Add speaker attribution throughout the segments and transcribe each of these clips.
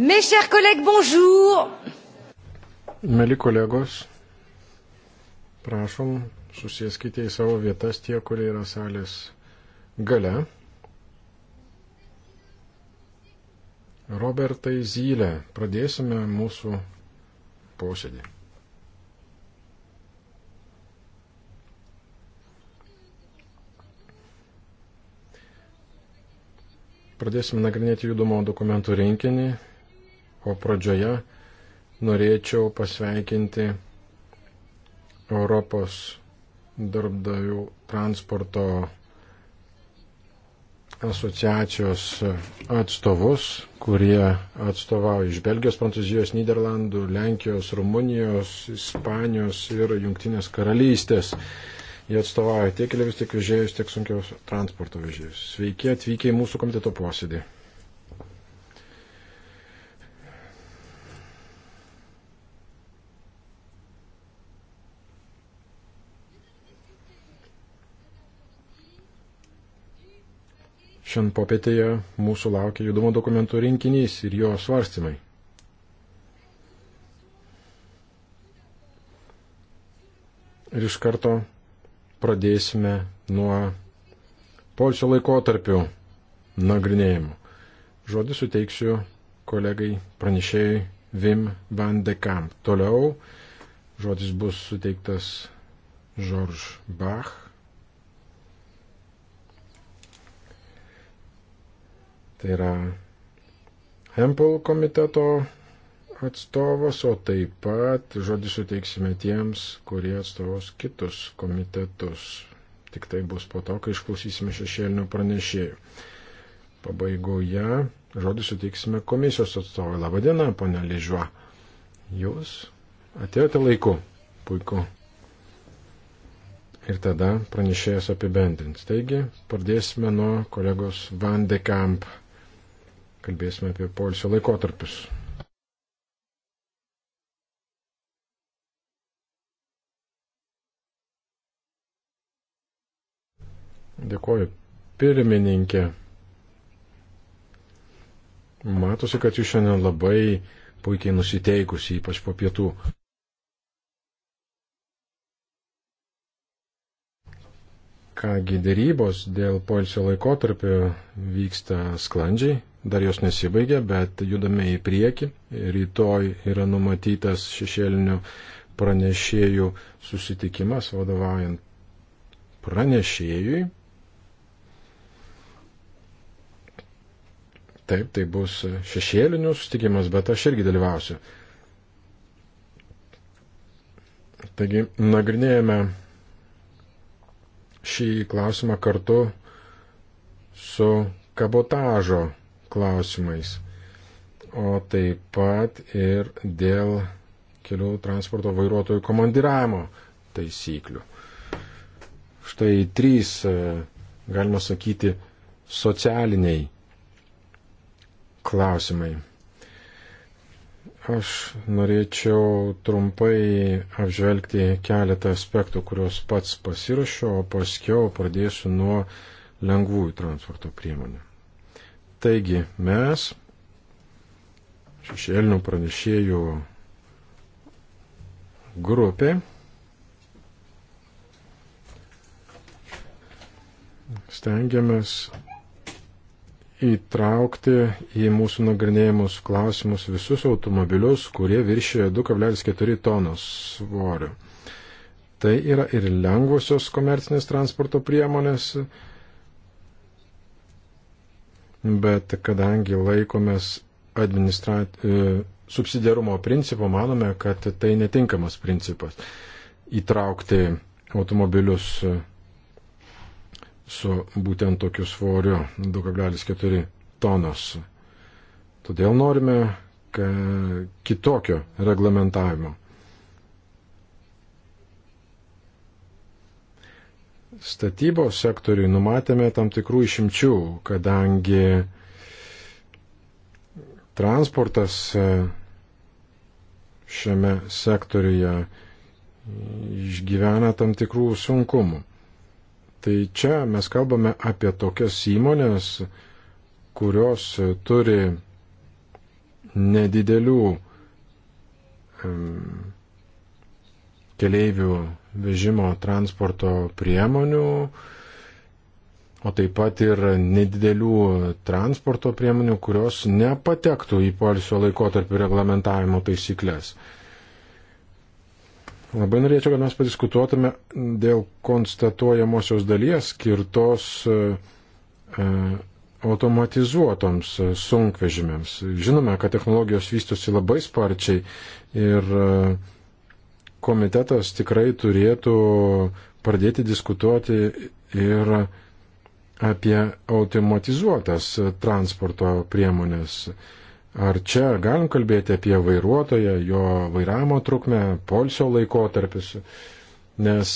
Speaker 1: Mes chers collègues, bonjour.
Speaker 2: Mėly kolegos, prašom, susieskite į savo vietas tie, kurie yra salės gale. Robertai Zylė, pradėsime mūsų posėdį. Pradėsime nagrinėti judumo dokumentų rinkinį o pradžioje norėčiau pasveikinti Europos darbdavių transporto asociacijos atstovus, kurie atstovauja iš Belgijos, Prancūzijos, Niderlandų, Lenkijos, Rumunijos, Ispanijos ir Junktinės karalystės. Jie atstovauja tiek keliavius, tiek vežėjus, tiek sunkiaus transporto vežėjus. Sveiki atvykę į mūsų komiteto posėdį. Šiandien popietėje mūsų laukia judumo dokumentų rinkinys ir jo svarstymai. Ir iš karto pradėsime nuo polsio laikotarpių nagrinėjimų. Žodį suteiksiu kolegai pranešėjai Vim Van de Kamp. Toliau žodis bus suteiktas George Bach, Tai yra Hempel komiteto atstovas, o taip pat žodį suteiksime tiems, kurie atstovaus kitus komitetus. Tik tai bus po to, kai išklausysime šešėlinių pranešėjų. Pabaigoje žodį suteiksime komisijos atstovui. Labadiena, ponė Ližuo. Jūs atėjote laiku. Puiku. Ir tada pranešėjas apibendrins. Taigi, pradėsime nuo kolegos Van de Kamp kalbėsime apie poilsio laikotarpius. Dėkoju pirmininkė. Matosi, kad jūs šiandien labai puikiai nusiteikusi, ypač po pietų. Kągi dėrybos dėl polsio laikotarpio vyksta sklandžiai, Dar jos nesibaigia, bet judame į priekį. Rytoj yra numatytas šešėlinių pranešėjų susitikimas vadovaujant pranešėjui. Taip, tai bus šešėlinių susitikimas, bet aš irgi dalyvausiu. Taigi nagrinėjame šį klausimą kartu su kabotažo klausimais, o taip pat ir dėl kelių transporto vairuotojų komandiravimo taisyklių. Štai trys, e, galima sakyti, socialiniai klausimai. Aš norėčiau trumpai apžvelgti keletą aspektų, kuriuos pats pasirašiau, o paskiau pradėsiu nuo lengvųjų transporto priemonių. Taigi mes šešėlinių pranešėjų grupė stengiamės įtraukti į mūsų nagrinėjimus klausimus visus automobilius, kurie viršė 2,4 tonos svorio. Tai yra ir lengvosios komercinės transporto priemonės, bet kadangi laikomės administrat... E, subsidiarumo principo, manome, kad tai netinkamas principas įtraukti automobilius su būtent tokiu svoriu 2,4 tonos. Todėl norime kitokio reglamentavimo. statybos sektoriui numatėme tam tikrų išimčių, kadangi transportas e, šiame sektoriuje išgyvena tam tikrų sunkumų. Tai čia mes kalbame apie tokias įmonės, kurios turi nedidelių um, keleivių vežimo transporto priemonių, o taip pat ir nedidelių transporto priemonių, kurios nepatektų į polisio laikotarpio reglamentavimo taisyklės. Labai norėčiau, kad mes padiskutuotume dėl konstatuojamosios dalies skirtos e, automatizuotoms sunkvežimėms. Žinome, kad technologijos vystosi labai sparčiai ir e, komitetas tikrai turėtų pradėti diskutuoti ir apie automatizuotas transporto priemonės. Ar čia galim kalbėti apie vairuotoją, jo vairavimo trukmę, polsio laikotarpius, nes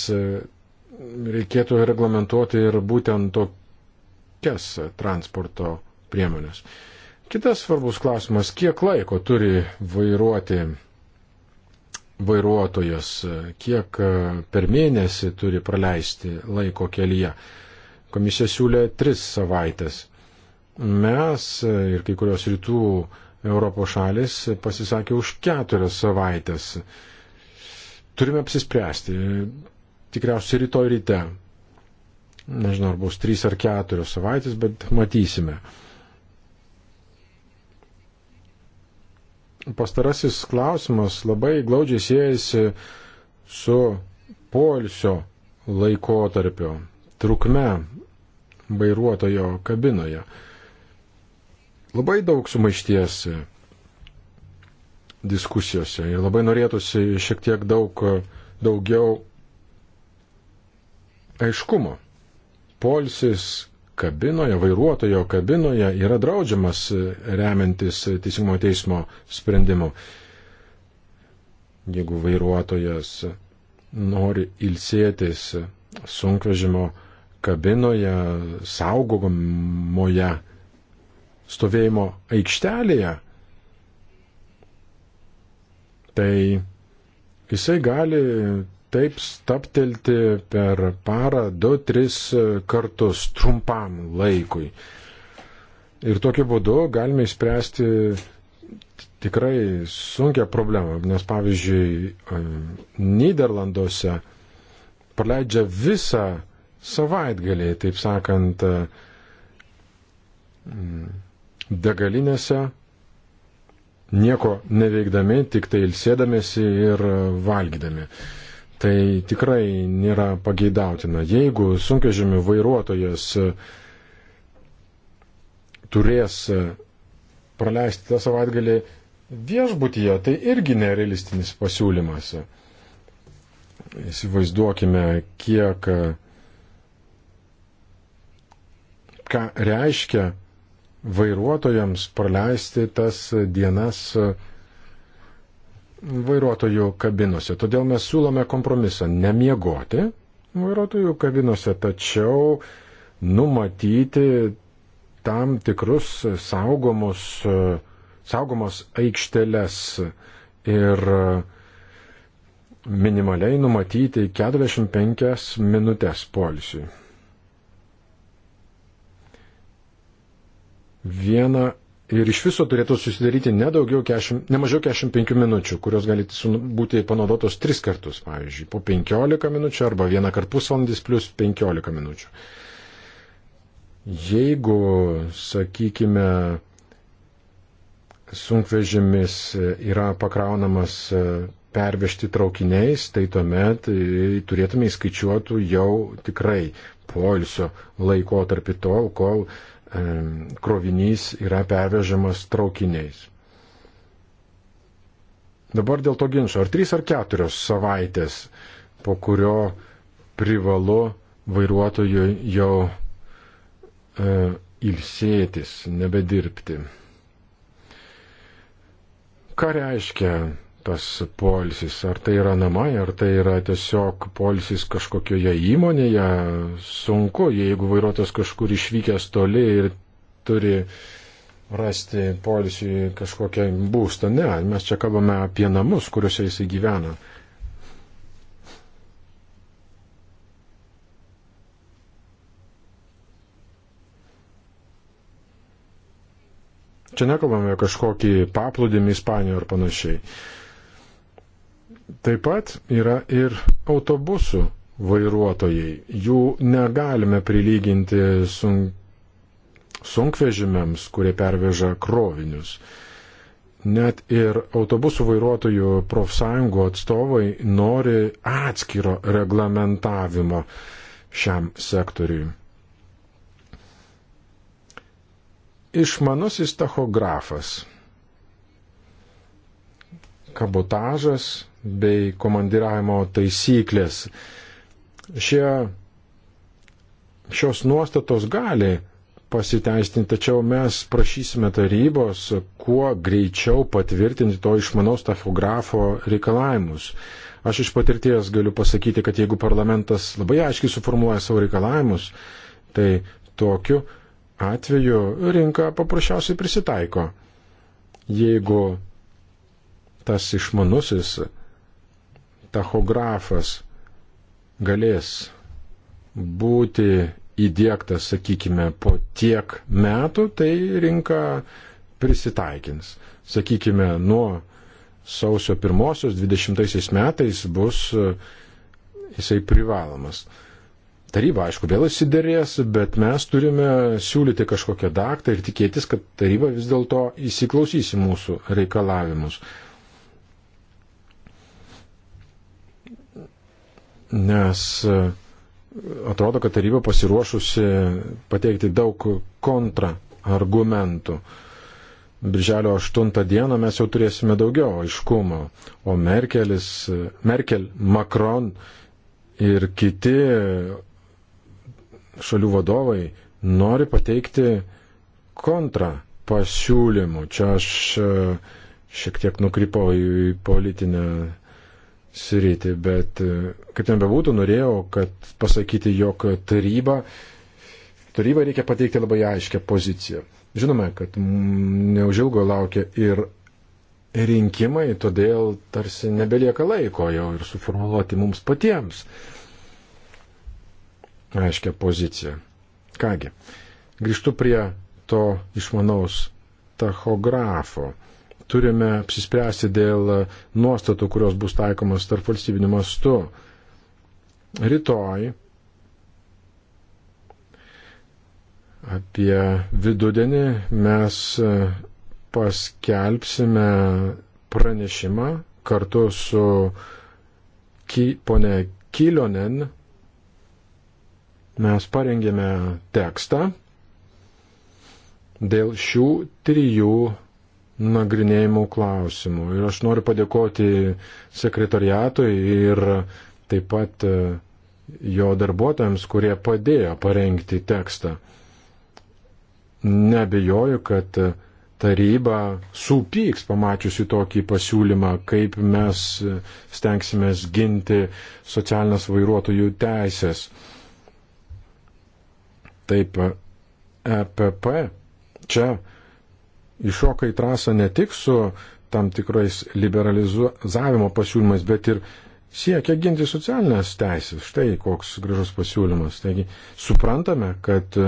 Speaker 2: reikėtų reglamentuoti ir būtent tokias transporto priemonės. Kitas svarbus klausimas, kiek laiko turi vairuoti vairuotojas, kiek e, per mėnesį turi praleisti laiko kelyje. Komisija siūlė tris savaitės. Mes e, ir kai kurios rytų Europos šalis pasisakė už keturias savaitės. Turime apsispręsti. Tikriausiai rytoj ryte. Nežinau, ar bus trys ar keturios savaitės, bet matysime. pastarasis klausimas labai glaudžiai siejasi su poilsio laikotarpio trukme vairuotojo kabinoje. Labai daug sumaišties diskusijose ir labai norėtųsi šiek tiek daug daugiau aiškumo. Polsis kabinoje, vairuotojo kabinoje yra draudžiamas e, remiantis e, teisingumo teismo sprendimu. Jeigu vairuotojas nori ilsėtis sunkvežimo kabinoje, saugomoje stovėjimo aikštelėje, tai jisai gali taip staptelti per parą 2-3 kartus trumpam laikui. Ir tokiu būdu galime išspręsti tikrai sunkia problema, nes pavyzdžiui, Niderlanduose praleidžia visą savaitgalį, taip sakant, degalinėse, nieko neveikdami, tik tai ilsėdamėsi ir valgydami. Tai tikrai nėra pageidautina. Jeigu sunkvežimių vairuotojas e, turės e, praleisti tą savaitgalį viešbutyje, tai irgi nerealistinis pasiūlymas. Įsivaizduokime, kiek e, ką reiškia vairuotojams praleisti tas dienas vairuotojų kabinose. Todėl mes siūlome kompromisą nemiegoti vairuotojų kabinose, tačiau numatyti tam tikrus saugomus, saugomos aikšteles ir minimaliai numatyti 45 minutės polisiui. Vieną ir iš viso turėtų susidaryti ne, 40, ne mažiau 45 minučių, kurios gali būti panaudotos tris kartus, pavyzdžiui, po 15 minučių arba vieną kartą pusvalandis plus 15 minučių. Jeigu, sakykime, sunkvežimis yra pakraunamas pervežti traukiniais, tai tuomet e, turėtume įskaičiuotų jau tikrai poilsio laiko tarp tol, kol E, krovinys yra pervežamas traukiniais. Dabar dėl to ginčio, ar trys ar keturios savaitės, po kurio privalu vairuotojui jau e, ilsėtis, nebedirbti. Ką reiškia tas polisis? Ar tai yra namai, ar tai yra tiesiog polisis kažkokioje įmonėje? Sunku, jeigu vairuotojas kažkur išvykęs toli ir turi rasti polisį kažkokią būstą. Ne, mes čia kalbame apie namus, kuriuose jisai gyvena. Čia nekalbame kažkokį paplūdimį Ispanijoje ar panašiai. Taip pat yra ir autobusų vairuotojai. Jų negalime prilyginti sunk... sunkvežimiams, kurie perveža krovinius. Net ir autobusų vairuotojų profsąjungų atstovai nori atskiro reglamentavimo šiam sektoriui. Išmanusis tachografas. Kabotažas bei komandiravimo taisyklės. Šie, šios nuostatos gali pasiteisinti, tačiau mes prašysime tarybos kuo greičiau patvirtinti to išmanaus tachografo reikalavimus. Aš iš patirties galiu pasakyti, kad jeigu parlamentas labai aiškiai suformuoja savo reikalavimus, tai tokiu atveju rinka paprasčiausiai prisitaiko. Jeigu tas išmanusis tachografas galės būti įdėktas, sakykime, po tiek metų, tai rinka prisitaikins. Sakykime, nuo sausio 1-20 metais bus e, jisai privalomas. Taryba, aišku, vėl įsiderės, bet mes turime siūlyti kažkokią daktą ir tikėtis, kad taryba vis dėlto įsiklausys į mūsų reikalavimus. nes e, atrodo, kad taryba pasiruošusi pateikti daug kontraargumentų. Birželio 8 dieną mes jau turėsime daugiau aiškumo, o Merkelis, e, Merkel, Macron ir kiti šalių vadovai nori pateikti kontra pasiūlymų. Čia aš e, šiek tiek nukrypau į politinę sritį, bet e, kaip ten bebūtų, norėjau kad pasakyti, jog taryba, taryba reikia pateikti labai aiškę poziciją. Žinome, kad neužilgo laukia ir rinkimai, todėl tarsi nebelieka laiko jau ir suformuoluoti mums patiems aiškę poziciją. Kągi, grįžtu prie to išmanaus tachografo turime apsispręsti dėl nuostatų, kurios bus taikomas tarp valstybinių mastų. Rytoj apie vidudienį mes paskelbsime pranešimą kartu su Ky, ponė Kilionen. Mes parengėme tekstą dėl šių trijų nagrinėjimų klausimų. Ir aš noriu padėkoti sekretariatui ir taip pat e, jo darbuotojams, kurie padėjo parengti tekstą. Nebejoju, kad taryba supyks pamačiusi tokį pasiūlymą, kaip mes stengsime ginti socialinės vairuotojų teisės. Taip, EPP čia iššoka į trasą ne tik su tam tikrais liberalizavimo pasiūlymais, bet ir siekia ginti socialinės teisės. Štai koks gražus pasiūlymas. Taigi suprantame, kad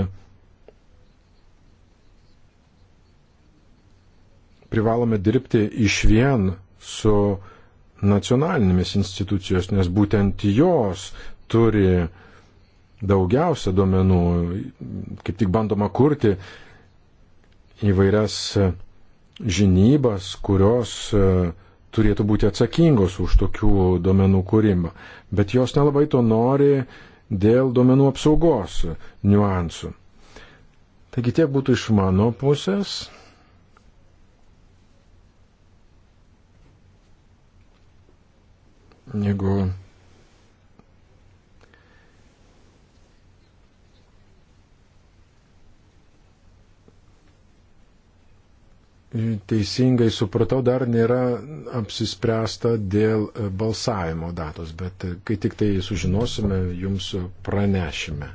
Speaker 2: privalome dirbti iš vien su nacionalinėmis institucijos, nes būtent jos turi daugiausia duomenų, kaip tik bandoma kurti įvairias e, žinybas, kurios e, turėtų būti atsakingos už tokių duomenų kūrimą, bet jos nelabai to nori dėl duomenų apsaugos niuansų. Taigi tiek būtų iš mano pusės. Jeigu teisingai supratau, dar nėra apsispręsta dėl e, balsavimo datos, bet e, kai tik tai sužinosime, jums pranešime.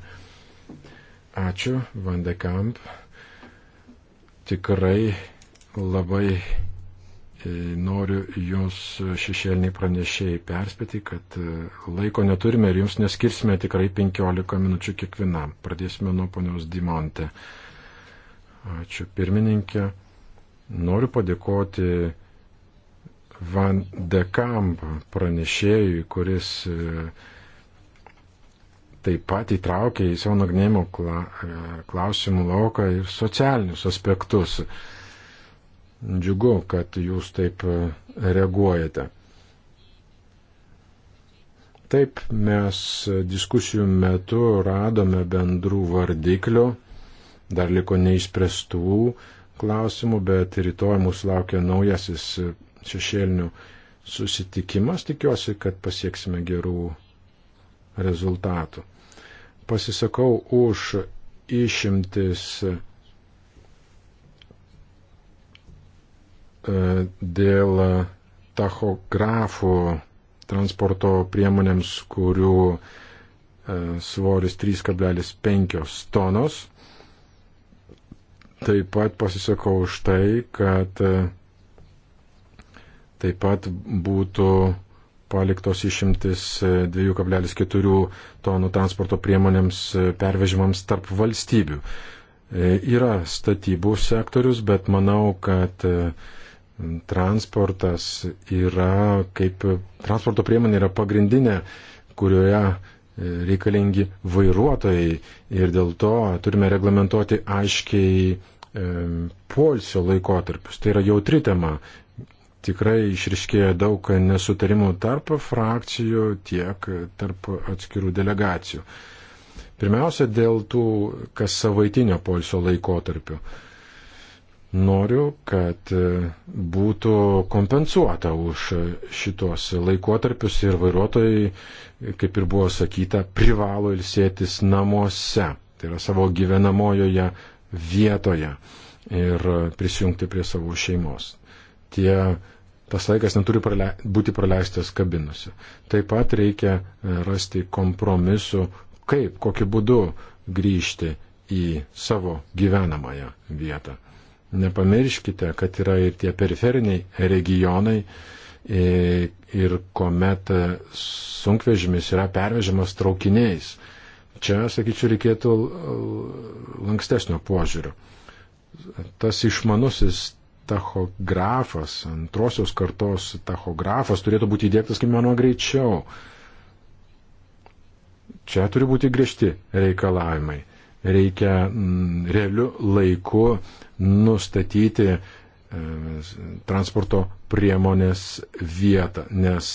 Speaker 2: Ačiū, Vandekamp. Tikrai labai e, noriu jūs šešėliniai pranešėjai perspėti, kad laiko neturime ir jums neskirsime tikrai 15 minučių kiekvienam. Pradėsime nuo ponios Dimonte. Ačiū pirmininkė. Noriu padėkoti Van de Kamp pranešėjui, kuris e, taip pat įtraukė į savo nagnėjimo e, klausimų lauką ir socialinius aspektus. Džiugu, kad jūs taip e, reaguojate. Taip mes diskusijų metu radome bendrų vardiklių, dar liko neišspręstų, klausimų, bet rytoj mūsų laukia naujasis šešėlinių susitikimas. Tikiuosi, kad pasieksime gerų rezultatų. Pasisakau už išimtis e, dėl tachografų transporto priemonėms, kurių e, svoris 3,5 tonos. Taip pat pasisakau už tai, kad e, taip pat būtų paliktos išimtis 2,4 e, tonų transporto priemonėms e, pervežimams tarp valstybių. Yra statybų sektorius, bet manau, kad transportas yra kaip transporto priemonė yra pagrindinė, kurioje reikalingi vairuotojai ir dėl to turime reglamentuoti aiškiai polsio laikotarpius. Tai yra jautri tema. Tikrai išriškėjo daug nesutarimų tarp frakcijų, tiek tarp atskirų delegacijų. Pirmiausia, dėl tų kas savaitinio polsio laikotarpių. Noriu, kad e, būtų kompensuota už šitos laikotarpius ir vairuotojai, kaip ir buvo sakyta, privalo ilsėtis namuose, tai yra savo gyvenamojoje vietoje ir prisijungti prie savo šeimos. Tie, tas laikas neturi prale, būti praleistas kabinose. Taip pat reikia e, rasti kompromisu, kaip, kokiu būdu grįžti į savo gyvenamąją vietą. Nepamirškite, kad yra ir tie periferiniai regionai e, ir kuomet sunkvežimis yra pervežimas traukiniais. Čia, sakyčiau, reikėtų lankstesnio požiūrio. Tas išmanusis tachografas, antrosios kartos tachografas turėtų būti įdėktas kaip mano greičiau. Čia turi būti griežti reikalavimai reikia mm, realiu laiku nustatyti e, transporto priemonės vietą, nes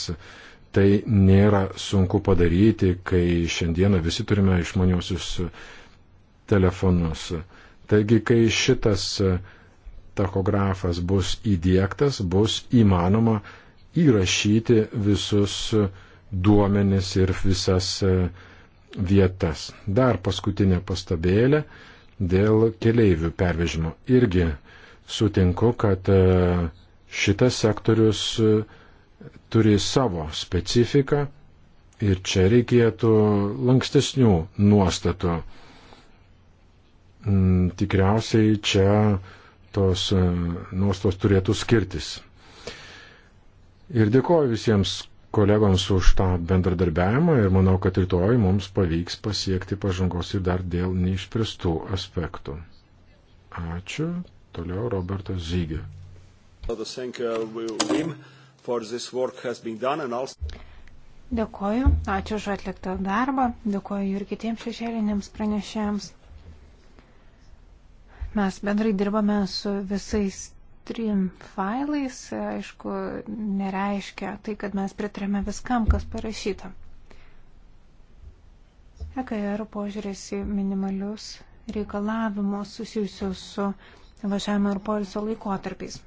Speaker 2: tai nėra sunku padaryti, kai šiandieną visi turime išmaniosius telefonus. Taigi, kai šitas e, tachografas bus įdėktas, bus įmanoma įrašyti visus duomenis ir visas uh, vietas. Dar paskutinė pastabėlė dėl keleivių pervežimo. Irgi sutinku, kad e, šitas sektorius e, turi savo specifiką ir čia reikėtų lankstesnių nuostatų. Mm, tikriausiai čia tos e, nuostos turėtų skirtis. Ir dėkoju visiems kolegoms už tą bendradarbiavimą ir manau, kad rytoj mums pavyks pasiekti pažangos ir dar dėl neišpristų aspektų. Ačiū. Toliau Robertas Zygė.
Speaker 3: Dėkoju, ačiū už atliktą darbą, dėkoju ir kitiems šešėlinėms pranešėjams. Mes bendrai dirbame su visais trim failais, aišku, nereiškia tai, kad mes pritarėme viskam, kas parašyta. EKR požiūrės į minimalius reikalavimus susijusius su važiavimo ir poliso laikotarpiais.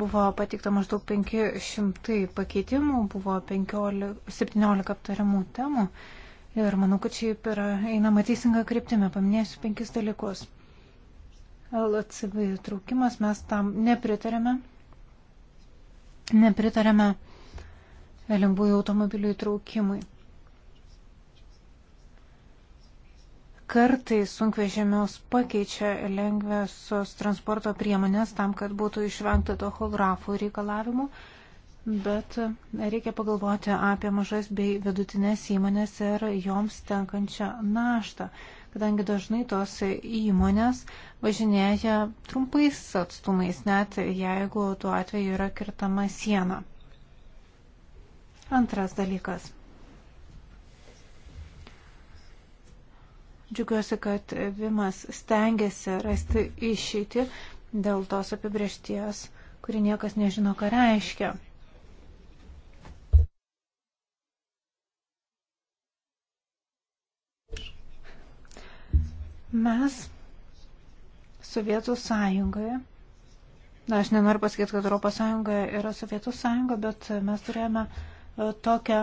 Speaker 3: Buvo pateikta maždaug 500 pakeitimų, buvo 15, 17 aptariamų temų. Ir manau, kad šiaip yra einama teisinga kryptime. Paminėsiu penkis dalykus. LCV traukimas, mes tam nepritarėme. Nepritarėme lengvųjų automobilių įtraukimui. Kartais sunkvežimius pakeičia lengvėsios transporto priemonės tam, kad būtų išvengta to holografų reikalavimų bet reikia pagalvoti apie mažas bei vidutinės įmonės ir joms tenkančią naštą, kadangi dažnai tos įmonės važinėja trumpais atstumais, net jeigu tuo atveju yra kirtama siena. Antras dalykas. Džiugiuosi, kad Vimas stengiasi rasti išeitį dėl tos apibriešties, kuri niekas nežino, ką reiškia. Mes Sovietų sąjungoje, na, aš nenoriu pasakyti, kad Europos sąjunga yra Sovietų sąjunga, bet mes turėjome e, tokią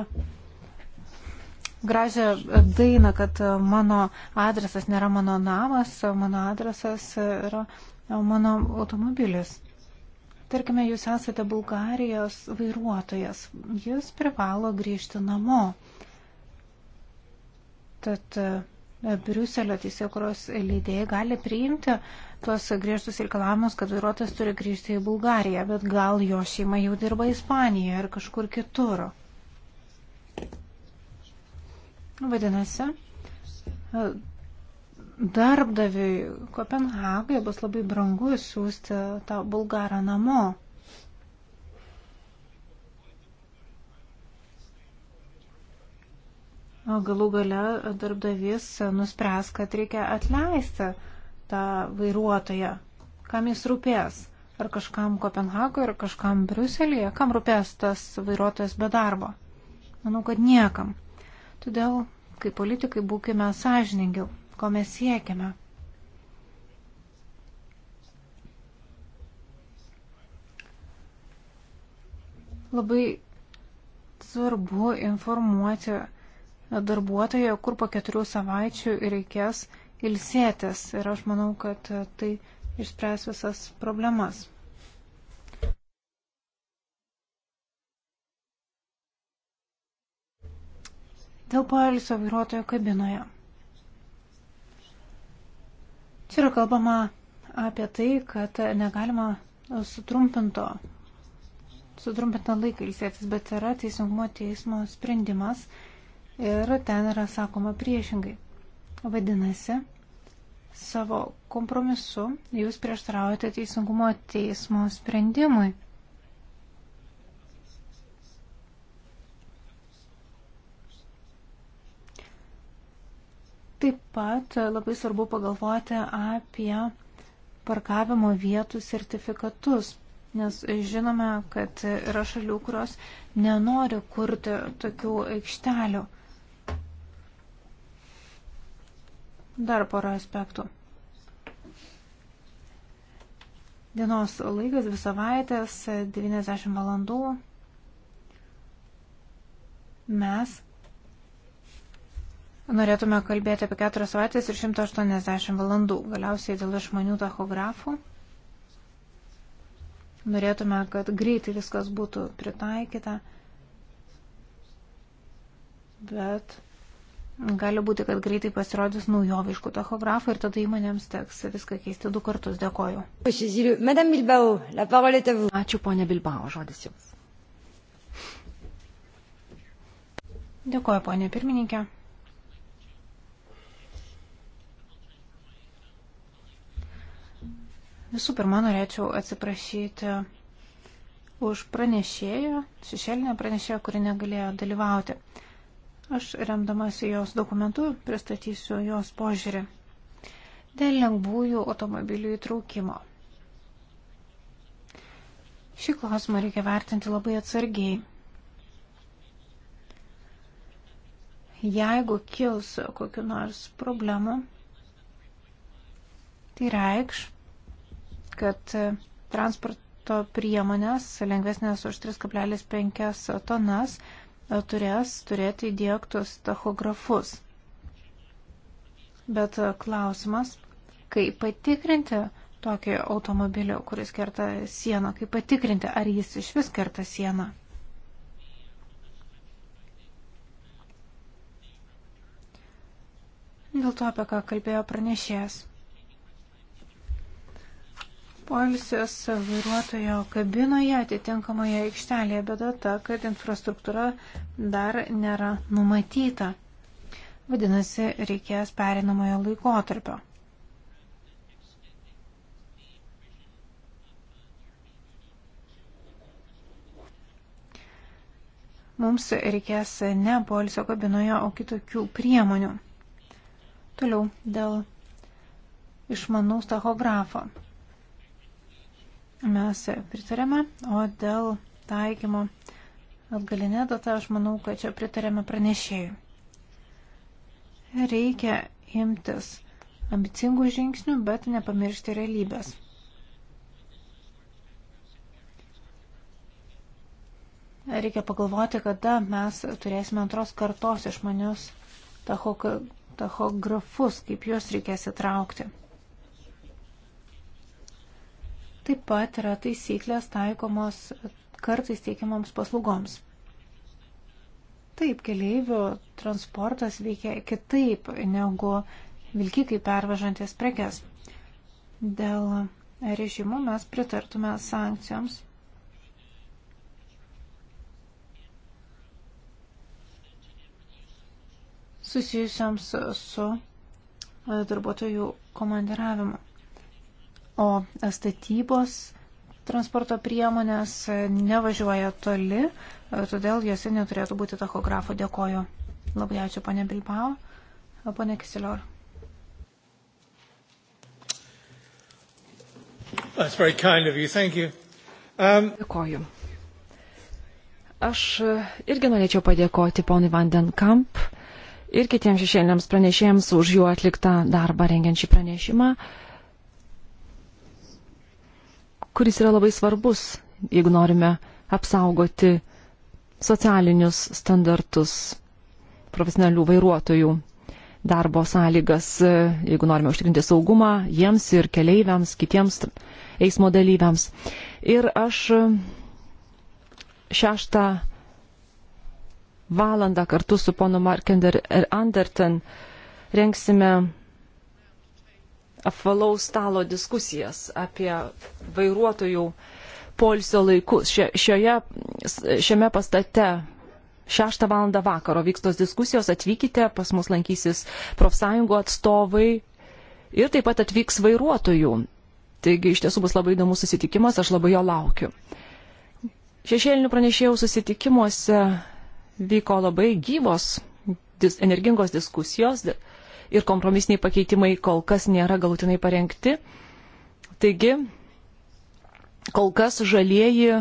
Speaker 3: gražią dainą, kad e, mano adresas nėra mano namas, mano adresas yra e, mano automobilis. Tarkime, jūs esate Bulgarijos vairuotojas, jis privalo grįžti namo. Tad Briuselio teisėkuros leidėjai gali priimti tuos griežtus reikalavimus, kad vairuotojas turi grįžti į Bulgariją, bet gal jo šeima jau dirba Ispanijoje ar kažkur kitur. Vadinasi, darbdaviui Kopenhagoje bus labai brangu siūsti tą bulgarą namo. galų gale darbdavys nuspręs, kad reikia atleisti tą vairuotoją, kam jis rūpės. Ar kažkam Kopenhagoje, ar kažkam Briuselėje, kam rūpės tas vairuotojas be darbo. Manau, kad niekam. Todėl, kaip politikai, būkime sąžiningiau, ko mes siekiame. Labai svarbu informuoti darbuotojo, kur po keturių savaičių reikės ilsėtis. Ir aš manau, kad tai išspręs visas problemas. Dėl poilsio vairuotojo kabinoje. Čia yra kalbama apie tai, kad negalima sutrumpinto, sutrumpintą laiką ilsėtis, bet yra teisingumo teismo sprendimas ir ten yra sakoma priešingai. Vadinasi, savo kompromisu jūs prieštraujate teisingumo teismo sprendimui. Taip pat labai svarbu pagalvoti apie parkavimo vietų sertifikatus, nes žinome, kad yra šalių, kurios nenori kurti tokių aikštelių. Dar porą aspektų. Dienos laikas dvi savaitės, 90 valandų. Mes norėtume kalbėti apie 4 savaitės ir 180 valandų. Galiausiai dėl išmanių tachografų. Norėtume, kad greitai viskas būtų pritaikyta. Bet Gali būti, kad greitai pasirodys naujoviškų tachografų ir tada įmonėms teks viską keisti du kartus.
Speaker 1: Dėkoju. Ačiū, ponė Bilbao, žodis jums. Dėkoju, ponė pirmininkė.
Speaker 3: Visų pirma, norėčiau atsiprašyti už pranešėją, šešėlinę pranešėją, kuri negalėjo dalyvauti. Aš remdamasi jos dokumentu pristatysiu jos požiūrį. Dėl lengvųjų automobilių įtraukimo. Šį klausimą reikia vertinti labai atsargiai. Jeigu kils kokiu nors problemu, tai reikš, kad transporto priemonės lengvesnės už 3,5 tonas E, turės turėti įdėktus tachografus. Bet e, klausimas, kaip patikrinti tokį automobilį, kuris kerta sieną, kaip patikrinti, ar jis iš vis kerta sieną. Dėl to, apie ką kalbėjo pranešėjas poilsės vairuotojo kabinoje atitinkamoje aikštelėje, bet ta, kad infrastruktūra dar nėra numatyta. Vadinasi, reikės perinamojo laikotarpio. Mums reikės ne poilsio kabinoje, o kitokių priemonių. Toliau dėl išmanaus tachografo mes pritarėme, o dėl taikymo atgalinė data aš manau, kad čia pritarėme pranešėjui. Reikia imtis ambicingų žingsnių, bet nepamiršti realybės. Reikia pagalvoti, kada mes turėsime antros kartos išmanius tachografus, kaip juos reikės įtraukti. Taip pat yra taisyklės taikomos kartais teikiamoms paslaugoms. Taip, keleivių transportas veikia kitaip negu vilkikai pervažantis prekes. Dėl režimų mes pritartume sankcijoms. susijusiams su e, darbuotojų komandiravimu o statybos transporto priemonės nevažiuoja toli, todėl jose neturėtų būti tachografo. Dėkoju. Labai ačiū, ponė Bilbao. Pone Kisilior.
Speaker 1: Kind of you. Um... Dėkoju. Aš irgi norėčiau padėkoti ponui Vandenkamp ir kitiems šešėliams pranešėjams už jų atliktą darbą rengiant šį pranešimą. Uh, kuris yra labai svarbus, jeigu norime apsaugoti socialinius standartus profesionalių vairuotojų darbo sąlygas, e, jeigu norime užtikrinti saugumą jiems ir keleiviams, kitiems eismo dalyviams. Ir aš e, šeštą valandą kartu su ponu Markender ir Anderten rengsime apvalaus stalo diskusijas apie vairuotojų polsio laikus. Šioje, šiame pastate 6 val. vakaro vyks tos diskusijos, atvykite, pas mus lankysis profsąjungų atstovai ir taip pat atvyks vairuotojų. Taigi iš tiesų bus labai įdomus susitikimas, aš labai jo laukiu. Šešėlinių pranešėjų susitikimuose vyko labai gyvos, dis, energingos diskusijos ir kompromisiniai pakeitimai kol kas nėra galutinai parengti. Taigi, kol kas žalieji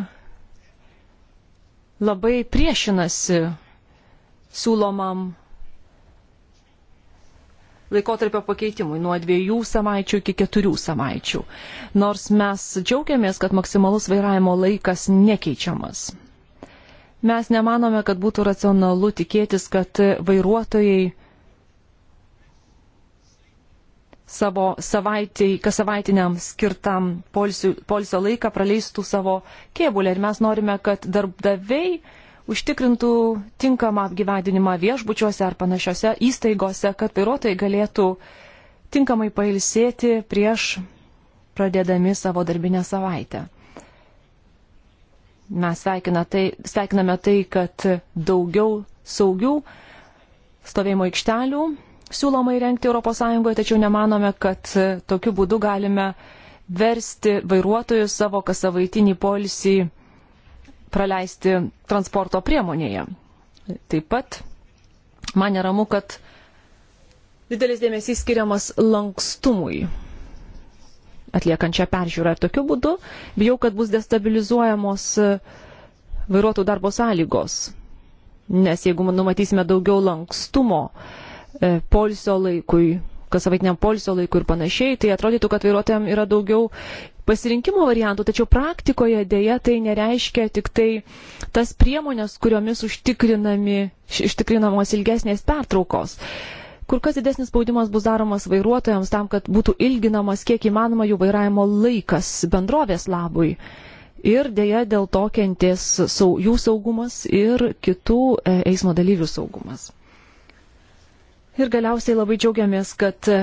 Speaker 1: labai priešinasi siūlomam laikotarpio pakeitimui nuo dviejų savaičių iki keturių savaičių. Nors mes džiaugiamės, kad maksimalus vairavimo laikas nekeičiamas. Mes nemanome, kad būtų racionalu tikėtis, kad vairuotojai savo savaitėj, kas savaitiniam skirtam polsio laiką praleistų savo kėbulę. Ir mes norime, kad darbdaviai užtikrintų tinkamą apgyvendinimą viešbučiuose ar panašiose įstaigose, kad vairuotojai galėtų tinkamai pailsėti prieš pradėdami savo darbinę savaitę. Mes sveikina tai, sveikiname tai, kad daugiau saugių stovėjimo aikštelių siūloma įrengti ES, tačiau nemanome, kad e, tokiu būdu galime versti vairuotojus savo kasavaitinį polisį praleisti transporto priemonėje. Taip pat man neramu, kad didelis dėmesys skiriamas lankstumui atliekančią peržiūrą. Ir tokiu būdu bijau, kad bus destabilizuojamos e, vairuotojų darbo sąlygos. Nes jeigu numatysime daugiau lankstumo, uh, E, polsio laikui, kas savaitiniam polsio laikui ir panašiai, tai atrodytų, kad vairuotojams yra daugiau pasirinkimo variantų, tačiau praktikoje dėja tai nereiškia tik tai tas priemonės, kuriomis užtikrinamos ilgesnės pertraukos. Kur kas didesnis spaudimas bus daromas vairuotojams tam, kad būtų ilginamas kiek įmanoma jų vairavimo laikas bendrovės labui ir dėja dėl to kentės sau, jų saugumas ir kitų e, eismo dalyvių saugumas. Ir galiausiai labai džiaugiamės, kad e,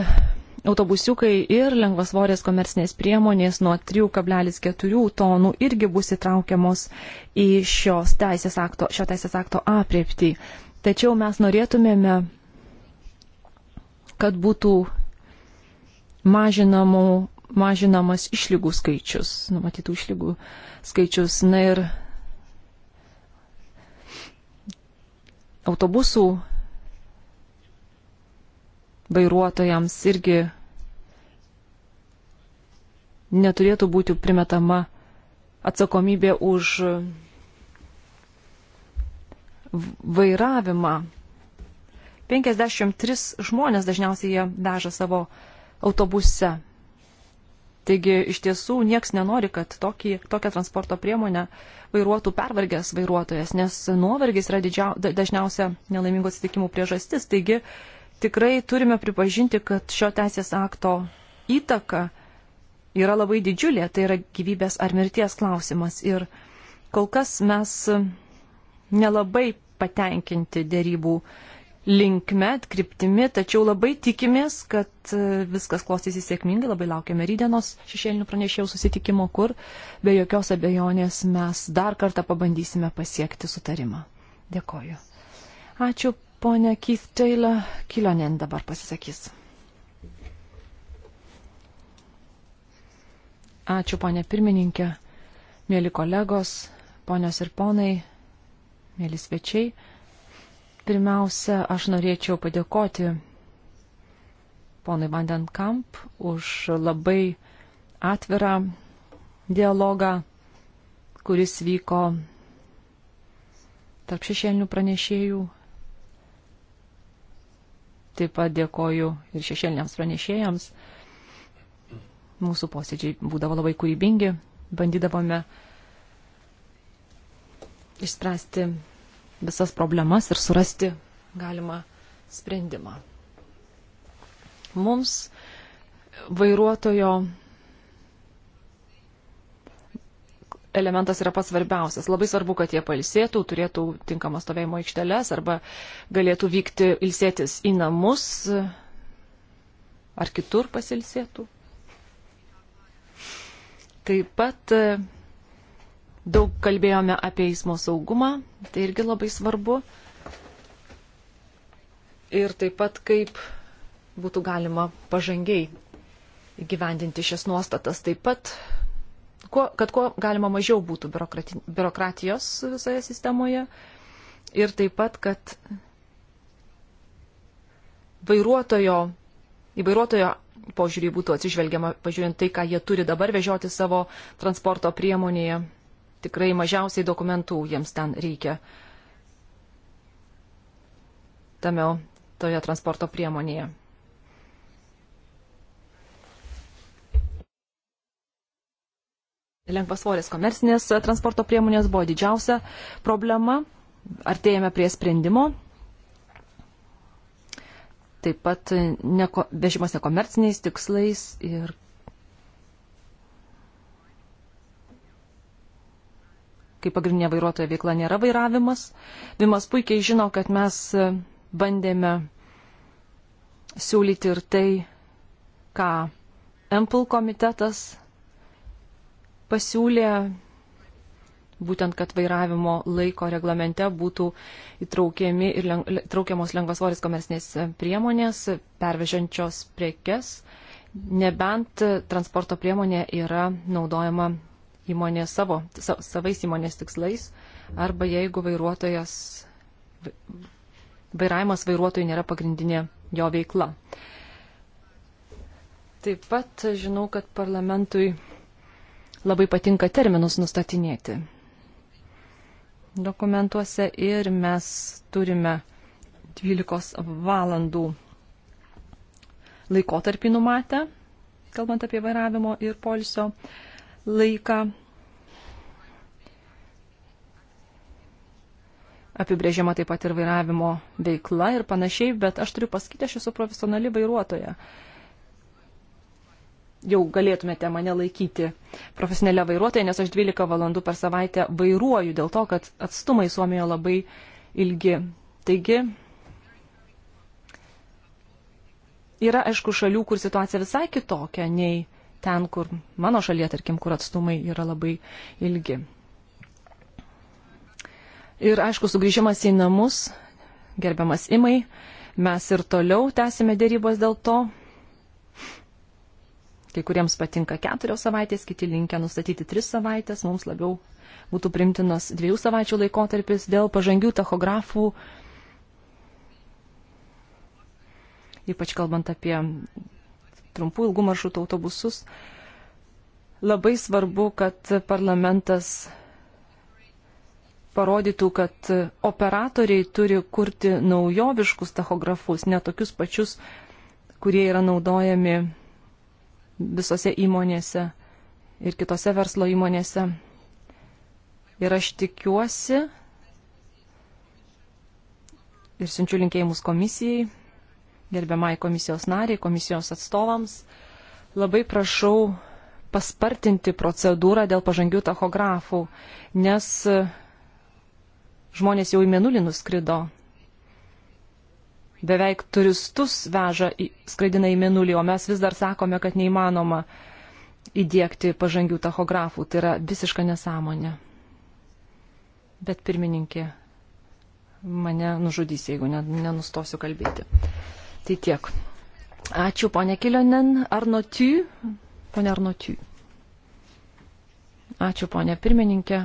Speaker 1: autobusiukai ir lengvasvorės komercinės priemonės nuo 3,4 tonų irgi bus įtraukiamos į šios teisės akto, šio teisės akto apriepti. Tačiau mes norėtumėme, kad būtų mažinamų, mažinamas išlygų skaičius, numatytų išlygų skaičius. Na ir autobusų vairuotojams irgi neturėtų būti primetama atsakomybė už vairavimą. 53 žmonės dažniausiai jie veža savo autobuse. Taigi iš tiesų nieks nenori, kad tokį, tokią transporto priemonę vairuotų pervargęs vairuotojas, nes nuovargis yra didžia, dažniausia nelaimingų atsitikimų priežastis. Taigi tikrai turime pripažinti, kad šio teisės akto įtaka yra labai didžiulė, tai yra gyvybės ar mirties klausimas. Ir kol kas mes nelabai patenkinti dėrybų linkme, kryptimi, tačiau labai tikimės, kad viskas klostysi sėkmingai, labai laukiame rydienos šešėlinių pranešėjų susitikimo, kur be jokios abejonės mes dar kartą pabandysime pasiekti sutarimą. Dėkoju. Ačiū, Pone Keith Taylor, Kilonen dabar pasisakys. Ačiū, ponė pirmininkė, mėly kolegos, ponios ir ponai, mėly svečiai. Pirmiausia, aš norėčiau padėkoti ponui Vandenkamp už labai atvirą dialogą, kuris vyko tarp šešėlinių pranešėjų Taip pat dėkoju ir šešėliniams pranešėjams. Mūsų posėdžiai būdavo labai kūrybingi, bandydavome išspręsti visas problemas ir surasti galimą sprendimą. Mums vairuotojo elementas yra pats svarbiausias. Labai svarbu, kad jie palsėtų, turėtų tinkamas stovėjimo aikšteles arba galėtų vykti ilsėtis į namus ar kitur pasilsėtų. Taip pat e, daug kalbėjome apie eismo saugumą, tai irgi labai svarbu. Ir taip pat kaip būtų galima pažangiai įgyvendinti šias nuostatas. Taip pat kuo, kad kuo galima mažiau būtų biurokratijos visoje sistemoje ir taip pat, kad vairuotojo, į vairuotojo požiūrį būtų atsižvelgiama, pažiūrint tai, ką jie turi dabar vežioti savo transporto priemonėje. Tikrai mažiausiai dokumentų jiems ten reikia tame toje transporto priemonėje. Lengvasvorės komersinės transporto priemonės buvo didžiausia problema. Artėjame prie sprendimo. Taip pat neko, vežimas nekomerciniais tikslais ir kaip pagrindinė vairuotojo veikla nėra vairavimas. Vimas puikiai žino, kad mes bandėme siūlyti ir tai, ką Empul komitetas pasiūlė būtent, kad vairavimo laiko reglamente būtų įtraukiami ir leng, traukiamos lengvasvoris komersinės priemonės, pervežiančios prekes, nebent transporto priemonė yra naudojama įmonė savo, sa, savais įmonės tikslais, arba jeigu vairuotojas, vairavimas vairuotojui nėra pagrindinė jo veikla. Taip pat žinau, kad parlamentui labai patinka terminus nustatinėti dokumentuose ir mes turime 12 valandų laikotarpį numatę, kalbant apie vairavimo ir polsio laiką. Apibrėžiama taip pat ir vairavimo veikla ir panašiai, bet aš turiu pasakyti, aš esu profesionali vairuotoja. Uh, jau galėtumėte mane laikyti profesionalią vairuotoją, nes aš 12 valandų per savaitę vairuoju dėl to, kad atstumai Suomijoje labai ilgi. Taigi, yra aišku šalių, kur situacija visai kitokia nei ten, kur mano šalyje, tarkim, kur atstumai yra labai ilgi. Ir aišku, sugrįžimas į namus, gerbiamas imai, mes ir toliau tęsime dėrybos dėl to, Kai kuriems patinka keturios savaitės, kiti linkia nustatyti tris savaitės, mums labiau būtų primtinas dviejų savaičių laikotarpis dėl pažangių tachografų, ypač kalbant apie trumpų ilgų maršrutų autobusus. Labai svarbu, kad parlamentas parodytų, kad operatoriai turi kurti naujoviškus tachografus, ne tokius pačius, kurie yra naudojami visose įmonėse ir kitose verslo įmonėse. Ir aš tikiuosi ir siunčiu linkėjimus komisijai, gerbiamai komisijos nariai, komisijos atstovams. Labai prašau paspartinti procedūrą dėl pažangių tachografų, nes žmonės jau į menulį nuskrido beveik turistus veža, į, skraidina į minulį, o mes vis dar sakome, kad neįmanoma įdėkti pažangių tachografų. Tai yra visiška nesąmonė. Bet pirmininkė mane nužudys, jeigu nenustosiu kalbėti. Tai tiek. Ačiū, ponė Kilionen. Ar notiu? Pone Arnotiu. Ačiū, ponė pirmininkė.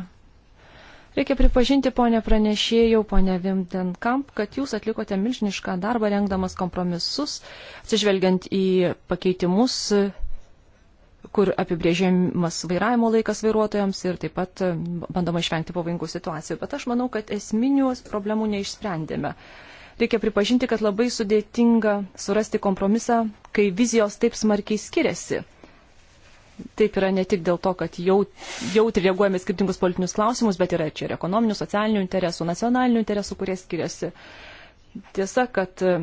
Speaker 1: Reikia pripažinti, ponė pranešėjau, ponė Vimtenkamp, kad jūs atlikote milžinišką darbą rengdamas kompromisus, atsižvelgiant į pakeitimus, kur apibrėžiamas vairavimo laikas vairuotojams ir taip pat bandoma išvengti pavojingų situacijų. Bet aš manau, kad esminių problemų neišsprendėme. Reikia pripažinti, kad labai sudėtinga surasti kompromisą, kai vizijos taip smarkiai skiriasi taip yra ne tik dėl to, kad jau, jautri reaguojame skirtingus politinius klausimus, bet yra čia ir ekonominių, socialinių interesų, nacionalinių interesų, kurie skiriasi. Tiesa, kad e,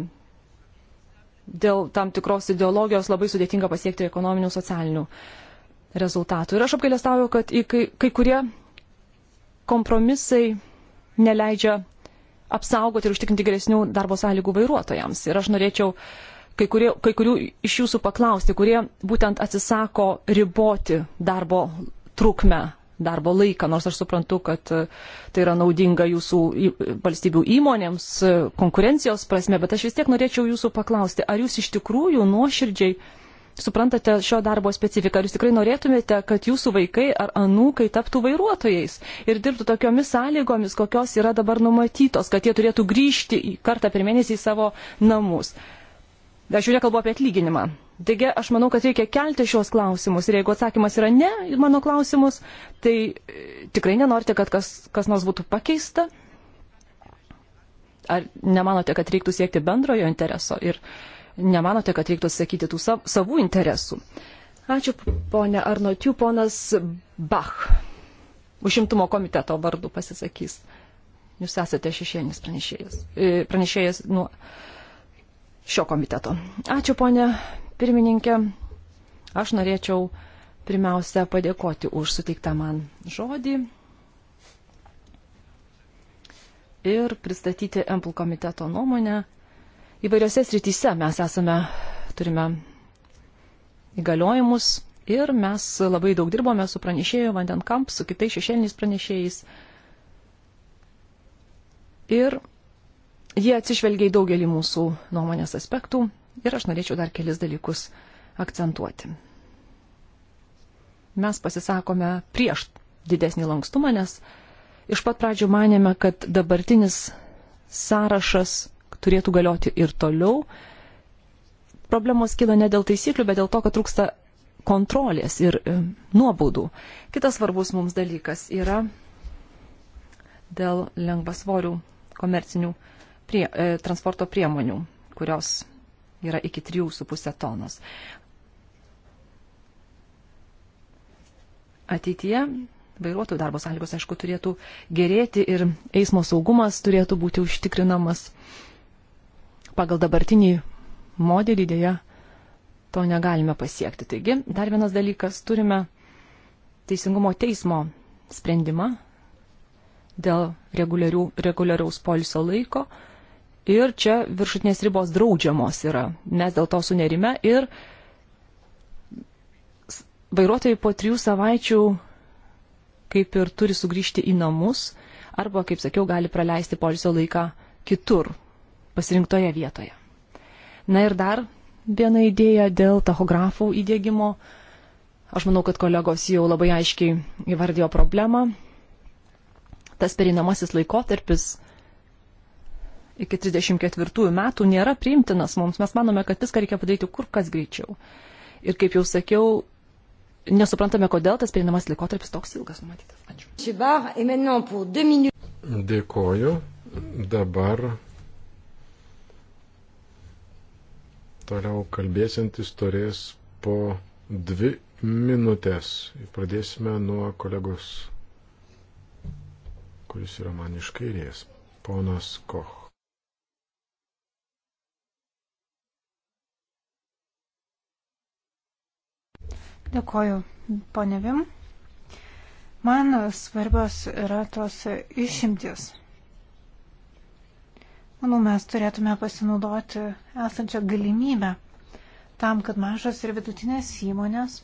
Speaker 1: dėl tam tikros ideologijos labai sudėtinga pasiekti ekonominių, socialinių rezultatų. Ir aš apgailestauju, kad kai, kai kurie kompromisai neleidžia apsaugoti ir užtikrinti geresnių darbo sąlygų vairuotojams. Ir aš norėčiau uh, kai, kurie, kai kurių iš jūsų paklausti, kurie būtent atsisako riboti darbo trukmę, darbo laiką, nors aš suprantu, kad e, tai yra naudinga jūsų valstybių įmonėms, e, konkurencijos prasme, bet aš vis tiek norėčiau jūsų paklausti, ar jūs iš tikrųjų nuoširdžiai suprantate šio darbo specifiką, ar jūs tikrai norėtumėte, kad jūsų vaikai ar anūkai taptų vairuotojais ir dirbtų tokiomis sąlygomis, kokios yra dabar numatytos, kad jie turėtų grįžti kartą per mėnesį į savo namus. Aš jau nekalbu apie atlyginimą. Taigi aš manau, kad reikia kelti šios klausimus ir jeigu atsakymas yra ne į mano klausimus, tai e, tikrai nenorite, kad kas, kas nors būtų pakeista. Ar nemanote, kad reiktų siekti bendrojo intereso ir nemanote, kad reiktų sakyti tų sav, savų interesų? Ačiū, ponė Arnotiu, ponas Bach. Užimtumo komiteto vardu pasisakys. Jūs esate šešėlinis pranešėjas. E, pranešėjas nuo šio komiteto. Ačiū, ponė pirmininkė. Aš norėčiau pirmiausia padėkoti už suteiktą man žodį ir pristatyti Empl komiteto nuomonę. Įvairiose srityse mes esame, turime įgaliojimus ir mes labai daug dirbome su pranešėju Vandenkamp, su kitais šešėliniais pranešėjais. Ir Jie atsižvelgia į daugelį mūsų nuomonės aspektų ir aš norėčiau dar kelis dalykus akcentuoti. Mes pasisakome prieš didesnį lankstumą, nes iš pat pradžių manėme, kad dabartinis sąrašas turėtų galioti ir toliau. Problemos kyla ne dėl taisyklių, bet dėl to, kad trūksta kontrolės ir e, nuobaudų. Kitas svarbus mums dalykas yra dėl lengvasvorių komercinių prie, e, transporto priemonių, kurios yra iki 3,5 tonos. Ateityje vairuotojų darbo sąlygos, aišku, turėtų gerėti ir eismo saugumas turėtų būti užtikrinamas. Pagal dabartinį modelį dėja to negalime pasiekti. Taigi, dar vienas dalykas, turime Teisingumo teismo sprendimą dėl reguliariaus polsio laiko ir čia viršutinės ribos draudžiamos yra. Mes dėl to sunerime ir vairuotojai po trijų savaičių kaip ir turi sugrįžti į namus arba, kaip sakiau, gali praleisti polisio laiką kitur, pasirinktoje vietoje. Na ir dar viena idėja dėl tachografų įdėgymo. Aš manau, kad kolegos jau labai aiškiai įvardijo problemą. Tas perinamasis laikotarpis iki 34 metų nėra priimtinas mums. Mes manome, kad viską reikia padaryti kur kas greičiau. Ir kaip jau sakiau, nesuprantame, kodėl tas prieinamas laikotarpis toks ilgas numatytas. Ačiū.
Speaker 2: Dėkoju. Dabar toliau kalbėsintis turės po dvi minutės. Pradėsime nuo kolegos, kuris yra man iš kairės, ponas Koch.
Speaker 3: Dėkoju, ponė Vim. Man svarbios yra tos išimtis. Manau, mes turėtume pasinaudoti esančią galimybę tam, kad mažas ir vidutinės įmonės,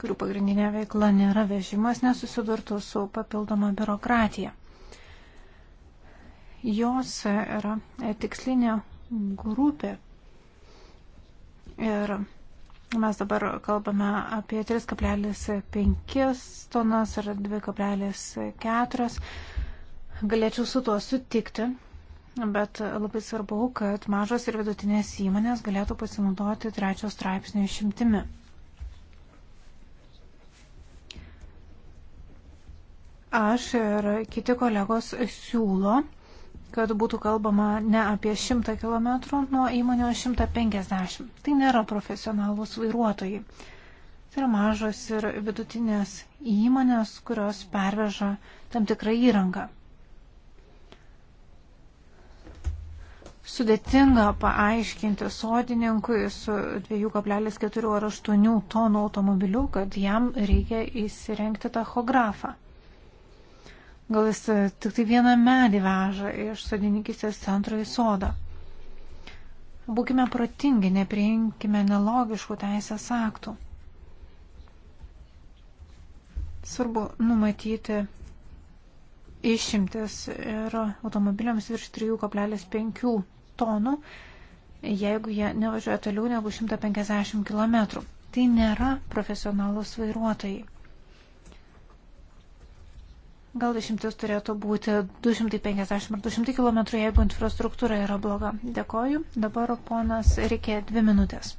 Speaker 3: kurių pagrindinė veikla nėra vežimas, nesusidurtų su papildoma biurokratija. Jos yra tikslinė grupė ir Mes dabar kalbame apie 3,5 tonas ar 2,4. Galėčiau su tuo sutikti, bet labai svarbu, kad mažos ir vidutinės įmonės galėtų pasinaudoti trečios straipsnio išimtimi. Aš ir kiti kolegos siūlo kad būtų kalbama ne apie 100 km nuo įmonių 150. Tai nėra profesionalūs vairuotojai. Tai yra mažos ir vidutinės įmonės, kurios perveža tam tikrą įrangą. Sudėtinga paaiškinti sodininkui su 2,4 ar 8 tonų automobiliu, kad jam reikia įsirengti tachografą. Gal jis e, tik tai vieną medį veža iš sodininkistės centro į sodą. Būkime protingi, nepriimkime nelogiškų teisės aktų. Svarbu numatyti išimtis ir automobiliams virš 3,5 tonų, jeigu jie nevažiuoja toliau negu 150 km. Tai nėra profesionalus vairuotojai. Gal išimtis turėtų būti 250 ar 200 km, jeigu infrastruktūra yra bloga. Dėkoju. Dabar ponas reikia dvi minutės.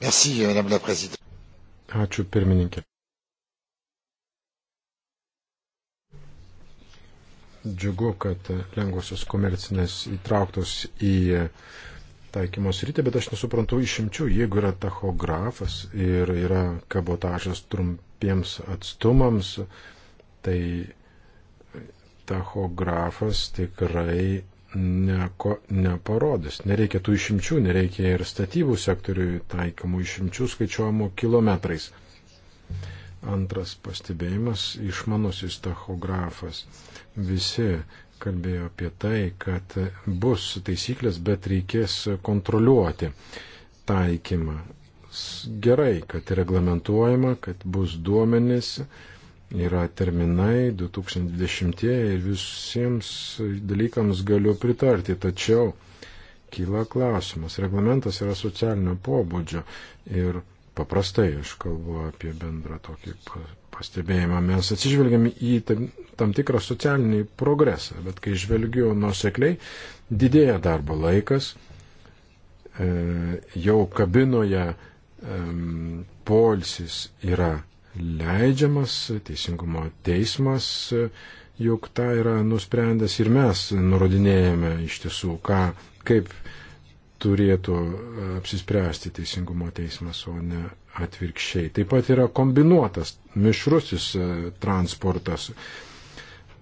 Speaker 2: Merci, Ačiū, pirmininkė. Džiugu, kad lengvosios komercinės įtrauktos į taikymos rytį, bet aš nesuprantu išimčių, jeigu yra tachografas ir yra kabotažas trumpiems atstumams, tai tachografas tikrai nieko neparodys. Nereikia tų išimčių, nereikia ir statybų sektoriui taikomų išimčių skaičiuojamų kilometrais. Antras pastebėjimas - išmanusis tachografas. Visi kalbėjo apie tai, kad bus taisyklės, bet reikės kontroliuoti taikymą. Gerai, kad reglamentuojama, kad bus duomenys, yra terminai 2020 ir visiems dalykams galiu pritarti, tačiau kyla klausimas. Reglamentas yra socialinio pobūdžio ir paprastai aš kalbu apie bendrą tokį pastebėjimą. Mes atsižvelgiam į tam, tam tikrą socialinį progresą, bet kai žvelgiu nusekliai, didėja darbo laikas, e, jau kabinoje e, polsis yra leidžiamas, teisingumo teismas juk tą yra nusprendęs ir mes nurodinėjame iš tiesų, ką, kaip turėtų apsispręsti teisingumo teismas, o ne atvirkščiai. Taip pat yra kombinuotas mišrusis e, transportas,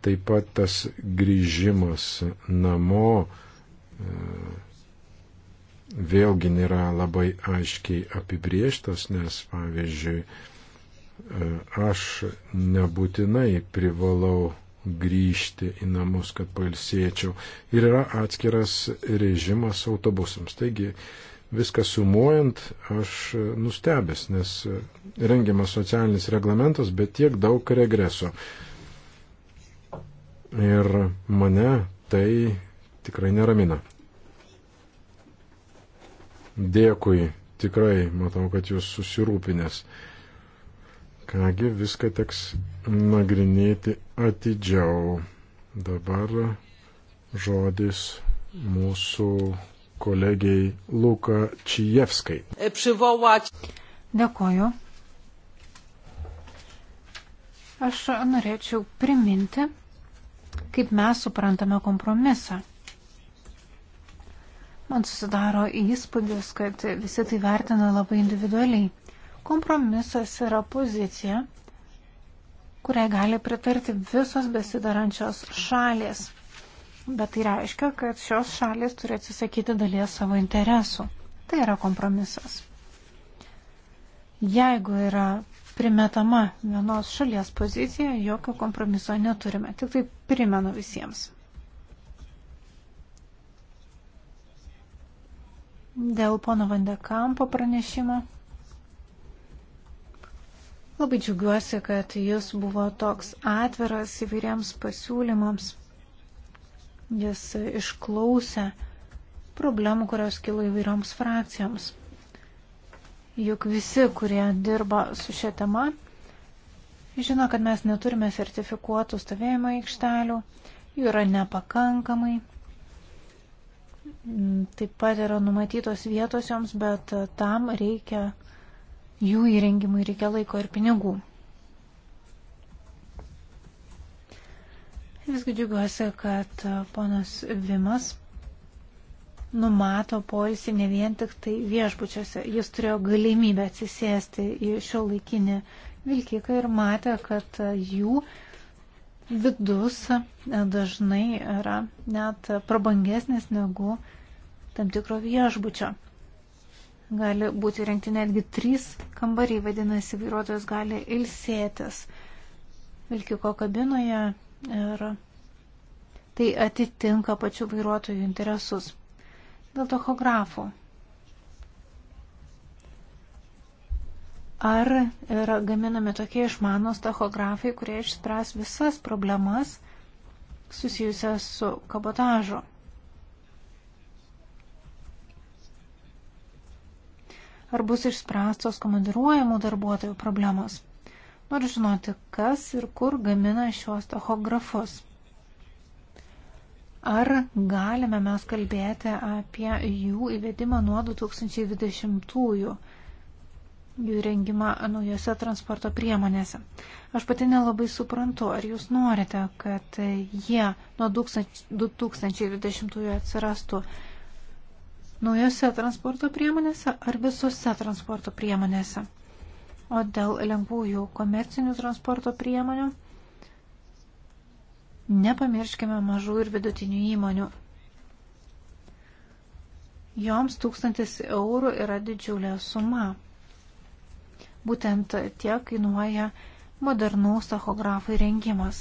Speaker 2: taip pat tas grįžimas namo e, vėlgi nėra labai aiškiai apibrieštas, nes pavyzdžiui, E, aš nebūtinai privalau grįžti į namus, kad pailsėčiau. Ir yra atskiras režimas autobusams. Taigi viską sumuojant, aš nustebęs, nes rengiamas socialinis reglamentas, bet tiek daug regreso. Ir mane tai tikrai neramina. Dėkui, tikrai matau, kad jūs susirūpinęs. Kągi, viską teks nagrinėti atidžiau. Dabar žodis mūsų kolegiai Luka Čijevskai.
Speaker 3: Dėkoju. Aš norėčiau priminti, kaip mes suprantame kompromisą. Man susidaro įspūdis, kad visi tai vertina labai individualiai. Kompromisas yra pozicija, kuriai gali pritarti visos besidarančios šalės. Bet tai reiškia, kad šios šalės turi atsisakyti dalies savo interesų. Tai yra kompromisas. Jeigu yra primetama vienos šalies pozicija, jokio kompromiso neturime. Tik tai primenu visiems. Dėl pono Vandekampo pranešimo. Labai džiugiuosi, kad jis buvo toks atviras įvairiems pasiūlymams. Jis išklausė problemų, kurios kilo įvairioms frakcijoms. Juk visi, kurie dirba su šia tema, žino, kad mes neturime sertifikuotų stovėjimo aikštelių, jų yra nepakankamai. Taip pat yra numatytos vietos joms, bet tam reikia Jų įrengimui reikia laiko ir pinigų. Visgi džiugiuosi, kad e, ponas Vimas numato poilsį ne vien tik tai viešbučiuose. Jis turėjo galimybę atsisėsti į šio laikinį vilkiką ir matė, kad e, jų vidus e, dažnai yra net prabangesnis negu tam tikro viešbučio gali būti rengti netgi trys kambariai, vadinasi, vairuotojas gali ilsėtis vilkiko kabinoje ir tai atitinka pačių vairuotojų interesus. Dėl tochografų. Ar yra gaminami tokie išmanos tachografai, kurie išspręs visas problemas susijusias su kabotažu? ar bus išspręstos komandiruojamų darbuotojų problemos. Noriu žinoti, kas ir kur gamina šios tachografus. Ar galime mes kalbėti apie jų įvedimą nuo 2020-ųjų, jų rengimą naujose transporto priemonėse? Aš pati nelabai suprantu, ar jūs norite, kad jie nuo 2020-ųjų atsirastų naujose transporto priemonėse ar visose transporto priemonėse. O dėl lengvųjų komercinių transporto priemonių nepamirškime mažų ir vidutinių įmonių. Joms tūkstantis eurų yra didžiulė suma. Būtent tiek kainuoja modernų tachografų įrengimas.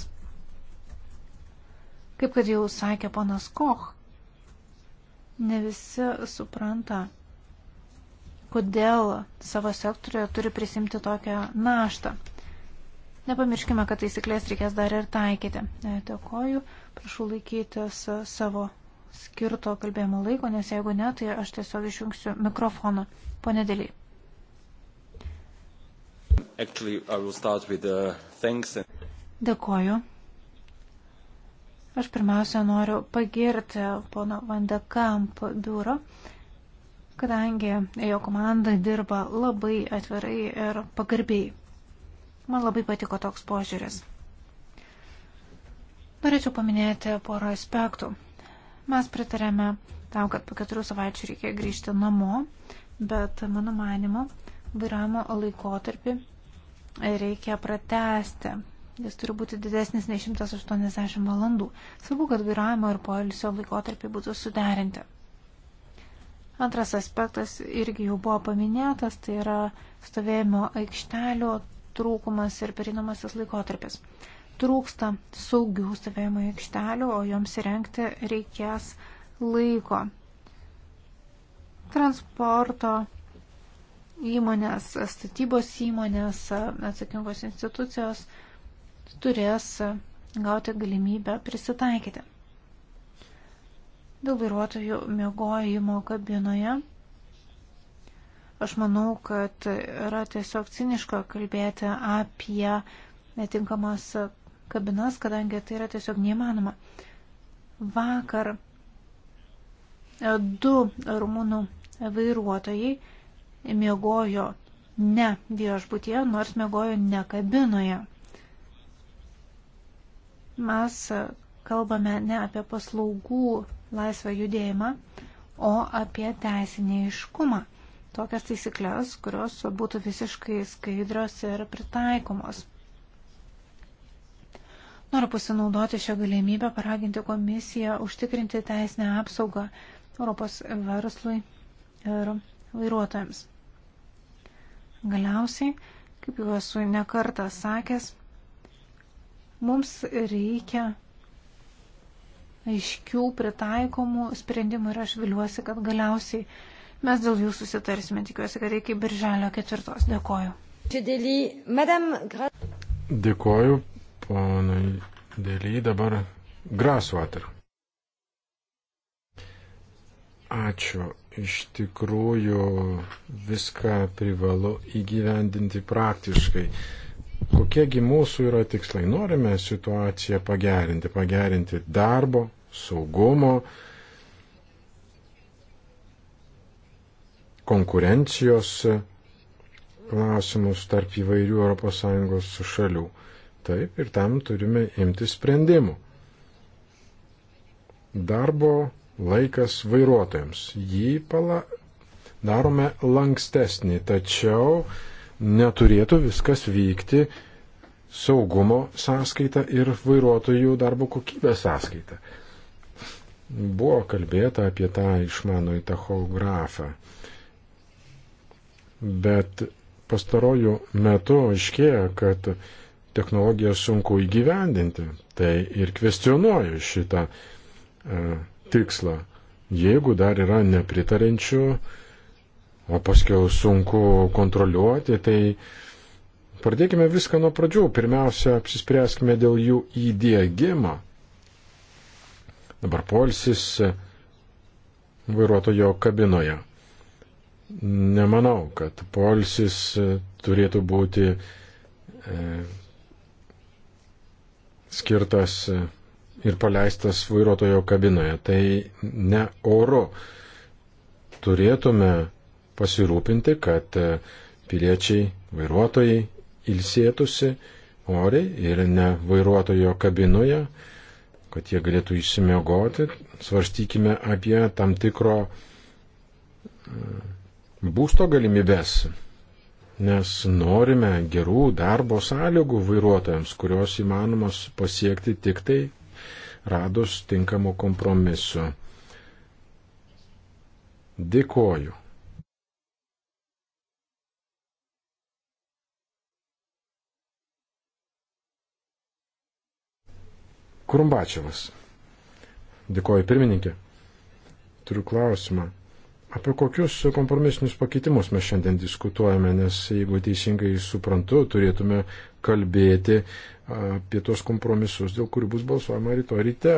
Speaker 3: Kaip kad jau sakė ponas Koch, Ne visi supranta, kodėl savo sektoriuje turi prisimti tokią naštą. Nepamirškime, kad taisyklės reikės dar ir taikyti. E, dėkoju, prašau laikytis savo skirto kalbėjimo laiko, nes jeigu ne, tai aš tiesiog išjungsiu mikrofoną. Pone Dėliai.
Speaker 1: Actually, uh, and...
Speaker 3: Dėkoju. Aš pirmiausia noriu pagirti pono Vandekamp biuro, kadangi jo komanda dirba labai atvirai ir pagarbiai. Man labai patiko toks požiūris. Norėčiau paminėti porą aspektų. Mes pritarėme tam, kad po keturių savaičių reikia grįžti namo, bet mano manimo, vairavimo laikotarpį reikia pratesti Jis turi būti didesnis nei 180 valandų. Svarbu, kad vairavimo ir poilsio laikotarpiai būtų suderinti. Antras aspektas irgi jau buvo paminėtas, tai yra stovėjimo aikštelių trūkumas ir perinamasis laikotarpis. Trūksta saugių stovėjimo aikštelių, o joms įrengti reikės laiko. Transporto įmonės, statybos įmonės, atsakingos institucijos – turės gauti galimybę prisitaikyti. Dėl vairuotojų mėgojimo kabinoje aš manau, kad yra tiesiog ciniška kalbėti apie netinkamas kabinas, kadangi tai yra tiesiog neįmanoma. Vakar du rumūnų vairuotojai mėgojo ne viešbutyje, nors mėgojo ne kabinoje mes kalbame ne apie paslaugų laisvą judėjimą, o apie teisinį iškumą. Tokias taisyklės, kurios būtų visiškai skaidrios ir pritaikomos. Noriu pasinaudoti šią galimybę paraginti komisiją užtikrinti teisinę apsaugą Europos verslui ir vairuotojams. Galiausiai, kaip jau esu nekartą sakęs, Mums reikia aiškių pritaikomų sprendimų ir aš viliuosi, kad galiausiai mes dėl jų susitarsime. Tikiuosi, kad iki birželio ketvirtos. Dėkoju.
Speaker 2: Dėkoju, ponai Dėly, dabar Graswater. Ačiū. Iš tikrųjų viską privalu įgyvendinti praktiškai kokiegi mūsų yra tikslai. Norime situaciją pagerinti, pagerinti darbo, saugumo, konkurencijos klausimus tarp įvairių ES šalių. Taip ir tam turime imti sprendimų. Darbo laikas vairuotojams. Jį pala darome lankstesnį, tačiau neturėtų viskas vykti saugumo sąskaita ir vairuotojų darbo kokybės sąskaita. Buvo kalbėta apie tą išmanųjį tachografą, bet pastarojų metu aiškėja, kad technologiją sunku įgyvendinti. Tai ir kvestionuoju šitą e, tikslą. Jeigu dar yra nepritarenčių, e, o paskui sunku kontroliuoti, tai pradėkime viską nuo pradžių. Pirmiausia, apsispręskime dėl jų įdėgymą. Dabar polsis vairuotojo kabinoje. Nemanau, kad polsis turėtų būti e, skirtas ir paleistas vairuotojo kabinoje. Tai ne oru. Turėtume pasirūpinti, kad e, piliečiai, vairuotojai ilsėtųsi oriai ir ne vairuotojo kabinoje, kad jie galėtų išsimiegoti. Svarstykime apie tam tikro e, būsto galimybės, nes norime gerų darbo sąlygų vairuotojams, kurios įmanomos pasiekti tik tai radus tinkamų kompromisų. Dėkoju Kurumbačiavas. Dėkoju pirmininkė. Turiu klausimą. Apie kokius kompromisinius pakeitimus mes šiandien diskutuojame, nes jeigu teisingai suprantu, turėtume kalbėti apie tos kompromisus, dėl kurių bus balsuojama rytoj ryte.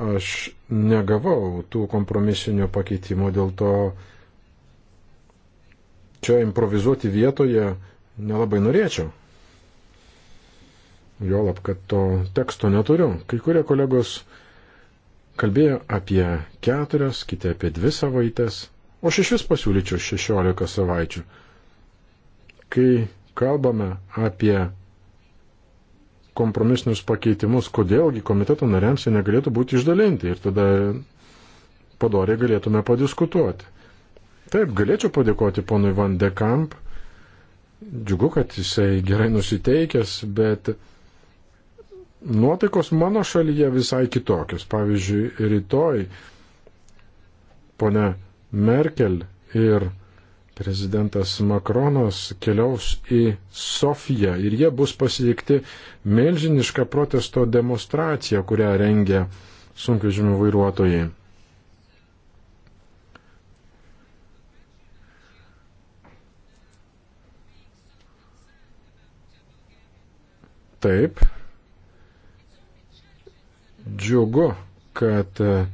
Speaker 2: Aš negavau tų kompromisinio pakeitimo, dėl to čia improvizuoti vietoje nelabai norėčiau. Jolap, kad to teksto neturiu. Kai kurie kolegos kalbėjo apie keturias, kiti apie dvi savaitės, o aš iš vis pasiūlyčiau šešiolika savaičių. Kai kalbame apie kompromisinius pakeitimus, kodėlgi komiteto nariams jie negalėtų būti išdalinti ir tada padoriai galėtume padiskutuoti. Taip, galėčiau padėkoti ponui Van de Kamp. Džiugu, kad jisai gerai nusiteikęs, bet Nuotaikos mano šalyje visai kitokios. Pavyzdžiui, rytoj ponia Merkel ir prezidentas Makronas keliaus į Sofiją ir jie bus pasiekti milžinišką protesto demonstraciją, kurią rengia sunkvežimių vairuotojai. Taip, džiugu, kad e,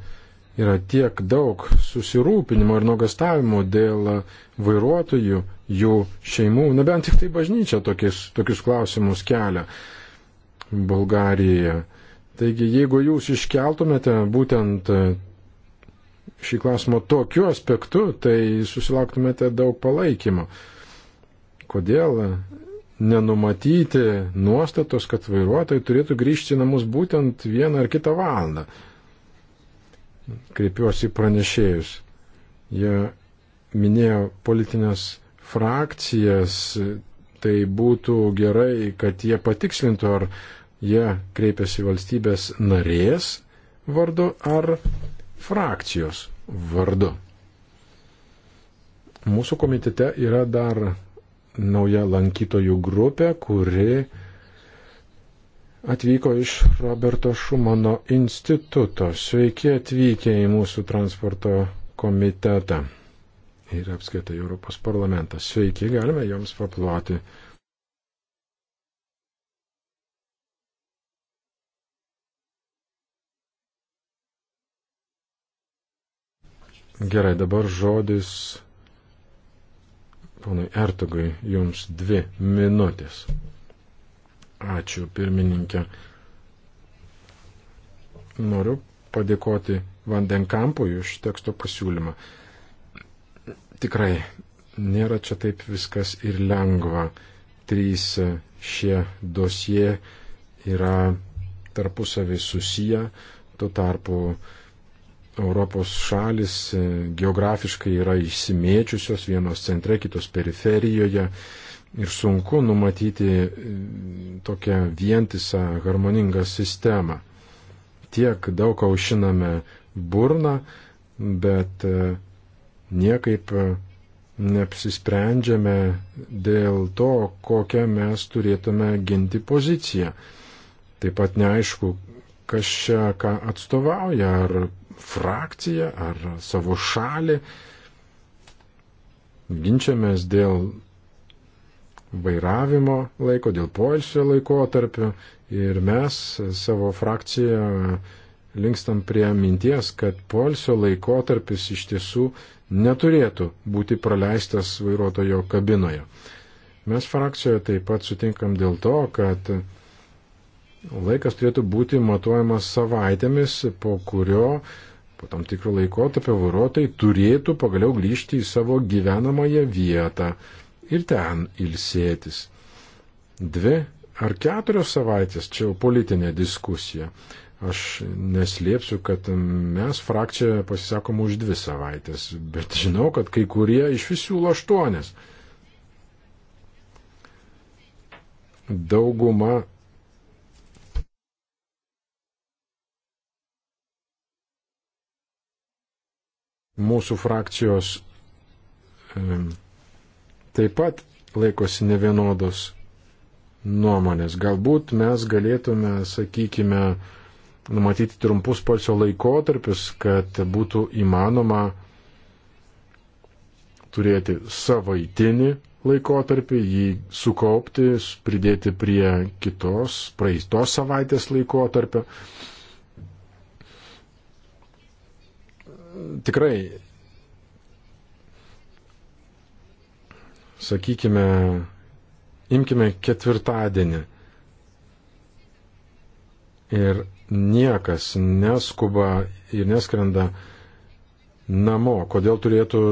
Speaker 2: yra tiek daug susirūpinimo ir nuogastavimo dėl e, vairuotojų, jų šeimų, na bent tik tai bažnyčia tokius, tokius klausimus kelia Bulgarijoje. Taigi, jeigu jūs iškeltumėte būtent e, šį klausimą tokiu aspektu, tai susilauktumėte daug palaikymo. Kodėl nenumatyti nuostatos, kad vairuotojai turėtų grįžti į namus būtent vieną ar kitą valandą. Kreipiuosi į pranešėjus. Jie minėjo politinės frakcijas, tai būtų gerai, kad jie patikslintų, ar jie kreipiasi valstybės narės vardu ar frakcijos vardu. Mūsų komitete yra dar nauja lankytojų grupė, kuri atvyko iš Roberto Šumano instituto. Sveiki atvykę į mūsų transporto komitetą ir apskaitai Europos parlamentą. Sveiki, galime joms paploti. Gerai, dabar žodis Ponai Ertogui, jums dvi minutės. Ačiū, pirmininkė. Noriu padėkoti Vandenkampui už teksto pasiūlymą. Tikrai nėra čia taip viskas ir lengva. Trys šie dosie yra tarpusavį susiję, tuo tarpu Europos šalis e, geografiškai yra išsimėčiusios, vienos centre, kitos periferijoje ir sunku numatyti e, tokią vientisą harmoningą sistemą. Tiek daug aušiname burną, bet e, niekaip neapsisprendžiame dėl to, kokią mes turėtume ginti poziciją. Taip pat neaišku, kas čia ką atstovauja, ar frakciją ar savo šalį, ginčiamės dėl vairavimo laiko, dėl poilsio laiko tarpio ir mes savo frakciją linkstam prie minties, kad poilsio laiko tarpis iš tiesų neturėtų būti praleistas vairuotojo kabinoje. Mes frakcijoje taip pat sutinkam dėl to, kad laikas turėtų būti matuojamas savaitėmis, po kurio po tam tikrų laikotarpio vairuotojai turėtų pagaliau grįžti į savo gyvenamąją vietą ir ten ilsėtis. Dvi ar keturios savaitės, čia jau politinė diskusija. Aš neslėpsiu, kad mes frakcijoje pasisakom už dvi savaitės, bet žinau, kad kai kurie iš visų siūlo aštuonias. Dauguma Mūsų frakcijos e, taip pat laikosi ne vienodos nuomonės. Galbūt mes galėtume, sakykime, numatyti trumpus polsio laikotarpius, kad būtų įmanoma turėti savaitinį laikotarpį, jį sukaupti, pridėti prie kitos, praeitos savaitės laikotarpio. tikrai, sakykime, imkime ketvirtadienį ir niekas neskuba ir neskrenda namo. Kodėl turėtų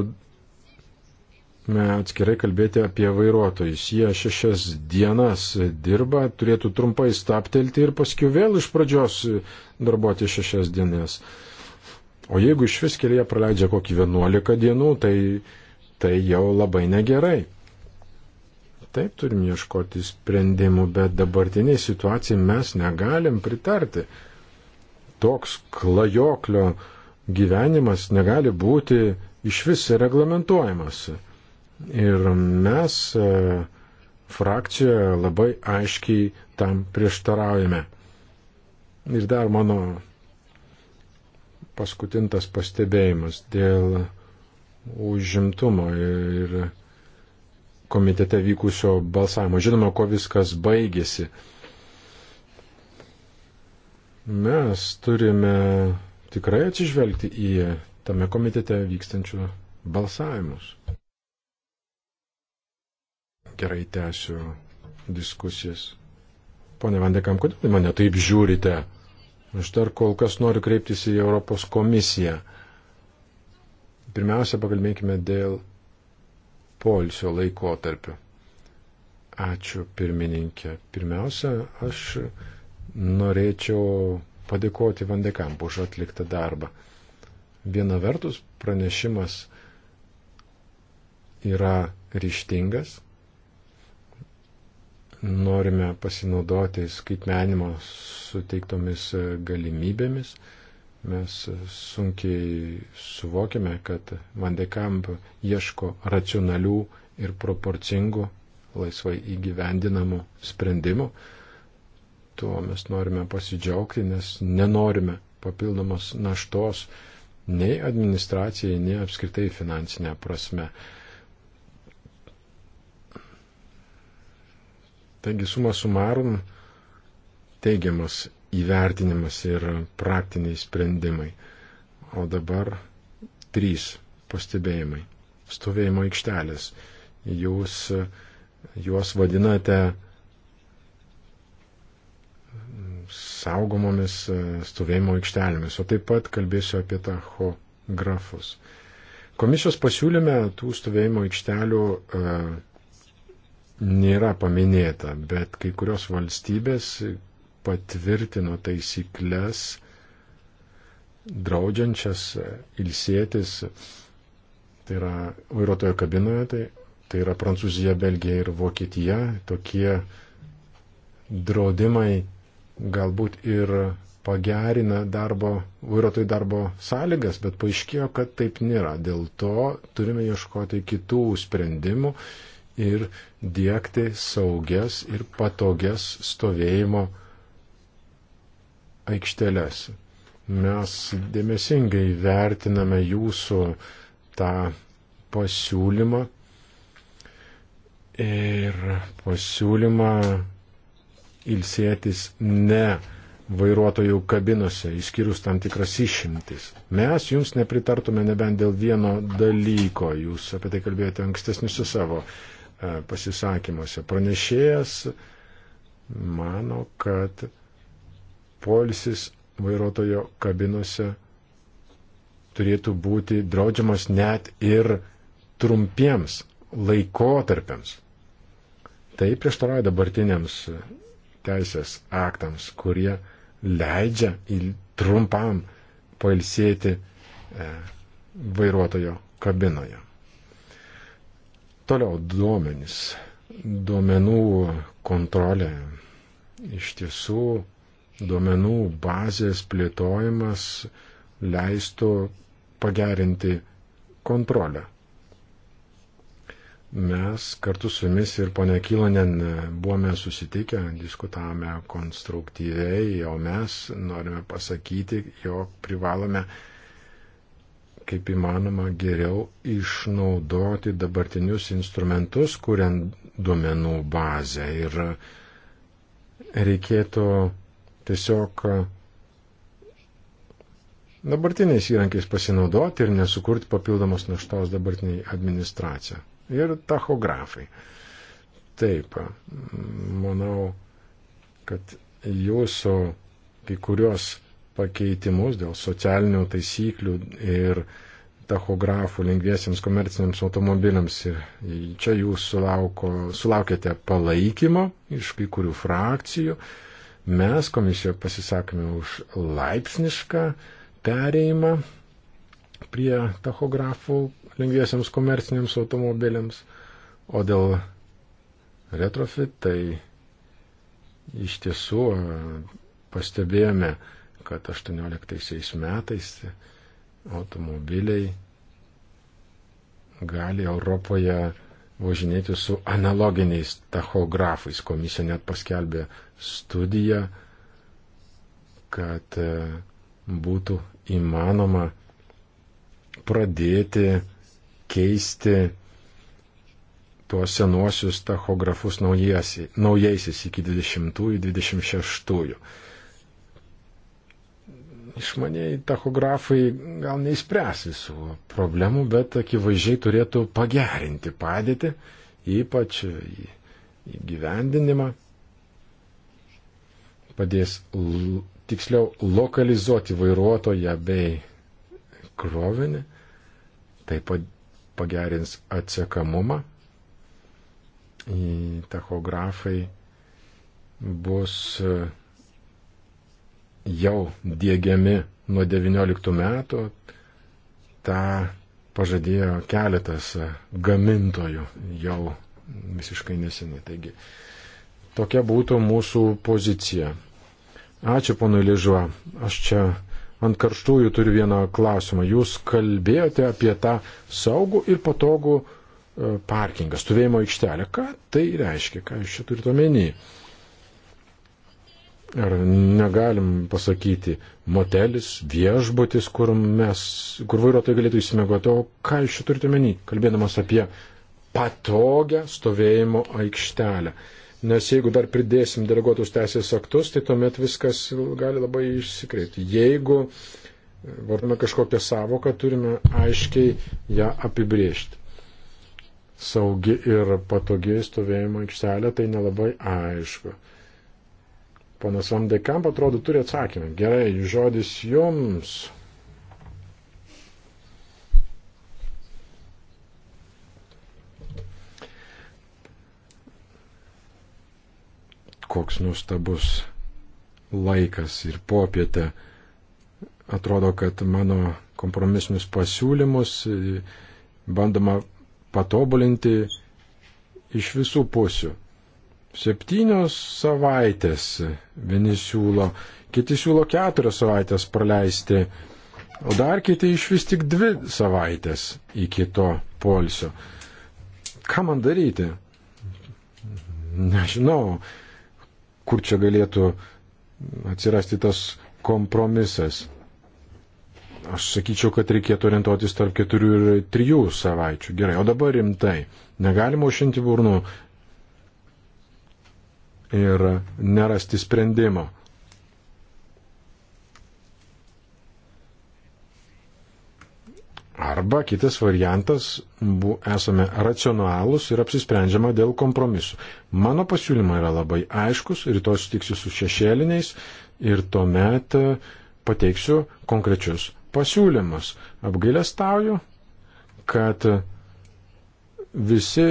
Speaker 2: atskirai kalbėti apie vairuotojus. Jie šešias dienas dirba, turėtų trumpai staptelti ir paskui vėl iš pradžios darbuoti šešias dienas. O jeigu iš vis kelyje praleidžia kokį 11 dienų, tai, tai jau labai negerai. Taip turim ieškoti sprendimų, bet dabartiniai situacijai mes negalim pritarti. Toks klajoklio gyvenimas negali būti iš vis reglamentuojamas. Ir mes e, frakcijoje labai aiškiai tam prieštaraujame. Ir dar mano paskutintas pastebėjimas dėl užimtumo ir komitete vykusio balsavimo. Žinoma, ko viskas baigėsi. Mes turime tikrai atsižvelgti į tame komitete vykstančių balsavimus. Gerai tęsiu diskusijas. Pone Vandekam, kodėl mane taip žiūrite? Aš dar kol kas noriu kreiptis į Europos komisiją. Pirmiausia, pakalbėkime dėl polsio laikotarpio. Ačiū pirmininkė. Pirmiausia, aš norėčiau padėkoti Vandekam už atliktą darbą. Viena vertus, pranešimas yra ryštingas, norime pasinaudoti skaitmenimo suteiktomis galimybėmis. Mes sunkiai suvokiame, kad Vandekamp ieško racionalių ir proporcingų, laisvai įgyvendinamų sprendimų. Tuo mes norime pasidžiaugti, nes nenorime papildomos naštos nei administracijai, nei apskritai finansinė prasme. Taigi suma sumarum teigiamas įvertinimas ir praktiniai sprendimai. O dabar trys pastebėjimai. Stovėjimo aikštelės. Jūs juos vadinate saugomomis stovėjimo aikštelėmis, o taip pat kalbėsiu apie tachografus. Komisijos pasiūlyme tų stovėjimo aikštelių uh, nėra paminėta, bet kai kurios valstybės patvirtino taisyklės draudžiančias ilsėtis, tai yra vairuotojo kabinoje, tai, tai yra Prancūzija, Belgija ir Vokietija. Tokie draudimai galbūt ir pagerina darbo, vairuotojų darbo sąlygas, bet paaiškėjo, kad taip nėra. Dėl to turime ieškoti kitų sprendimų ir dėkti saugias ir patogias stovėjimo aikšteles. Mes dėmesingai vertiname jūsų tą pasiūlymą ir pasiūlymą ilsėtis ne vairuotojų kabinose, išskyrus tam tikras išimtis. Mes jums nepritartume nebent dėl vieno dalyko, jūs apie tai kalbėjote ankstesniuose savo E, pasisakymuose. Pranešėjas mano, kad polisis vairuotojo kabinose turėtų būti draudžiamas net ir trumpiems laikotarpiams. Tai prieštarauja dabartiniams teisės aktams, kurie leidžia trumpam pailsėti e, vairuotojo kabinoje. Toliau duomenys. Duomenų kontrolė. Iš tiesų, duomenų bazės plėtojimas leistų pagerinti kontrolę. Mes kartu su jumis ir ponia Kylonen buvome susitikę, diskutavome konstruktyviai, o mes norime pasakyti, jog privalome uh, kaip įmanoma geriau išnaudoti dabartinius instrumentus, kuriant duomenų bazę. Ir reikėtų tiesiog dabartiniais įrankiais pasinaudoti ir nesukurti papildomos naštos dabartiniai administracija. Ir tachografai. Taip, manau, kad jūsų kai kurios pakeitimus dėl socialinių taisyklių ir tachografų lengviesiems komerciniams automobiliams. Ir čia jūs sulauko, sulaukėte palaikymo iš kai kurių frakcijų. Mes komisijoje pasisakome už laipsnišką pereimą prie tachografų lengviesiams komerciniams automobiliams, o dėl retrofit tai iš tiesų pastebėjome, kad 18 metais automobiliai gali Europoje važinėti su analoginiais tachografais. Komisija net paskelbė studiją, kad e, būtų įmanoma pradėti keisti tuos senuosius tachografus naujaisiais iki 20-26 išmaniai tachografai gal neįspręs visų problemų, bet akivaizdžiai turėtų pagerinti padėtį, ypač įgyvendinimą, padės tiksliau lokalizuoti vairuotoją bei krovinį, taip pat pagerins atsekamumą. Tachografai bus jau dėgiami nuo 19 metų. Ta pažadėjo keletas gamintojų jau visiškai neseniai. Taigi tokia būtų mūsų pozicija. Ačiū ponui Ližuo. Aš čia ant karštųjų turiu vieną klausimą. Jūs kalbėjote apie tą saugų ir patogų e, parkingą, stovėjimo aikštelę. Ką tai reiškia? Ką jūs čia turite omenyje? Ar negalim pasakyti motelis, viešbutis, kur mes, kur vairuotojai galėtų įsimegoti, o ką iš čia turite menį, kalbėdamas apie patogią stovėjimo aikštelę. Nes jeigu dar pridėsim deleguotus teisės aktus, tai tuomet viskas gali labai išsikreipti. Jeigu vartame kažkokią savoką, turime aiškiai ją apibriežti. Saugi ir patogiai stovėjimo aikštelė tai nelabai aišku. Ponas Vandekamp atrodo turi atsakymą. Gerai, žodis jums. Koks nustabus laikas ir popietė. Atrodo, kad mano kompromisinius pasiūlymus bandoma patobulinti iš visų pusių septynios savaitės vieni siūlo, kiti siūlo keturias savaitės praleisti, o dar kiti iš vis tik dvi savaitės iki to polsio. Ką man daryti? Nežinau, kur čia galėtų atsirasti tas kompromisas. Aš sakyčiau, kad reikėtų orientuotis tarp keturių ir trijų savaičių. Gerai, o dabar rimtai. Negalima užšinti burnų, ir nerasti sprendimo. Arba kitas variantas, bu, esame racionalūs ir apsisprendžiama dėl kompromisų. Mano pasiūlymai yra labai aiškus, rytoj sutiksiu su šešėliniais ir tuomet e, pateiksiu konkrečius pasiūlymus. Apgailestauju, kad visi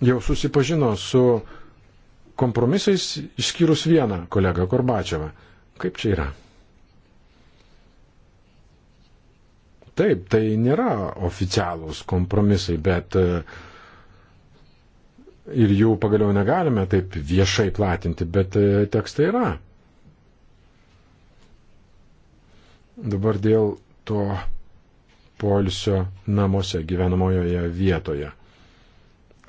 Speaker 2: jau susipažino su kompromisais, išskyrus vieną kolegą Korbačiavą. Kaip čia yra? Taip, tai nėra oficialūs kompromisai, bet e, ir jų pagaliau negalime taip viešai platinti, bet e, tekstai yra. Dabar dėl to poilsio namuose gyvenamojoje vietoje.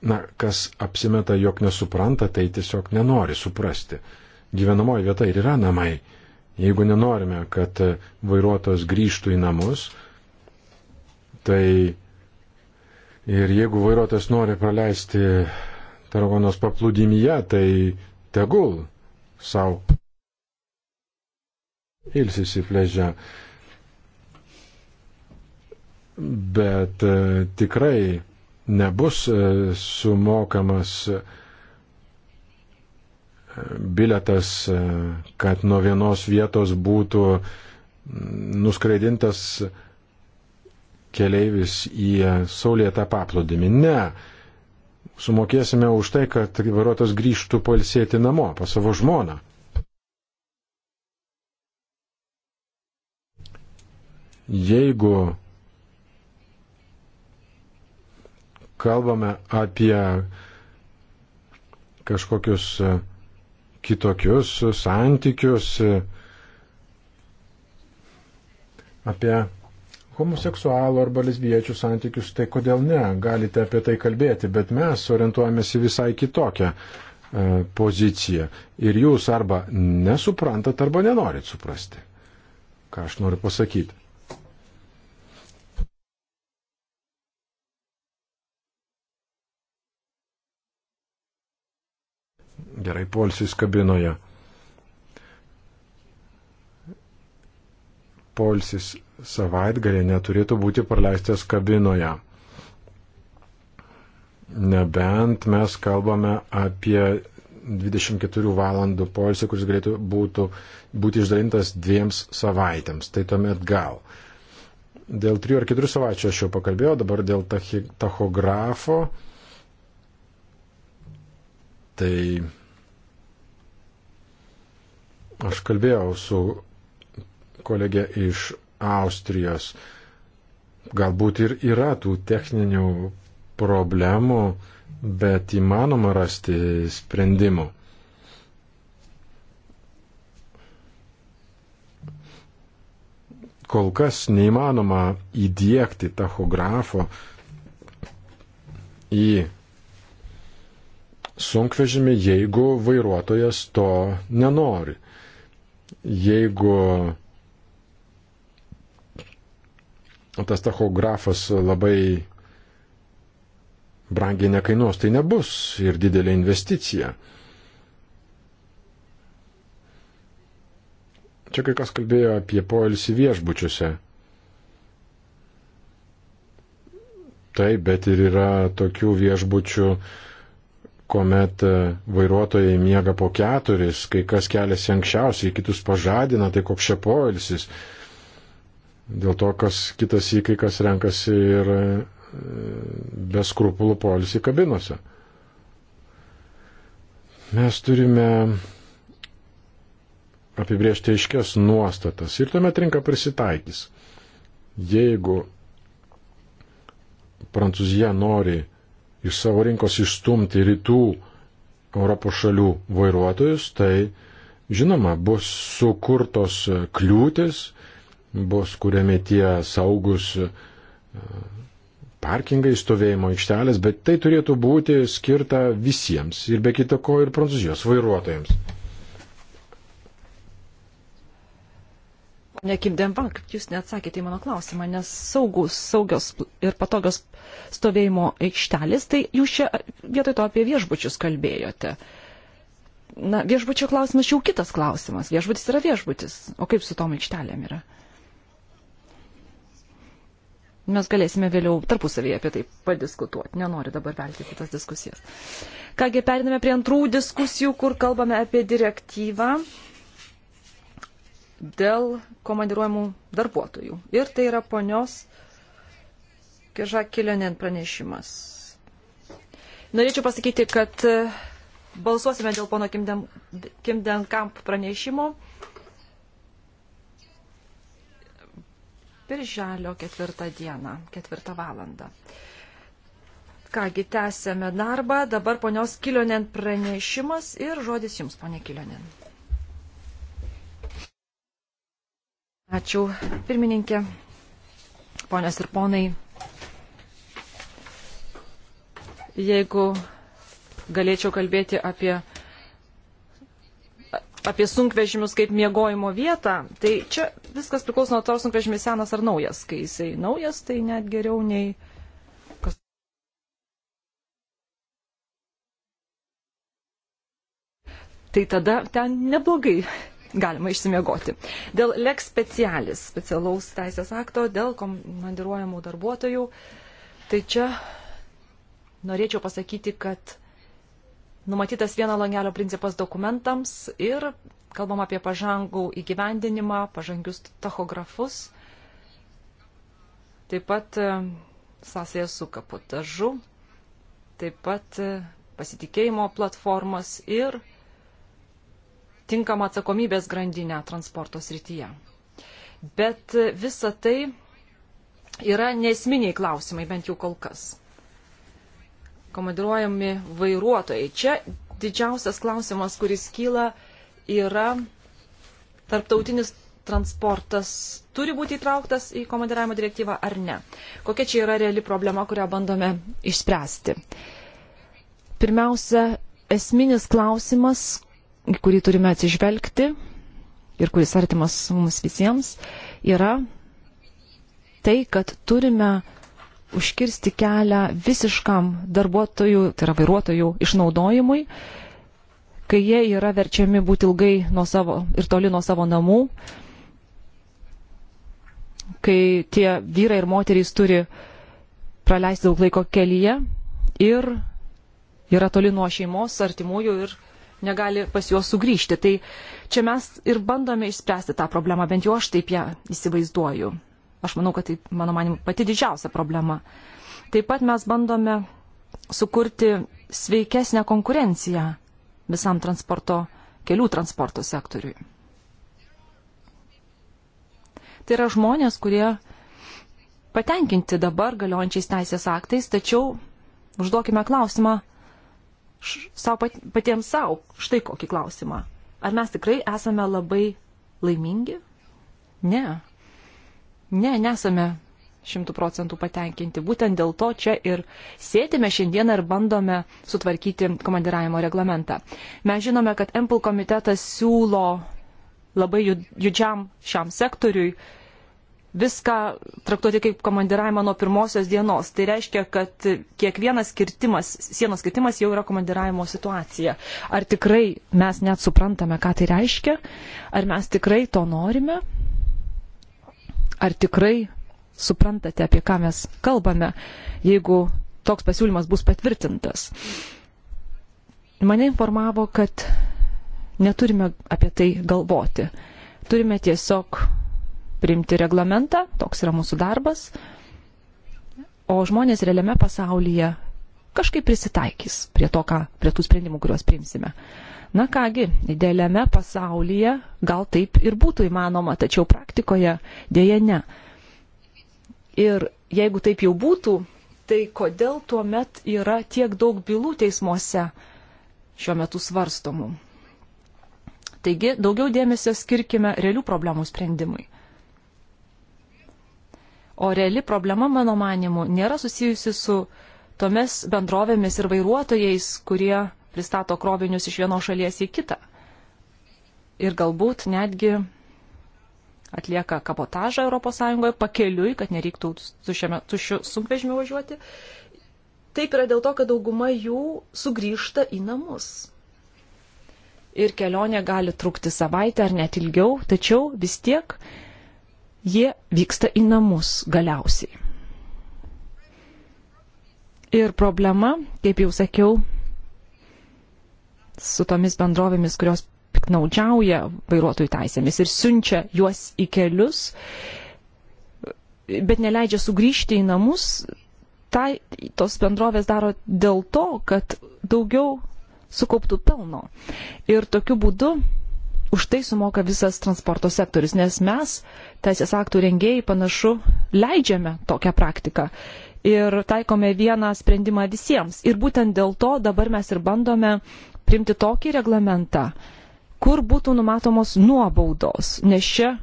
Speaker 2: Na, kas apsimeta, jog nesupranta, tai tiesiog nenori suprasti. Gyvenamoji vieta ir yra namai. Jeigu nenorime, kad e, vairuotojas grįžtų į namus, tai ir jeigu vairuotojas nori praleisti Taragonos paplūdimyje, tai tegul savo ilsisi pležia. Bet e, tikrai nebus e, sumokamas e, biletas, e, kad nuo vienos vietos būtų nuskraidintas keleivis į saulėtą paplūdimį. Ne. Sumokėsime už tai, kad vairuotojas grįžtų palsėti namo pas savo žmoną. Jeigu kalbame apie kažkokius e, kitokius santykius, e, apie homoseksualų arba lesbiečių santykius, tai kodėl ne, galite apie tai kalbėti, bet mes orientuojamės į visai kitokią e, poziciją. Ir jūs arba nesuprantat, arba nenorit suprasti, ką aš noriu pasakyti. gerai polsis kabinoje. Polsis savaitgalį neturėtų būti praleistas kabinoje. Nebent mes kalbame apie 24 valandų poilsį, kuris galėtų būtų, būti išdalintas dviems savaitėms. Tai tuomet gal. Dėl 3 ar 4 savaičių aš jau pakalbėjau, dabar dėl tachografo. Tai Aš kalbėjau su kolegė iš Austrijos. Galbūt ir yra tų techninių problemų, bet įmanoma rasti sprendimų. Kol kas neįmanoma įdėkti tachografo į sunkvežimį, jeigu vairuotojas to nenori. Jeigu tas tachografas labai brangiai nekainuos, tai nebus ir didelė investicija. Čia kai kas kalbėjo apie poilsį viešbučiuose. Taip, bet ir yra tokių viešbučių, kuomet e, vairuotojai miega po keturis, kai kas keliasi anksčiausiai, kitus pažadina, tai koks čia poilsis. Dėl to, kas kitas į kai kas renkasi ir e, be skrupulų poilsį kabinose. Mes turime apibriežti aiškias nuostatas ir tuomet rinka prisitaikys. Jeigu Prancūzija nori iš savo rinkos išstumti rytų Europos šalių vairuotojus, tai žinoma, bus sukurtos kliūtis, bus kuriami tie saugus e, parkingai, stovėjimo aikštelės, bet tai turėtų būti skirta visiems ir be kita ko ir prancūzijos vairuotojams.
Speaker 1: Nekimdemba, kad jūs neatsakėte į mano klausimą, nes saugus, saugios ir patogios stovėjimo aikštelės, tai jūs čia vietoj to apie viešbučius kalbėjote. Na, viešbučio klausimas jau kitas klausimas. Viešbutis yra viešbutis. O kaip su tom aikštelėm yra? Mes galėsime vėliau tarpusavyje apie tai padiskutuoti. Nenoriu dabar velti kitas diskusijas. Kągi, periname prie antrų diskusijų, kur kalbame apie direktyvą dėl komandiruojamų darbuotojų. Ir tai yra ponios Keža Kilionen pranešimas. Norėčiau pasakyti, kad e, balsuosime dėl pono Kimdenkamp pranešimo. Birželio ketvirtą dieną, ketvirtą valandą. Kągi, tęsėme darbą. Dabar ponios Kilionen pranešimas ir žodis jums, ponė Kilionen. Ačiū, pirmininkė. Ponios ir ponai, jeigu galėčiau kalbėti apie, apie sunkvežimius kaip miegojimo vietą, tai čia viskas priklauso nuo to, ar sunkvežimis senas ar naujas. Kai jisai naujas, tai net geriau nei. Kas... Tai tada ten neblogai galima išsimiegoti. Dėl leks specialis, specialaus teisės akto, dėl komandiruojamų darbuotojų, tai čia norėčiau pasakyti, kad numatytas vieno langelio principas dokumentams ir kalbam apie pažangų įgyvendinimą, pažangius tachografus, taip pat e, sąsąją su kapotažu, taip pat e, pasitikėjimo platformas ir tinkamą atsakomybės grandinę transporto srityje. Bet visa tai yra nesminiai klausimai, bent jau kol kas. Komandiruojami vairuotojai. Čia didžiausias klausimas, kuris kyla, yra tarptautinis transportas turi būti įtrauktas į komandiravimo direktyvą ar ne. Kokia čia yra reali problema, kurią bandome išspręsti. Pirmiausia, esminis klausimas, kurį turime atsižvelgti ir kuris artimas mums visiems, yra tai, kad turime užkirsti kelią visiškam darbuotojų, tai yra vairuotojų išnaudojimui, kai jie yra verčiami būti ilgai nuo savo ir toli nuo savo namų, kai tie vyrai ir moterys turi praleisti daug laiko kelyje ir yra toli nuo šeimos, artimųjų ir negali pas juos sugrįžti. Tai čia mes ir bandome išspręsti tą problemą, bent jau aš taip ją įsivaizduoju. Aš manau, kad tai, mano manim, pati didžiausia problema. Taip pat mes bandome sukurti sveikesnę konkurenciją visam transporto, kelių transporto sektoriui. Tai yra žmonės, kurie patenkinti dabar galiojančiais teisės aktais, tačiau užduokime klausimą, savo patiems savo štai kokį klausimą. Ar mes tikrai esame labai laimingi? Ne. Ne, nesame šimtų procentų patenkinti. Būtent dėl to čia ir sėtime šiandieną ir bandome sutvarkyti komandiravimo reglamentą. Mes žinome, kad MPL komitetas siūlo labai judžiam šiam sektoriui viską traktuoti kaip komandiravimą nuo pirmosios dienos. Tai reiškia, kad kiekvienas kirtimas, sienos kirtimas jau yra komandiravimo situacija. Ar tikrai mes net suprantame, ką tai reiškia? Ar mes tikrai to norime? Ar tikrai suprantate, apie ką mes kalbame, jeigu toks pasiūlymas bus patvirtintas? Mane informavo, kad neturime apie tai galvoti. Turime tiesiog priimti reglamentą, toks yra mūsų darbas, o žmonės realiame pasaulyje kažkaip prisitaikys prie, to, ką, prie tų sprendimų, kuriuos priimsime. Na kągi, idealiame pasaulyje gal taip ir būtų įmanoma, tačiau praktikoje dėje ne. Ir jeigu taip jau būtų, tai kodėl tuo met yra tiek daug bylų teismuose šiuo metu svarstomų? Taigi daugiau dėmesio skirkime realių problemų sprendimui. O reali problema, mano manimu, nėra susijusi su tomis bendrovėmis ir vairuotojais, kurie pristato krovinius iš vienos šalies į kitą. Ir galbūt netgi atlieka kabotažą ES pakeliui, kad nereiktų su, šiame, su šiu sunkvežimiu važiuoti. Taip yra dėl to, kad dauguma jų sugrįžta į namus. Ir kelionė gali trukti savaitę ar net ilgiau, tačiau vis tiek jie vyksta į namus galiausiai. Ir problema, kaip jau sakiau, su tomis bendrovėmis, kurios piknaudžiauja vairuotojų teisėmis ir siunčia juos į kelius, bet neleidžia sugrįžti į namus, tai tos bendrovės daro dėl to, kad daugiau sukauptų pelno. Ir tokiu būdu už tai sumoka visas transporto sektorius, nes mes, teisės aktų rengėjai, panašu, leidžiame tokią praktiką ir taikome vieną sprendimą visiems. Ir būtent dėl to dabar mes ir bandome primti tokį reglamentą, kur būtų numatomos nuobaudos, nes čia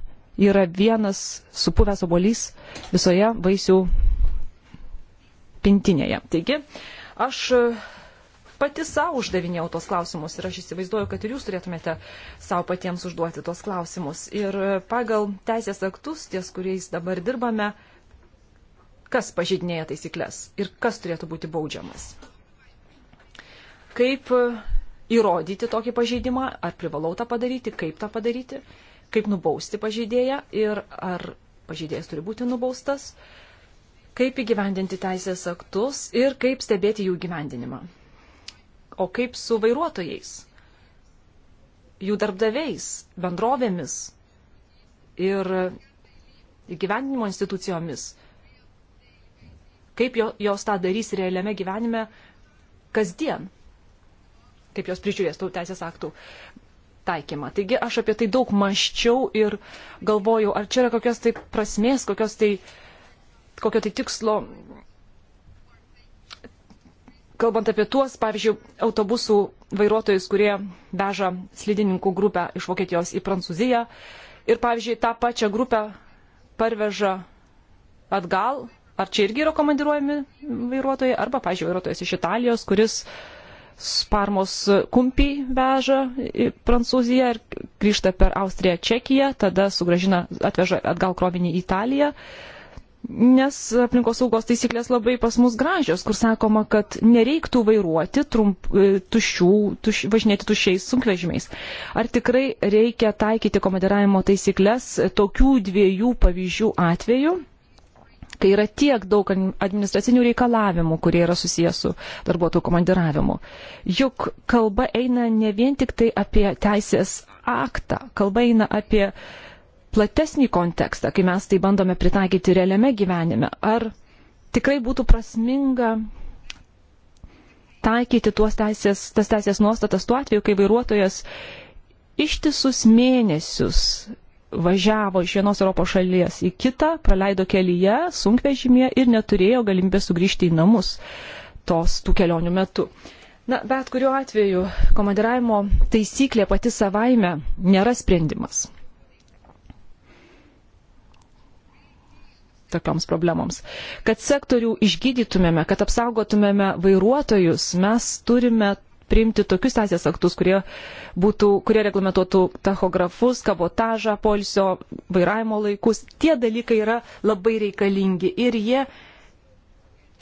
Speaker 1: yra vienas supuvęs obolys visoje vaisių pintinėje. Taigi, aš pati savo uždavinėjau tos klausimus ir aš įsivaizduoju, kad ir jūs turėtumėte savo patiems užduoti tos klausimus. Ir pagal teisės aktus, ties kuriais dabar dirbame, kas pažydinėja taisyklės ir kas turėtų būti baudžiamas. Kaip įrodyti tokį pažeidimą, ar privalau tą padaryti, kaip tą padaryti, kaip nubausti pažeidėją ir ar pažeidėjas turi būti nubaustas, kaip įgyvendinti teisės aktus ir kaip stebėti jų gyvendinimą. O kaip su vairuotojais, jų darbdaviais, bendrovėmis ir gyvenimo institucijomis? Kaip jos tą darys realiame gyvenime kasdien? Kaip jos prižiūrės tų teisės aktų? taikymą. Taigi aš apie tai daug maščiau ir galvojau, ar čia yra kokios tai prasmės, kokios tai, kokio tai tikslo kalbant apie tuos, pavyzdžiui, autobusų vairuotojus, kurie veža slidininkų grupę iš Vokietijos į Prancūziją ir, pavyzdžiui, tą pačią grupę parveža atgal, ar čia irgi yra komandiruojami vairuotojai, arba, pavyzdžiui, vairuotojas iš Italijos, kuris sparmos kumpį veža į Prancūziją ir grįžta per Austriją, Čekiją, tada sugražina, atveža atgal krovinį į Italiją. Uh, nes aplinkos saugos taisyklės labai pas mus gražios, kur sakoma, kad nereiktų vairuoti trump, e, tušių, tuš, važinėti tušiais sunkvežimiais. Ar tikrai reikia taikyti komandiravimo taisyklės tokių dviejų pavyzdžių atveju, kai yra tiek daug administracinių reikalavimų, kurie yra susijęs su darbuotojų komandiravimu. Juk kalba eina ne vien tik tai apie teisės aktą, kalba eina apie platesnį kontekstą, kai mes tai bandome pritaikyti realiame gyvenime, ar tikrai būtų prasminga taikyti tuos teisės, tas teisės nuostatas tuo atveju, kai vairuotojas ištisus mėnesius važiavo iš vienos Europos šalies į kitą, praleido kelyje, sunkvežimėje ir neturėjo galimybės sugrįžti į namus tos tų kelionių metu. Na, bet kuriuo atveju komandiravimo taisyklė pati savaime nėra sprendimas. tokioms problemoms. Kad sektorių išgydytumėme, kad apsaugotumėme vairuotojus, mes turime priimti tokius teisės aktus, kurie, būtų, kurie reglamentuotų tachografus, kabotažą, polsio, vairavimo laikus. Tie dalykai yra labai reikalingi ir jie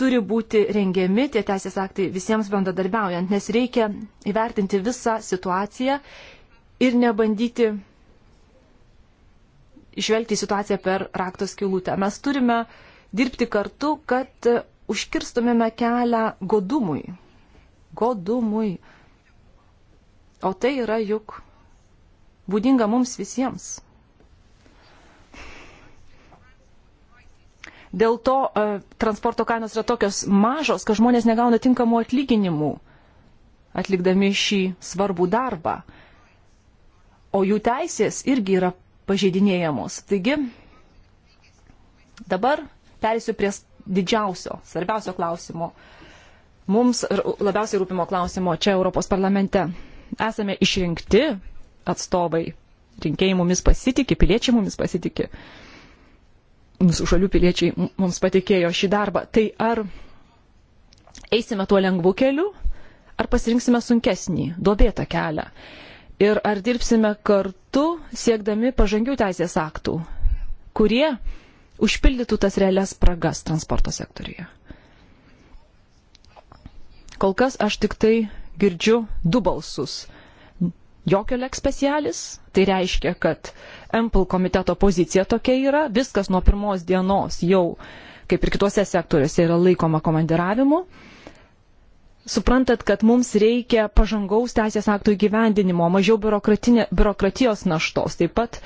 Speaker 1: turi būti rengiami, tie teisės aktai, visiems bendradarbiaujant, nes reikia įvertinti visą situaciją ir nebandyti žvelgti į situaciją per rakto skilutę. Mes turime dirbti kartu, kad užkirstumėme kelią godumui. Godumui. O tai yra juk būdinga mums visiems. Dėl to e, transporto kainos yra tokios mažos, kad žmonės negauna tinkamų atlyginimų atlikdami šį svarbų darbą. O jų teisės irgi yra pažeidinėjamos. Taigi, dabar perėsiu prie didžiausio, svarbiausio klausimo. Mums labiausiai rūpimo klausimo čia Europos parlamente. Esame išrinkti atstovai. Rinkėjai mumis pasitikė, piliečiai mumis pasitikė. Mūsų šalių piliečiai mums patikėjo šį darbą. Tai ar eisime tuo lengvu keliu, ar pasirinksime sunkesnį, duobėtą kelią? ir ar dirbsime kartu siekdami pažangių teisės aktų, kurie užpildytų tas realias spragas transporto sektoriuje. Kol kas aš tik tai girdžiu du balsus. Jokio leks specialis, tai reiškia, kad MPL komiteto pozicija tokia yra, viskas nuo pirmos dienos jau, kaip ir kitose sektoriuose, yra laikoma komandiravimu suprantat, kad mums reikia pažangaus teisės aktų įgyvendinimo, mažiau biurokratijos naštos, taip pat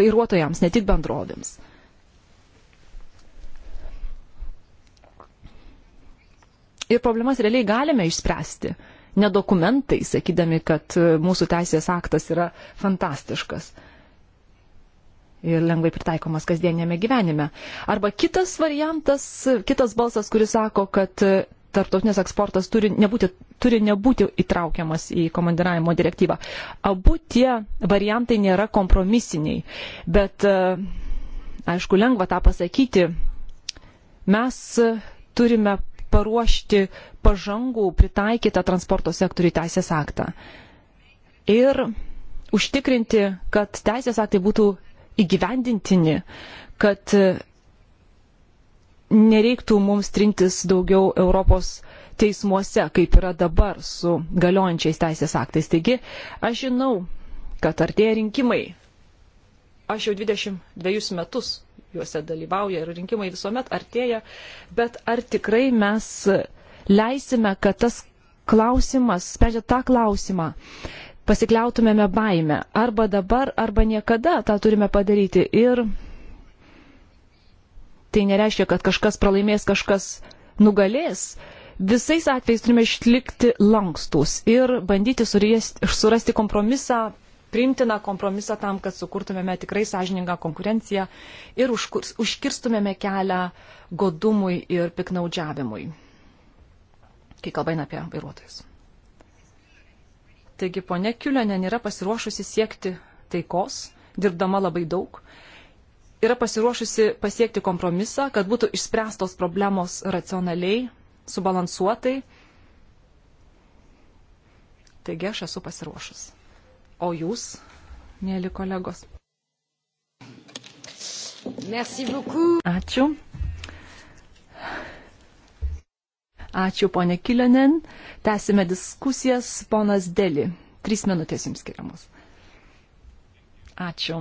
Speaker 1: vairuotojams, ne tik bendrovėms. Ir problemas realiai galime išspręsti, ne dokumentai, sakydami, kad e, mūsų teisės aktas yra fantastiškas ir lengvai pritaikomas kasdienėme gyvenime. Arba kitas variantas, kitas balsas, kuris sako, kad e, tarptautinis eksportas turi nebūti, turi nebūti įtraukiamas į komandiravimo direktyvą. Abu tie variantai nėra kompromisiniai, bet e, aišku, lengva tą pasakyti. Mes turime paruošti pažangų pritaikytą transporto sektorių teisės aktą ir užtikrinti, kad teisės aktai būtų įgyvendintini, kad nereiktų mums trintis daugiau Europos teismuose, kaip yra dabar su galiojančiais teisės aktais. Taigi, aš žinau, kad artėja rinkimai. Aš jau 22 metus juose dalyvauja ir rinkimai visuomet artėja, bet ar tikrai mes leisime, kad tas klausimas, sprendžia tą klausimą, pasikliautumėme baime. Arba dabar, arba niekada tą turime padaryti. Ir tai nereiškia, kad kažkas pralaimės, kažkas nugalės. Visais atvejais turime išlikti lankstus ir bandyti surasti kompromisą, priimtiną kompromisą tam, kad sukurtumėme tikrai sąžiningą konkurenciją ir užkurs, užkirstumėme kelią godumui ir piknaudžiavimui, kai kalbame apie vairuotojus. Taigi ponia Kiulionen yra pasiruošusi siekti taikos, dirbdama labai daug yra pasiruošusi pasiekti kompromisą, kad būtų išspręstos problemos racionaliai, subalansuotai. Taigi aš esu pasiruošus. O jūs, mėly kolegos? Ačiū. Ačiū, ponė Kilionen. Tęsime diskusijas, ponas Deli. Trys minutės jums skiriamos. Ačiū.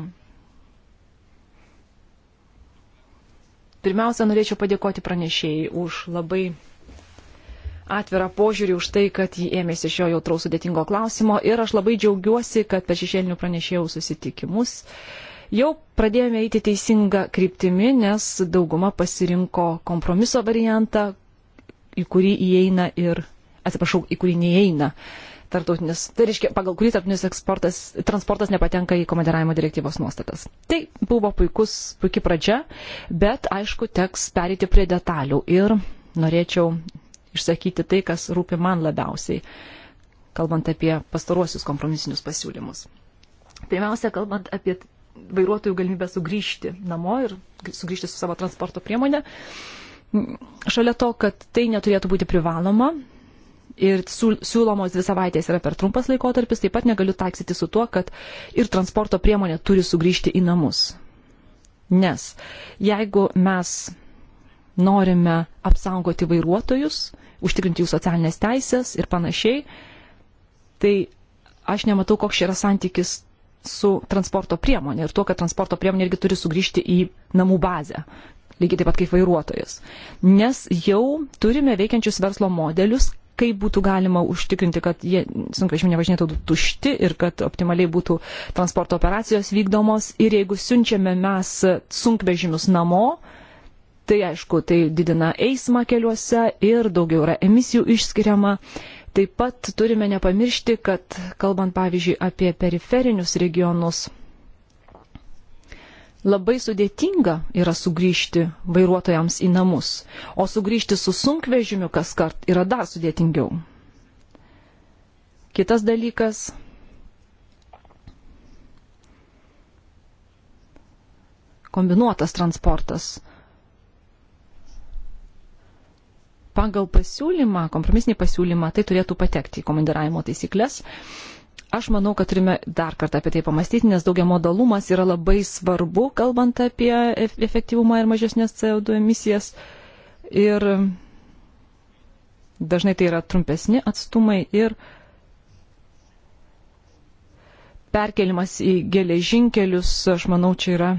Speaker 1: Pirmiausia, norėčiau padėkoti pranešėjai už labai atvirą požiūrį už tai, kad jį ėmėsi šio jautraus sudėtingo klausimo ir aš labai džiaugiuosi, kad per šešėlinių pranešėjų susitikimus jau pradėjome eiti teisinga kryptimi, nes dauguma pasirinko kompromiso variantą, į kurį įeina ir atsiprašau, į kurį neįeina tartautinis, tai reiškia, pagal kurį tartautinis transportas nepatenka į komandiravimo direktyvos nuostatas. Tai buvo puikus, puikia pradžia, bet aišku, teks perėti prie detalių ir norėčiau išsakyti tai, kas rūpi man labiausiai, kalbant apie pastaruosius kompromisinius pasiūlymus. Pirmiausia, kalbant apie vairuotojų galimybę sugrįžti namo ir sugrįžti su savo transporto priemonė. Šalia to, kad tai neturėtų būti privaloma, ir siūlomos dvi savaitės yra per trumpas laikotarpis, taip pat negaliu taksyti su tuo, kad ir transporto priemonė turi sugrįžti į namus. Nes jeigu mes norime apsaugoti vairuotojus, užtikrinti jų socialinės teisės ir panašiai, tai aš nematau, koks čia yra santykis su transporto priemonė ir tuo, kad transporto priemonė irgi turi sugrįžti į namų bazę, lygiai taip pat kaip vairuotojas. Nes jau turime veikiančius verslo modelius, kaip būtų galima užtikrinti, kad jie sunkvežimiai nevažinėtų tušti ir kad optimaliai būtų transporto operacijos vykdomos. Ir jeigu siunčiame mes sunkvežimius namo, tai aišku, tai didina eismą keliuose ir daugiau yra emisijų išskiriama. Taip pat turime nepamiršti, kad kalbant pavyzdžiui apie periferinius regionus, labai sudėtinga yra sugrįžti vairuotojams į namus, o sugrįžti su sunkvežimiu kas kart yra dar sudėtingiau. Kitas dalykas. Kombinuotas transportas. Pagal pasiūlymą, kompromisinį pasiūlymą, tai turėtų patekti į komandiravimo taisyklės. Aš manau, kad turime dar kartą apie tai pamastyti, nes daugia modalumas yra labai svarbu, kalbant apie efektyvumą ir mažesnės CO2 emisijas. Ir dažnai tai yra trumpesni atstumai ir perkelimas į geležinkelius, aš manau, čia yra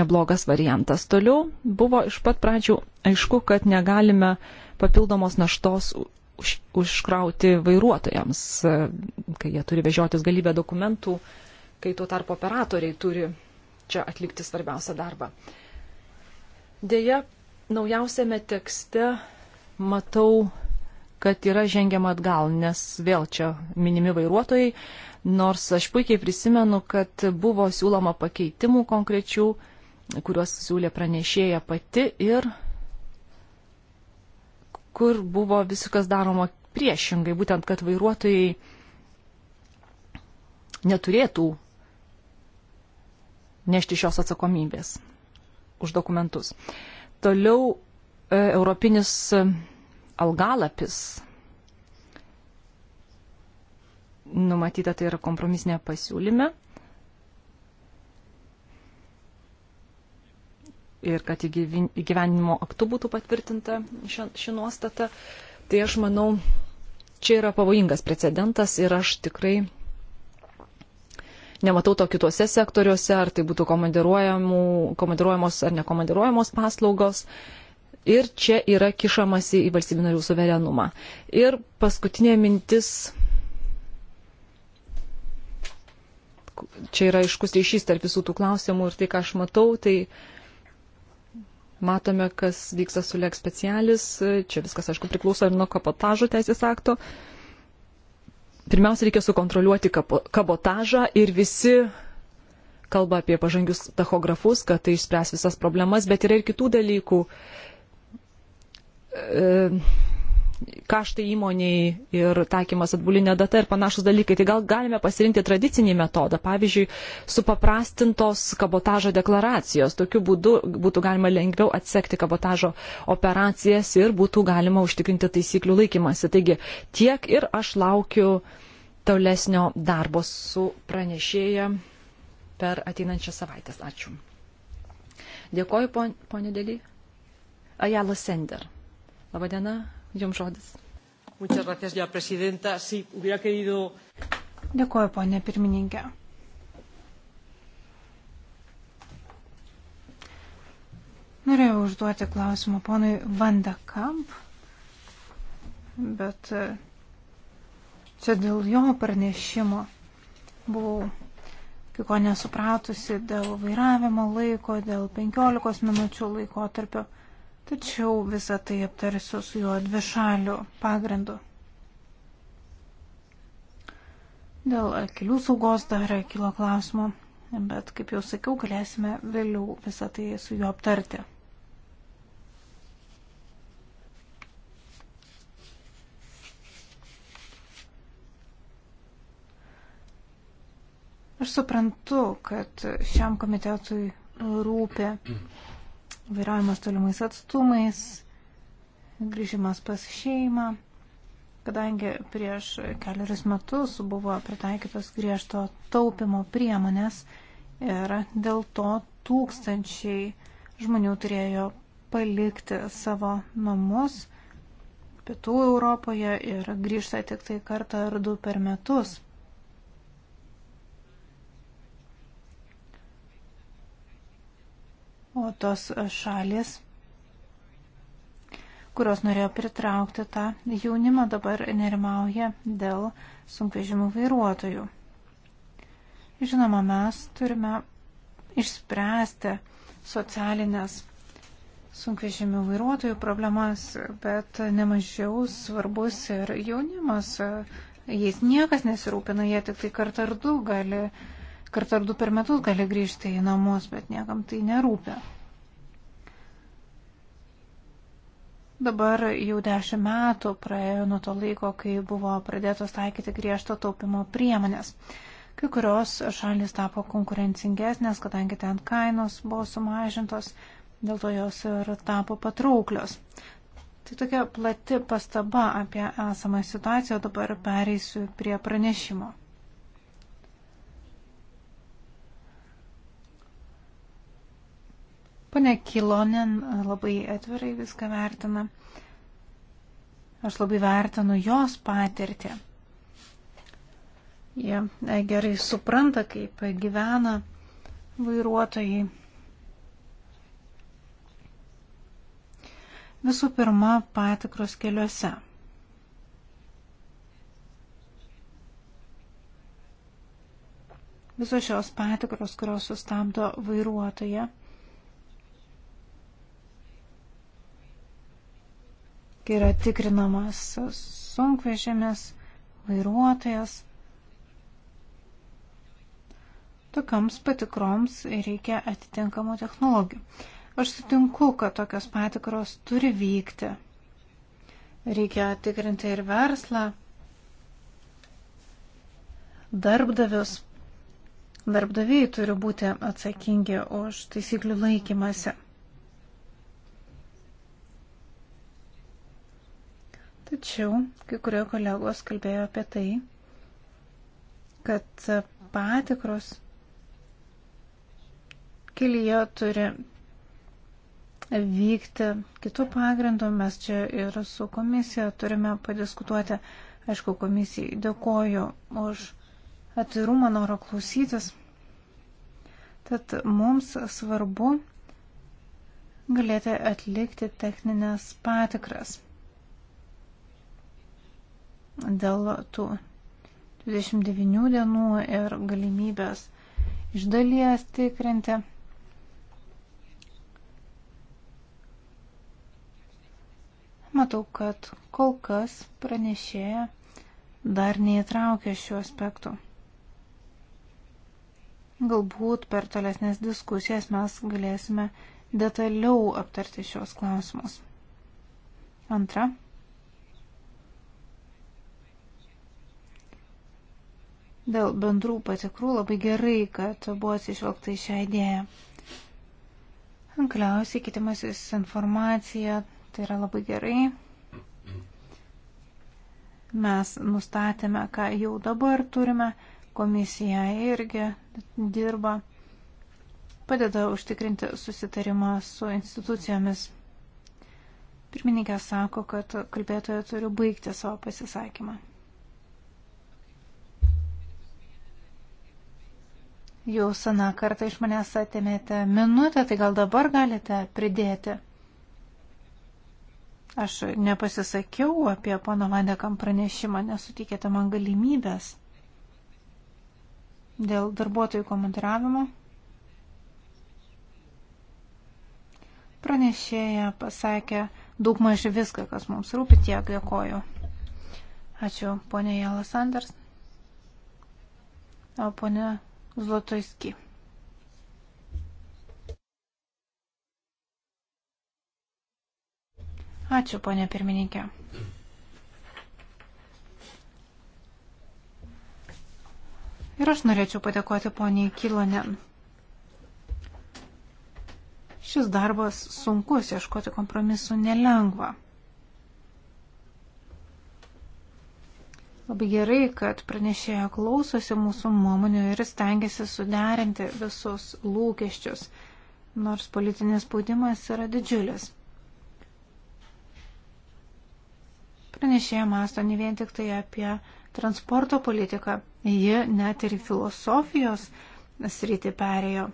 Speaker 1: neblogas variantas. Toliau buvo iš pat pradžių aišku, kad negalime papildomos naštos už, užkrauti vairuotojams, kai jie turi vežiotis galybę dokumentų, kai tuo tarpu operatoriai turi čia atlikti svarbiausią darbą. Deja, naujausiame tekste matau, kad yra žengiama atgal, nes vėl čia minimi vairuotojai, nors aš puikiai prisimenu, kad buvo siūloma pakeitimų konkrečių, kuriuos siūlė pranešėja pati ir kur buvo viskas daroma priešingai, būtent, kad vairuotojai neturėtų nešti šios atsakomybės už dokumentus. Toliau e, europinis algalapis. Numatyta tai yra kompromisinė pasiūlyme. ir kad įgyvenimo aktu būtų patvirtinta ši, ši nuostata. Tai aš manau, čia yra pavojingas precedentas ir aš tikrai nematau to kitose sektoriuose, ar tai būtų komandiruojamos ar nekomandiruojamos paslaugos. Ir čia yra kišamasi į valstybių narių suverenumą. Ir paskutinė mintis. Čia yra iškus ryšys tarp visų tų klausimų ir tai, ką aš matau, tai uh, Matome, kas vyksta su leks specialis, čia viskas, aišku, priklauso ir nuo kapotažo teisės akto. Pirmiausia, reikia sukontroliuoti kabotažą ir visi kalba apie pažangius tachografus, kad tai išspręs visas problemas, bet yra ir kitų dalykų. E, kaštai įmoniai ir taikymas atbulinė data ir panašus dalykai. Tai gal galime pasirinkti tradicinį metodą, pavyzdžiui, supaprastintos kabotažo deklaracijos. Tokiu būdu būtų galima lengviau atsekti kabotažo operacijas ir būtų galima užtikrinti taisyklių laikymasi. Taigi tiek ir aš laukiu tolesnio darbo su pranešėja per ateinančią savaitę. Ačiū. Dėkoju, ponė Dėly. Ajala Sender. Labadiena. Jums žodis. Dėkuoju, ponė pirmininkė.
Speaker 3: Norėjau užduoti klausimą ponui Vanda Kamp, bet e, čia dėl jo pranešimo buvau kai ko nesupratusi dėl vairavimo laiko, dėl 15 minučių laikotarpio. tarpio tačiau visą tai aptarsiu su juo dvišaliu pagrindu. Dėl kelių saugos dar kilo klausimų, bet kaip jau sakiau, galėsime vėliau visą tai su juo aptarti. Aš suprantu, kad šiam komitetui rūpi vairavimas tolimais atstumais, grįžimas pas šeimą, kadangi prieš keliarius metus buvo pritaikytos griežto taupimo priemonės ir dėl to tūkstančiai žmonių turėjo palikti savo namus pietų Europoje ir grįžta tik tai kartą ar du per metus. O tos šalis, kurios norėjo pritraukti tą jaunimą, dabar nerimauja dėl sunkvežimų vairuotojų. Žinoma, mes turime išspręsti socialinės sunkvežimių vairuotojų problemas, bet nemažiau svarbus ir jaunimas. Jais niekas nesirūpina, jie tik tai kartą ar du gali kartą ar du per metus gali grįžti į namus, bet niekam tai nerūpia. Dabar jau dešimt metų praėjo nuo to laiko, kai buvo pradėtos taikyti griežto taupimo priemonės. Kai kurios šalis tapo konkurencingesnės, kadangi ten kainos buvo sumažintos, dėl to jos ir tapo patrauklios. Tai tokia plati pastaba apie esamą situaciją, dabar pereisiu prie pranešimo. Pane Kilonin labai atvirai viską vertina. Aš labai vertinu jos patirtį. Jie e, gerai supranta, kaip gyvena vairuotojai. Visų pirma, patikros keliuose. Visos šios patikros, kurios sustabdo vairuotoje, kai yra tikrinamas sunkvežimis, vairuotojas. Tokioms patikroms reikia atitinkamų technologijų. Aš sutinku, kad tokios patikros turi vykti. Reikia tikrinti ir verslą, darbdavius. Darbdaviai turi būti atsakingi už taisyklių laikymasi. Tačiau kai kurie kolegos kalbėjo apie tai, kad patikros kelyje turi vykti kitų pagrindų. Mes čia ir su komisija turime padiskutuoti. Aišku, komisijai dėkoju už atvirumą norą klausytis. Tad mums svarbu galėti atlikti techninės patikras dėl tų 29 dienų ir galimybės iš dalies tikrinti. Matau, kad kol kas pranešėja dar neįtraukė šių aspektų. Galbūt per tolesnės diskusijas mes galėsime detaliau aptarti šios klausimus. Antra. Dėl bendrų patikrų labai gerai, kad buvo atsižvelgta į šią idėją. Galiausiai kitimasis informacija, tai yra labai gerai. Mes nustatėme, ką jau dabar turime, komisija irgi dirba, padeda užtikrinti susitarimą su institucijomis. Pirmininkė sako, kad kalbėtoja turi baigti savo pasisakymą. Jūs aną kartą iš manęs atimėte minutę, tai gal dabar galite pridėti. Aš nepasisakiau apie pono Vandekam pranešimą, nesutikėte man galimybės. Dėl darbuotojų komandiravimo. Pranešėja pasakė daug maž viską, kas mums rūpi, tiek dėkoju. Ačiū, ponė Jelas Anders. O ponė Zlotojski. Ačiū, ponė pirmininkė. Ir aš norėčiau padėkoti poniai Kilonen. Šis darbas sunkus, ieškoti kompromisų nelengva. Labai gerai, kad pranešėjo klausosi mūsų nuomonių ir stengiasi suderinti visus lūkesčius, nors politinis spaudimas yra didžiulis. Pranešėja masto ne vien tik tai apie transporto politiką, ji net ir filosofijos sritį perėjo.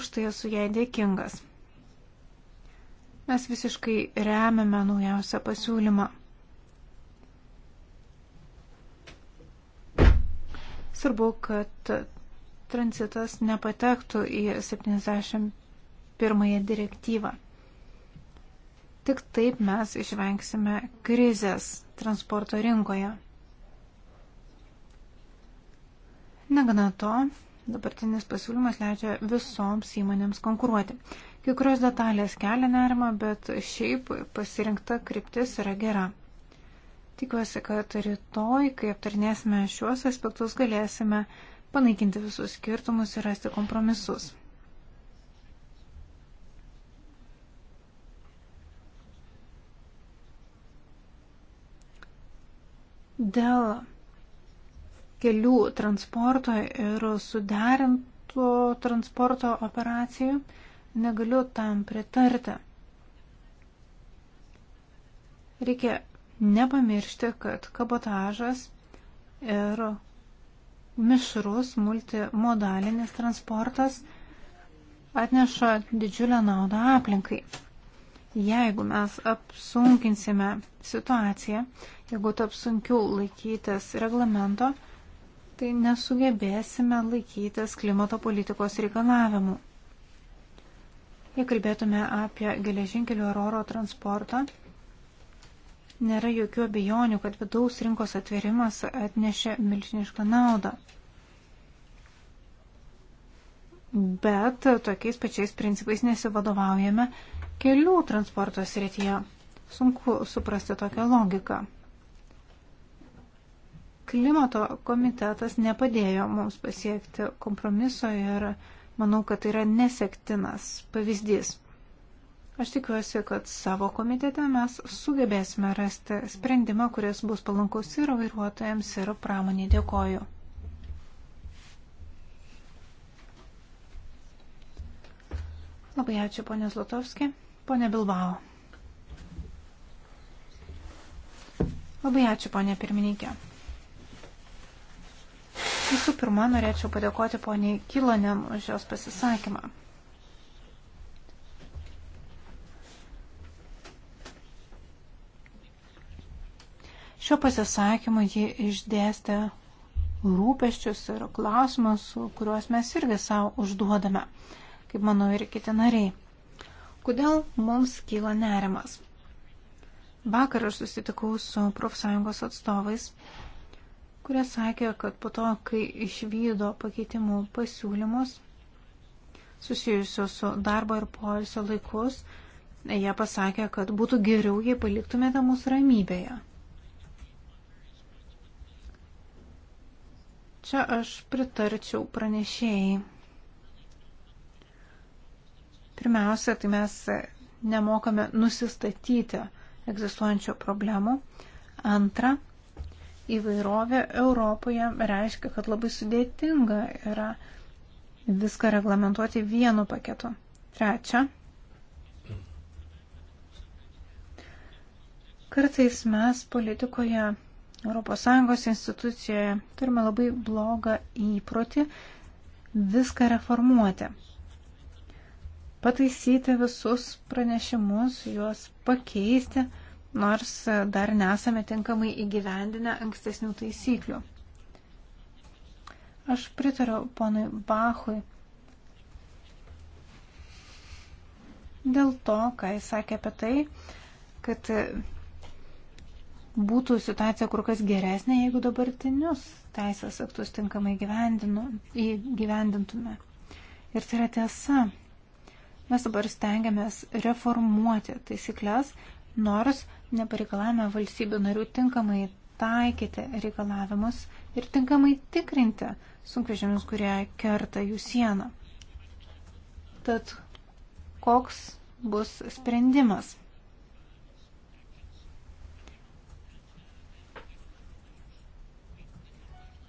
Speaker 3: Už tai esu jai dėkingas. Mes visiškai remiame naujausią pasiūlymą. Svarbu, kad tranzitas nepatektų į 71 direktyvą. Tik taip mes išvengsime krizės transporto rinkoje. Negana to, dabartinis pasiūlymas leidžia visoms įmonėms konkuruoti. Kai kurios detalės kelia nerimą, bet šiaip pasirinkta kryptis yra gera. Tikiuosi, kad rytoj, kai aptarnėsime šiuos aspektus, galėsime panaikinti visus skirtumus ir rasti kompromisus. Dėl kelių transporto ir suderintų transporto operacijų negaliu tam pritarti. Reikia nepamiršti, kad kabotažas ir mišrus multimodalinis transportas atneša didžiulę naudą aplinkai. Jeigu mes apsunkinsime situaciją, jeigu taps sunkiau laikytis reglamento, tai nesugebėsime laikytis klimato politikos reikalavimų. Jei kalbėtume apie geležinkelių ir oro transportą, Nėra jokių abejonių, kad vidaus rinkos atverimas atnešė milžinišką naudą. Bet tokiais pačiais principais nesivadovaujame kelių transporto srityje. Sunku suprasti tokią logiką. Klimato komitetas nepadėjo mums pasiekti kompromiso ir manau, kad tai yra nesektinas pavyzdys. Aš tikiuosi, kad savo komitete mes sugebėsime rasti sprendimą, kuris bus palankus ir vairuotojams, ir pramoniai. Dėkoju. Labai ačiū, ponė Zlotovski. Pone Bilbao. Labai ačiū, ponė pirmininkė. Visų pirma, norėčiau padėkoti poniai Kilonen už jos pasisakymą. Šio pasisakymo ji išdėstė rūpeščius ir klausimus, kuriuos mes irgi savo užduodame, kaip manau ir kiti nariai. Kodėl mums kyla nerimas? Vakar aš susitikau su profsąjungos atstovais, kurie sakė, kad po to, kai išvydo pakeitimų pasiūlymus susijusius su darbo ir poilsio laikus, jie pasakė, kad būtų geriau, jei paliktumėte mus ramybėje. Čia aš pritarčiau pranešėjai. Pirmiausia, tai mes nemokame nusistatyti egzistuojančių problemų. Antra, įvairovė Europoje reiškia, kad labai sudėtinga yra viską reglamentuoti vienu paketu. Trečia, kartais mes politikoje ES institucijoje turime labai blogą įprotį viską reformuoti. Pataisyti visus pranešimus, juos pakeisti, nors dar nesame tinkamai įgyvendinę ankstesnių taisyklių. Aš pritariu ponui Bachui dėl to, ką jis sakė apie tai, kad būtų situacija kur kas geresnė, jeigu dabartinius teisės aktus tinkamai gyvendintume. Ir tai yra tiesa. Mes dabar stengiamės reformuoti taisyklės, nors nepareikalavome valstybių narių tinkamai taikyti reikalavimus ir tinkamai tikrinti sunkvežimius, kurie kerta jų sieną. Tad koks bus sprendimas?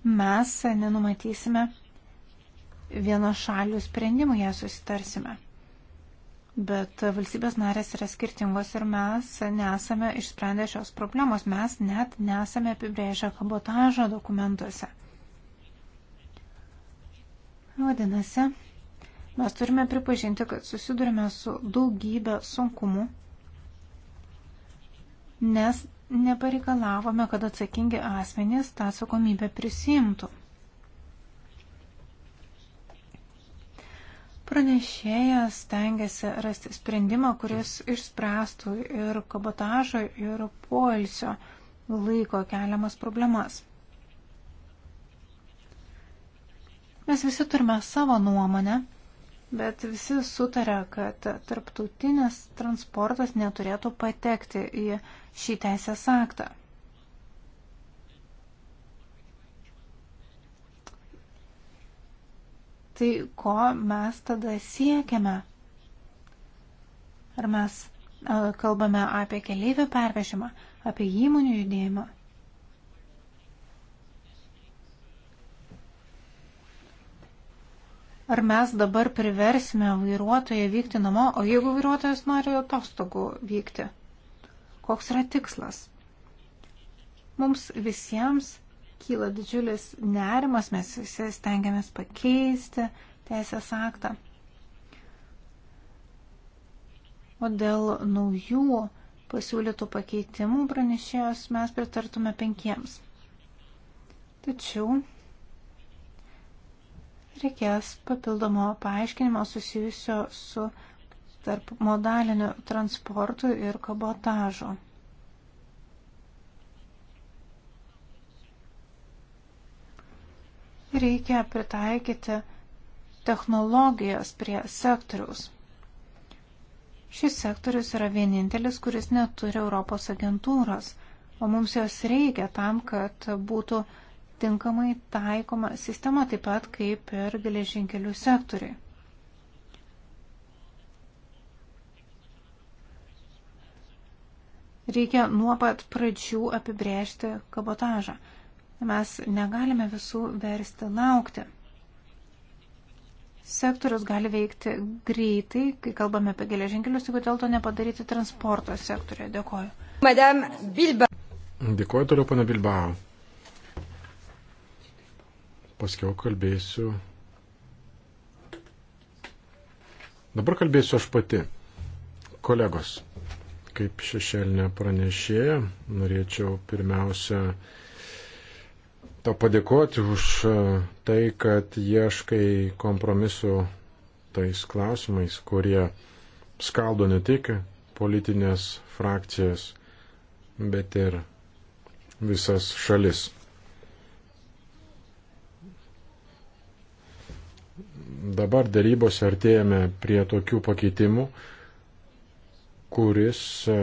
Speaker 3: mes nenumatysime vienašalių sprendimų, jei susitarsime. Bet valstybės narės yra skirtingos ir mes nesame išsprendę šios problemos, mes net nesame apibrėžę kabotažo dokumentuose. Vadinasi, mes turime pripažinti, kad susidurime su daugybė sunkumų, nes nepareikalavome, kad atsakingi asmenys tą atsakomybę prisimtų. Pranešėjas tengiasi rasti sprendimą, kuris išspręstų ir kabotažo, ir poilsio laiko keliamas problemas. Mes visi turime savo nuomonę bet visi sutarė, kad tarptautinis transportas neturėtų patekti į šį teisės aktą. Tai ko mes tada siekiame? Ar mes e, kalbame apie keliaivių pervežimą, apie įmonių judėjimą? ar mes dabar priversime vairuotoją vykti namo, o jeigu vairuotojas nori atostogų vykti? Koks yra tikslas? Mums visiems kyla didžiulis nerimas, mes visi stengiamės pakeisti teisės aktą. O dėl naujų pasiūlytų pakeitimų pranešėjos mes pritartume penkiems. Tačiau reikės papildomo paaiškinimo susijusio su tarp modaliniu transportu ir kabotažu. Reikia pritaikyti technologijas prie sektoriaus. Šis sektorius yra vienintelis, kuris neturi Europos agentūros, o mums jos reikia tam, kad būtų tinkamai taikoma sistema, taip pat kaip ir geležinkelių sektoriui. Reikia nuo pat pradžių apibrėžti kabotažą. Mes negalime visų versti laukti. Sektorius gali veikti greitai, kai kalbame apie geležinkelius, jeigu dėl to nepadaryti transporto sektorė. Dėkoju. Madame Bilba.
Speaker 2: Dėkoju toliau, pana Bilbao paskiau kalbėsiu. Dabar kalbėsiu aš pati. Kolegos, kaip šešėlinė pranešėja, norėčiau pirmiausia tau padėkoti už e, tai, kad ieškai kompromisu tais klausimais, kurie skaldo ne tik politinės frakcijas, bet ir visas šalis. dabar darybose artėjame prie tokių pakeitimų, kuris, e,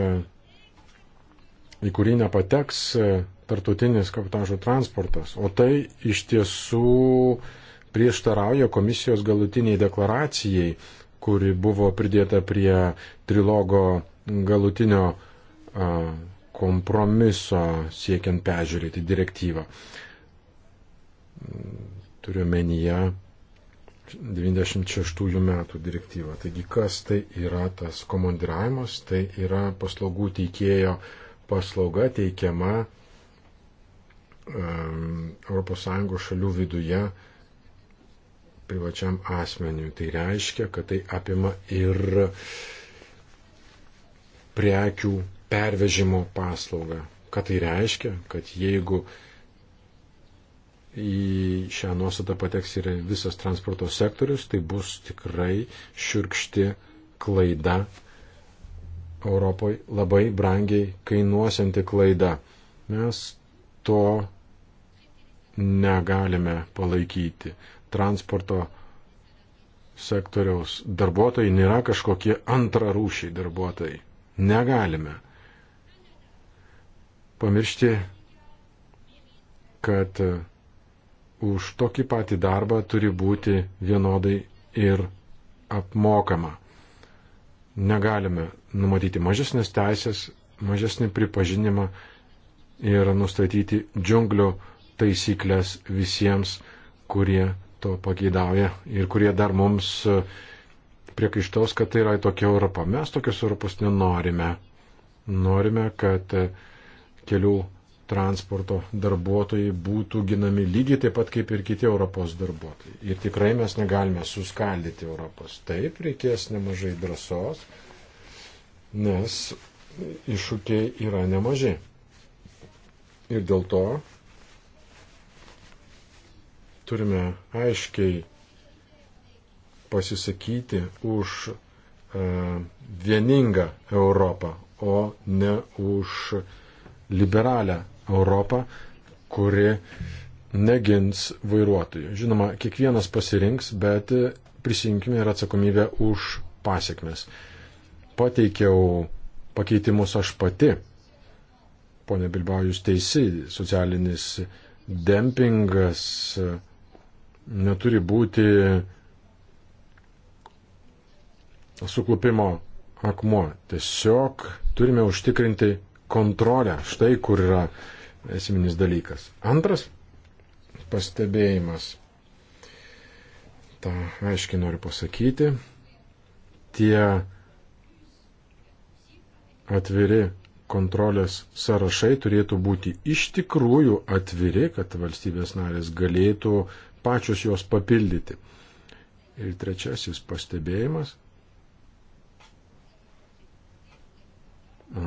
Speaker 2: į kurį nepateks e, tartutinis kapitažo transportas. O tai iš tiesų prieštarauja komisijos galutiniai deklaracijai, kuri buvo pridėta prie trilogo galutinio e, kompromiso siekiant peržiūrėti direktyvą. Turiu menyje 96 metų direktyvą. Taigi kas tai yra tas komandiravimas? Tai yra paslaugų teikėjo paslauga teikiama um, ES šalių viduje privačiam asmeniu. Tai reiškia, kad tai apima ir prekių pervežimo paslaugą. Ką tai reiškia? Kad jeigu uh, į šią nuostatą pateks ir visas transporto sektorius, tai bus tikrai širkšti klaida Europoje, labai brangiai kainuosianti klaida. Mes to negalime palaikyti. Transporto sektoriaus darbuotojai nėra kažkokie antrarūšiai darbuotojai. Negalime pamiršti, kad už tokį patį darbą turi būti vienodai ir apmokama. Negalime numatyti mažesnės teisės, mažesnį pripažinimą ir nustatyti džiunglių taisyklės visiems, kurie to pageidauja ir kurie dar mums priekaištaus, kad tai yra tokia Europa. Mes tokios Europos nenorime. Norime, kad kelių transporto darbuotojai būtų ginami lygiai taip pat kaip ir kiti Europos darbuotojai. Ir tikrai mes negalime suskaldyti Europos. Taip reikės nemažai drąsos, nes iššūkiai yra nemaži. Ir dėl to turime aiškiai pasisakyti už e, vieningą Europą, o ne už liberalią Europą, kuri negins vairuotojų. Žinoma, kiekvienas pasirinks, bet prisinkime ir atsakomybę už pasiekmes. Pateikiau pakeitimus aš pati. Pone Bilbao, jūs teisi, socialinis dempingas neturi būti suklupimo akmuo. Tiesiog turime užtikrinti kontrolę. Štai kur yra esminis dalykas. Antras pastebėjimas. Ta aiškiai noriu pasakyti. Tie atviri kontrolės sąrašai turėtų būti iš tikrųjų atviri, kad valstybės narės galėtų pačios juos papildyti. Ir trečiasis pastebėjimas.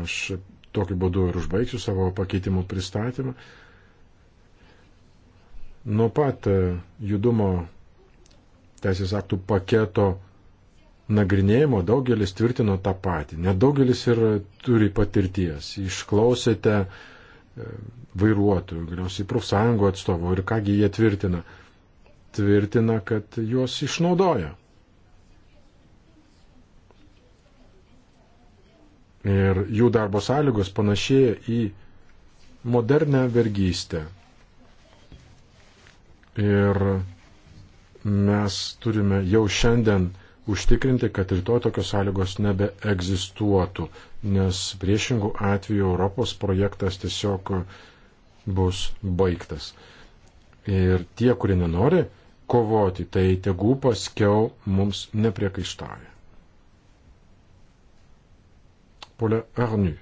Speaker 2: Aš tokiu būdu ir užbaigsiu savo pakeitimų pristatymą. Nuo pat e, judumo teisės aktų paketo nagrinėjimo daugelis tvirtino tą patį. Nedaugelis ir turi patirties. Išklausėte e, vairuotojų, galiausiai profsąjungų atstovų ir kągi jie tvirtina. Tvirtina, kad juos išnaudoja. ir jų darbo sąlygos panašėja į modernę vergystę. Ir mes turime jau šiandien užtikrinti, kad rytoj tokios sąlygos nebeegzistuotų, nes priešingų atveju Europos projektas tiesiog bus baigtas. Ir tie, kurie nenori kovoti, tai tegų paskiau mums nepriekaištauja. Paula Arnu.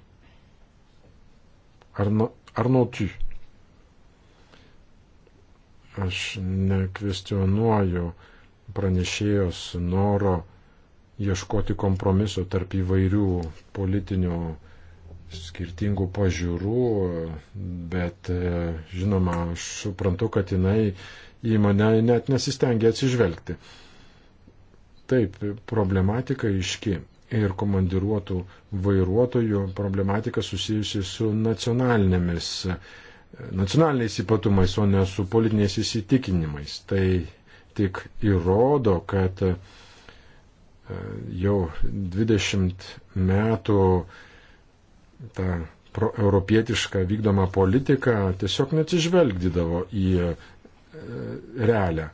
Speaker 2: Arnautu. Aš nekvestionuoju pranešėjos noro ieškoti kompromiso tarp įvairių politinių skirtingų pažiūrų, bet e, žinoma, aš suprantu, kad jinai į mane net nesistengia atsižvelgti. Taip, problematika iški ir komandiruotų vairuotojų problematika susijusi su nacionalinėmis, nacionaliniais ypatumais, o ne su politiniais įsitikinimais. Tai tik įrodo, kad e, jau 20 metų ta proeuropietiška vykdoma politika tiesiog neatsižvelgdydavo į e, realią e,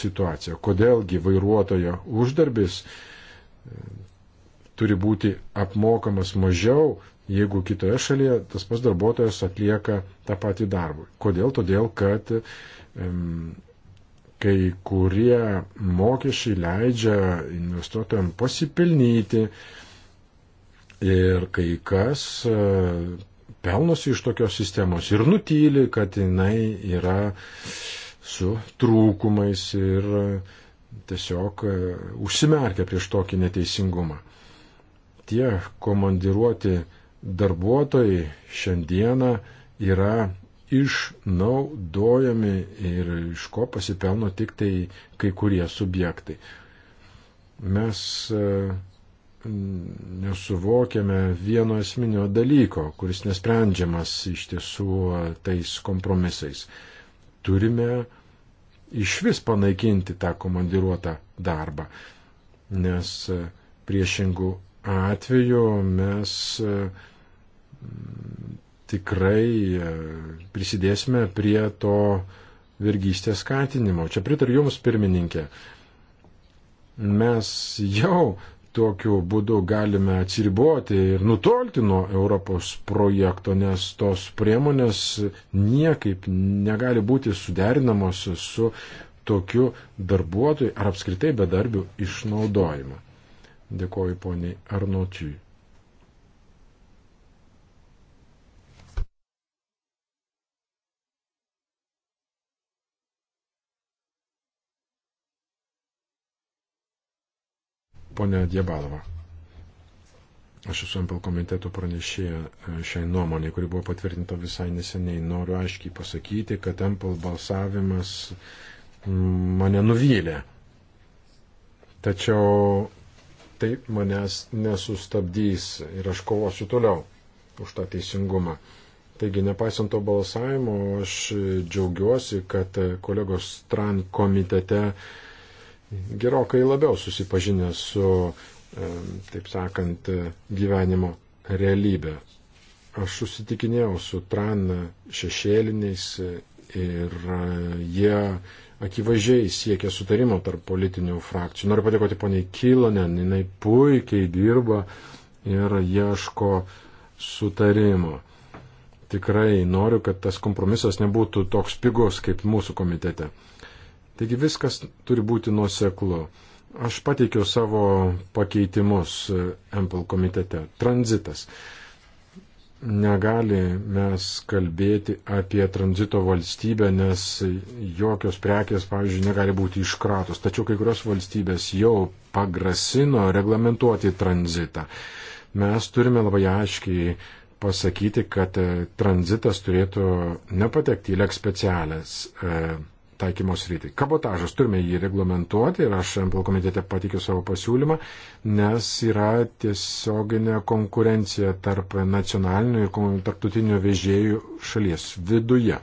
Speaker 2: situaciją. Kodėlgi vairuotojo uždarbis turi būti apmokamas mažiau, jeigu kitoje šalyje tas pats darbuotojas atlieka tą patį darbą. Kodėl? Todėl, kad um, kai kurie mokesčiai leidžia investuotojams pasipelnyti ir kai kas uh, pelnosi iš tokios sistemos ir nutyli, kad jinai yra su trūkumais ir uh, tiesiog e, užsimerkia prieš tokį neteisingumą. Tie komandiruoti darbuotojai šiandieną yra išnaudojami ir iš ko pasipelno tik tai kai kurie subjektai. Mes e, nesuvokiame vieno esminio dalyko, kuris nesprendžiamas iš tiesų tais kompromisais. Turime iš vis panaikinti tą komandiruotą darbą, nes e, priešingų atveju mes e, tikrai e, prisidėsime prie to vergystės skatinimo. Čia pritariu Jums, pirmininkė. Mes jau tokiu būdu galime atsiriboti ir nutolti nuo Europos projekto, nes tos priemonės niekaip negali būti suderinamos su tokiu darbuotojų ar apskritai bedarbių išnaudojimu. Dėkoju poniai Arnočiui. ponė Diebalova. Aš esu MPL komiteto pranešėja e, šiai nuomonė, kuri buvo patvirtinta visai neseniai. Noriu aiškiai pasakyti, kad MPL balsavimas mm, mane nuvylė. Tačiau taip manęs nesustabdys ir aš kovosiu toliau už tą teisingumą. Taigi, nepaisant to balsavimo, aš džiaugiuosi, kad kolegos Tran komitete uh, gerokai labiau susipažinę su, taip sakant, gyvenimo realybė. Aš susitikinėjau su Tran šešėliniais ir e, jie akivaizdžiai siekia sutarimo tarp politinių frakcijų. Noriu padėkoti poniai Kylonen, jinai puikiai dirba ir ieško sutarimo. Tikrai noriu, kad tas kompromisas nebūtų toks pigus kaip mūsų komitete. Taigi viskas turi būti nuoseklu. Aš pateikiau savo pakeitimus e, MPL komitete. Tranzitas. Negali mes kalbėti apie tranzito valstybę, nes jokios prekės, pavyzdžiui, negali būti iškratos. Tačiau kai kurios valstybės jau pagrasino reglamentuoti tranzitą. Mes turime labai aiškiai pasakyti, kad e, tranzitas turėtų nepatekti į leks specialės e, taikymos rytį. Kabotažas turime jį reglamentuoti ir aš MPL komitete patikiu savo pasiūlymą, nes yra tiesioginė konkurencija tarp nacionalinių ir tarptautinių vežėjų šalies viduje.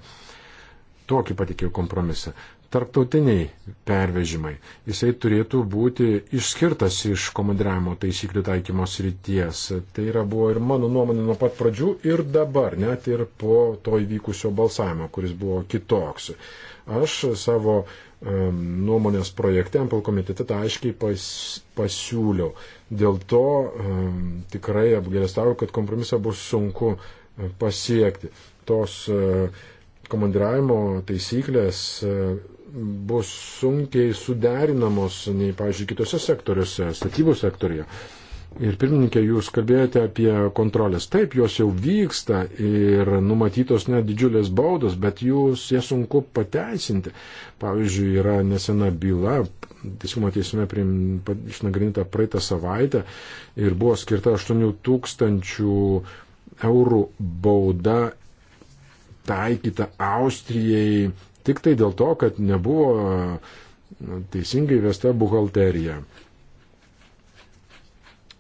Speaker 2: Tokį patikėjau kompromisą. Tarptautiniai pervežimai. Jisai turėtų būti išskirtas iš komandiravimo taisyklių taikymos ryties. Tai yra buvo ir mano nuomonė nuo pat pradžių ir dabar, net ir po to įvykusio balsavimo, kuris buvo kitoks. Aš savo nuomonės projekte MPL komitete tą aiškiai pas, pasiūliau. Dėl to tikrai apgėlestauju, kad kompromisą bus sunku e, pasiekti. Tos e, komandiravimo taisyklės e, bus sunkiai suderinamos nei, pavyzdžiui, kitose sektoriuose, statybų sektorija. Ir pirmininkė, jūs kalbėjote apie kontrolės. Taip, jos jau vyksta ir numatytos net didžiulės baudos, bet jūs jas sunku pateisinti. Pavyzdžiui, yra nesena byla, teisingumo teisme išnagrinta praeitą savaitę ir buvo skirta 8 tūkstančių eurų bauda taikyta Austrijai tik tai dėl to, kad nebuvo teisingai vesta buhalterija.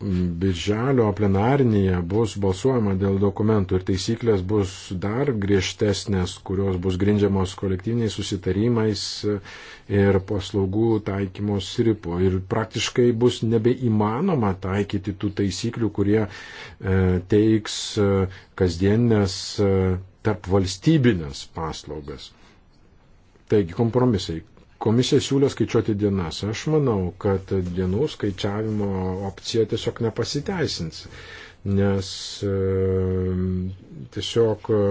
Speaker 2: Birželio plenarinėje bus balsuojama dėl dokumentų ir taisyklės bus dar griežtesnės, kurios bus grindžiamos kolektyviniais susitarimais ir paslaugų taikymo sripo. Ir praktiškai bus nebeįmanoma taikyti tų taisyklių, kurie e, teiks e, kasdienės e, tarp valstybinės paslaugas. Taigi kompromisai, Komisija siūlė skaičiuoti dienas. Aš manau, kad dienų skaičiavimo opcija tiesiog nepasiteisins, nes e, tiesiog e,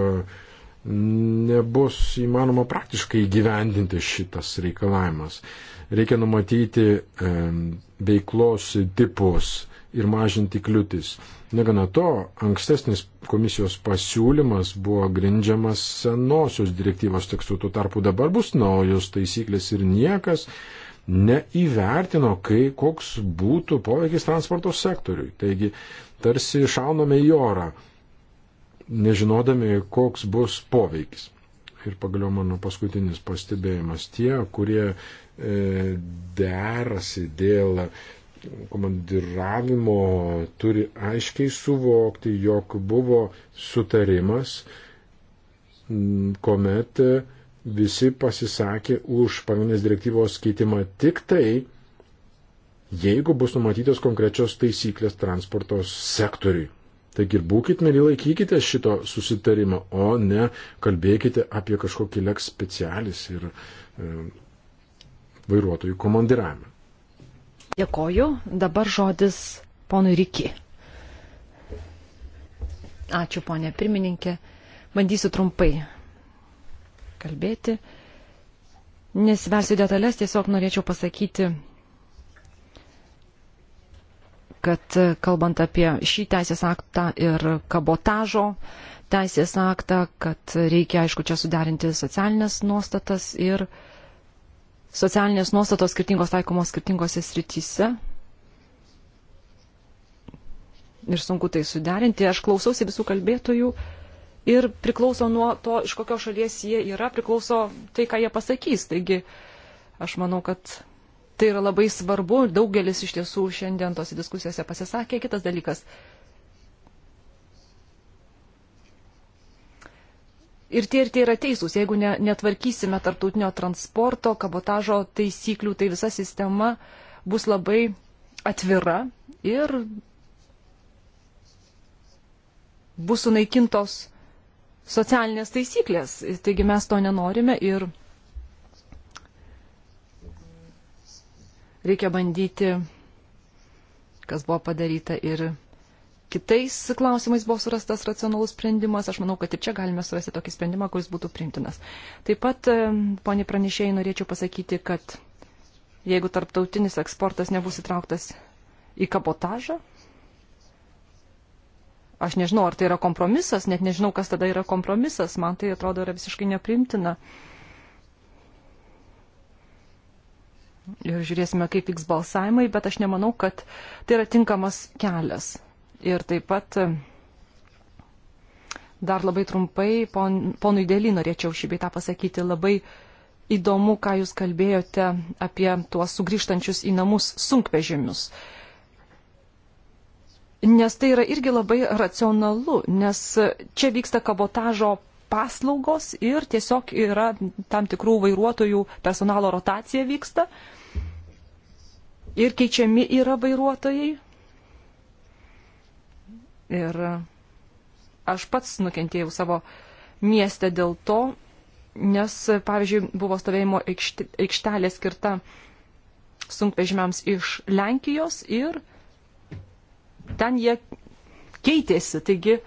Speaker 2: nebus įmanoma praktiškai įgyvendinti šitas reikalavimas. Reikia numatyti e, veiklos tipus ir mažinti kliūtis. Negana to, ankstesnis komisijos pasiūlymas buvo grindžiamas senosios direktyvos tekstu, tuo tarpu dabar bus naujos taisyklės ir niekas neįvertino, kai koks būtų poveikis transporto sektoriui. Taigi, tarsi šauname į orą, nežinodami, koks bus poveikis. Ir pagaliau mano paskutinis pastebėjimas. Tie, kurie e, derasi dėl komandiravimo turi aiškiai suvokti, jog buvo sutarimas, kuomet visi pasisakė už pagrindinės direktyvos keitimą tik tai, jeigu bus numatytos konkrečios taisyklės transporto sektoriui. Taigi ir būkite, mėly, laikykite šito susitarimą, o ne kalbėkite apie kažkokį leks specialis ir e, vairuotojų komandiravimą.
Speaker 1: Dėkoju. Dabar žodis ponui Riki. Ačiū, ponė pirmininkė. Bandysiu trumpai kalbėti. Nesivelsiu detalės, tiesiog norėčiau pasakyti, kad e, kalbant apie šį teisės aktą ir kabotažo teisės aktą, kad reikia, aišku, čia suderinti socialinės nuostatas ir uh, socialinės nuostatos skirtingos taikomos skirtingose srityse. Ir sunku tai suderinti. Aš klausausi visų kalbėtojų ir priklauso nuo to, iš kokios šalies jie yra, priklauso tai, ką jie pasakys. Taigi aš manau, kad tai yra labai svarbu. Daugelis iš tiesų šiandien tose diskusijose pasisakė. Kitas dalykas. Uh, ir tie ir tie yra teisūs. Jeigu ne, netvarkysime tarptautinio transporto, kabotažo taisyklių, tai visa sistema bus labai atvira ir bus sunaikintos socialinės taisyklės. Taigi mes to nenorime ir reikia bandyti, kas buvo padaryta ir kitais klausimais buvo surastas racionalus sprendimas. Aš manau, kad ir čia galime surasti tokį sprendimą, kuris būtų primtinas. Taip pat, poniai pranešėjai, norėčiau pasakyti, kad jeigu tarptautinis eksportas nebus įtrauktas į kabotažą, aš nežinau, ar tai yra kompromisas, net nežinau, kas tada yra kompromisas, man tai atrodo yra visiškai neprimtina. Ir žiūrėsime, kaip vyks balsavimai, bet aš nemanau, kad tai yra tinkamas kelias. Ir taip pat e, dar labai trumpai, pon, ponui Dėlį norėčiau šį beitą pasakyti, labai įdomu, ką jūs kalbėjote apie tuos sugrįžtančius į namus sunkvežimius. Nes tai yra irgi labai racionalu, nes čia vyksta kabotažo paslaugos ir tiesiog yra tam tikrų vairuotojų personalo rotacija vyksta ir keičiami yra vairuotojai Ir aš pats nukentėjau savo miestę dėl to, nes, pavyzdžiui, buvo stovėjimo aikštelė skirta sunkvežimiams iš Lenkijos ir ten jie keitėsi. Taigi,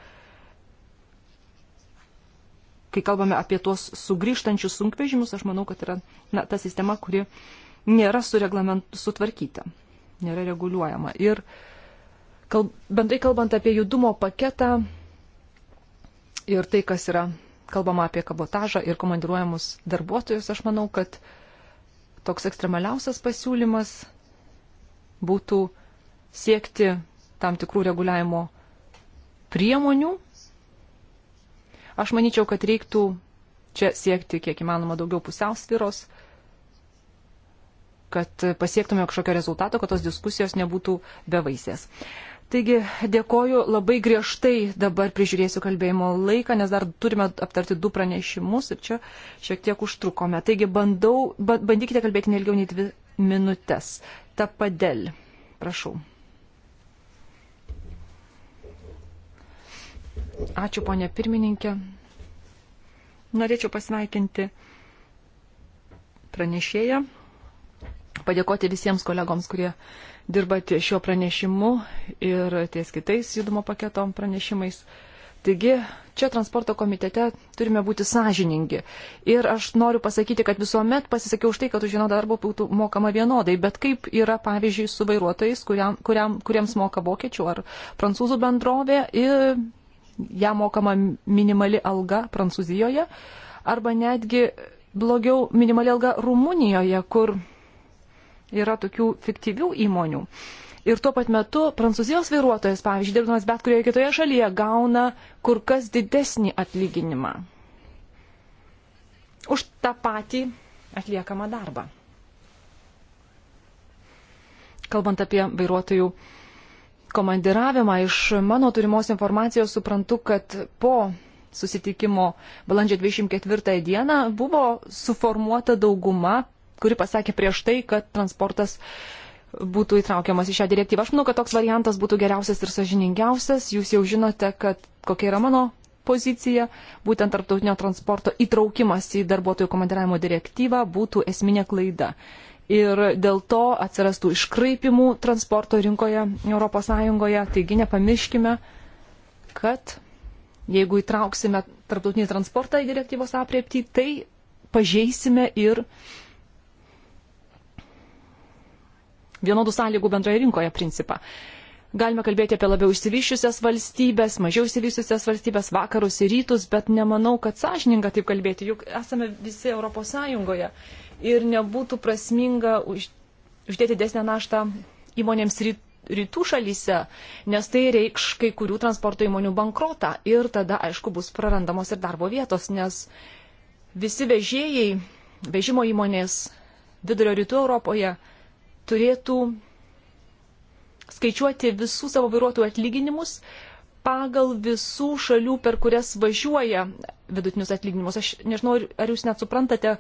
Speaker 1: kai kalbame apie tuos sugrįžtančius sunkvežimius, aš manau, kad yra na, ta sistema, kuri nėra sutvarkyta, nėra reguliuojama. Ir uh, Kalb, bendrai kalbant apie judumo paketą ir tai, kas yra kalbama apie kabotažą ir komandiruojamus darbuotojus, aš manau, kad toks ekstremaliausias pasiūlymas būtų siekti tam tikrų reguliavimo priemonių. Aš manyčiau, kad reiktų čia siekti kiek įmanoma daugiau pusiausviros, kad pasiektume kažkokio rezultato, kad tos diskusijos nebūtų bevaisės. Taigi dėkoju, labai griežtai dabar prižiūrėsiu kalbėjimo laiką, nes dar turime aptarti du pranešimus ir čia šiek tiek užtrukome. Taigi bandau, bandykite kalbėti nelgiau nei dvi minutės. Tapadėl, prašau. Ačiū, ponė pirmininkė. Norėčiau pasveikinti pranešėją, padėkoti visiems kolegoms, kurie dirbate šiuo pranešimu ir ties kitais judumo paketom pranešimais. Taigi, čia transporto komitete turime būti sąžiningi. Ir aš noriu pasakyti, kad visuomet pasisakiau už tai, kad už vieno darbo būtų mokama vienodai, bet kaip yra, pavyzdžiui, su vairuotojais, kuriam, kuriam, kuriems moka vokiečių ar prancūzų bendrovė ir ją mokama minimali alga Prancūzijoje, arba netgi blogiau minimali alga Rumunijoje, kur yra tokių fiktyvių įmonių. Ir tuo pat metu prancūzijos vairuotojas, pavyzdžiui, dirbdamas bet kurioje kitoje šalyje, gauna kur kas didesnį atlyginimą už tą patį atliekamą darbą. Kalbant apie vairuotojų komandiravimą, iš mano turimos informacijos suprantu, kad po susitikimo balandžio 24 dieną buvo suformuota dauguma kuri pasakė prieš tai, kad transportas būtų įtraukiamas į šią direktyvą. Aš manau, kad toks variantas būtų geriausias ir sažiningiausias. Jūs jau žinote, kad kokia yra mano pozicija, būtent tarptautinio transporto įtraukimas į darbuotojų komandiravimo direktyvą būtų esminė klaida. Ir dėl to atsirastų iškraipimų transporto rinkoje ES. Taigi nepamirškime, kad jeigu įtrauksime tarptautinį transportą į direktyvos apriepti, tai pažeisime ir uh, vienodų sąlygų bendroje rinkoje principą. Galime kalbėti apie labiau išsivyščiusias valstybės, mažiau išsivyščiusias valstybės, vakarus ir rytus, bet nemanau, kad sąžininga taip kalbėti, juk esame visi Europos Sąjungoje ir nebūtų prasminga už, uždėti desnę naštą įmonėms ryt, rytų šalyse, nes tai reikš kai kurių transporto įmonių bankrotą ir tada, aišku, bus prarandamos ir darbo vietos, nes visi vežėjai, vežimo įmonės vidurio rytų Europoje turėtų skaičiuoti visų savo vairuotojų atlyginimus pagal visų šalių, per kurias važiuoja vidutinius atlyginimus. Aš nežinau, ar jūs net suprantate,